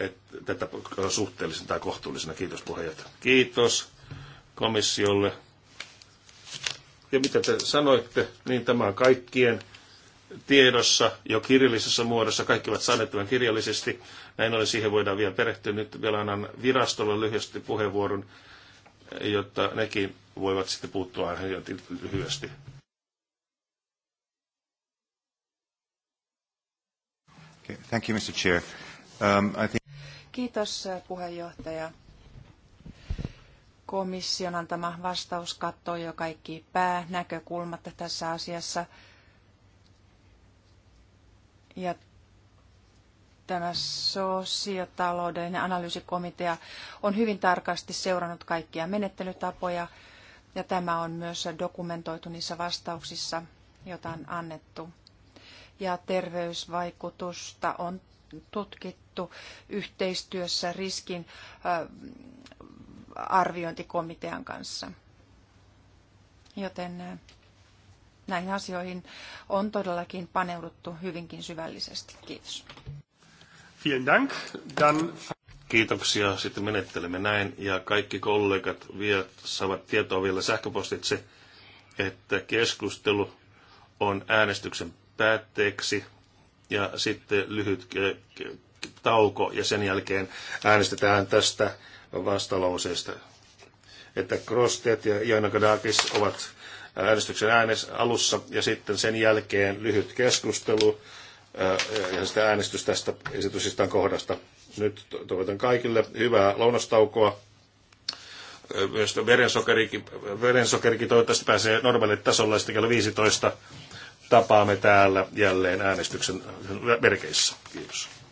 tätä suhteellisena tai kohtuullisena. Kiitos puheenjohtaja. Kiitos komissiolle. Ja mitä te sanoitte, niin tämä on kaikkien tiedossa jo kirjallisessa muodossa. Kaikki ovat saaneet tämän kirjallisesti. Näin ollen siihen voidaan vielä perehtyä. Nyt vielä annan virastolle lyhyesti puheenvuoron, jotta nekin voivat sitten puuttua aiheeseen lyhyesti. Okay, thank you, Mr. Chair. Um, I think... Kiitos äh, puheenjohtaja. Komission antama vastaus kattoi jo kaikki päänäkökulmat tässä asiassa. Ja tämä sosiotaloudellinen analyysikomitea on hyvin tarkasti seurannut kaikkia menettelytapoja, ja tämä on myös dokumentoitu niissä vastauksissa, joita on annettu. Ja terveysvaikutusta on tutkittu yhteistyössä riskin arviointikomitean kanssa. Joten näihin asioihin on todellakin paneuduttu hyvinkin syvällisesti. Kiitos. Vielen Dank. Dann... Kiitoksia. Sitten menettelemme näin. Ja kaikki kollegat vielä saavat tietoa vielä sähköpostitse, että keskustelu on äänestyksen päätteeksi ja sitten lyhyt tauko ja sen jälkeen äänestetään tästä vastalauseesta. Että Krostet ja Janakadakis ovat äänestyksen äänes alussa ja sitten sen jälkeen lyhyt keskustelu ja sitä äänestys tästä esitysistan kohdasta. Nyt toivotan kaikille hyvää lounastaukoa. Myös verensokerikin, verensokerikin toivottavasti pääsee normaalille tasolle sitten kello 15 tapaamme täällä jälleen äänestyksen merkeissä. Kiitos.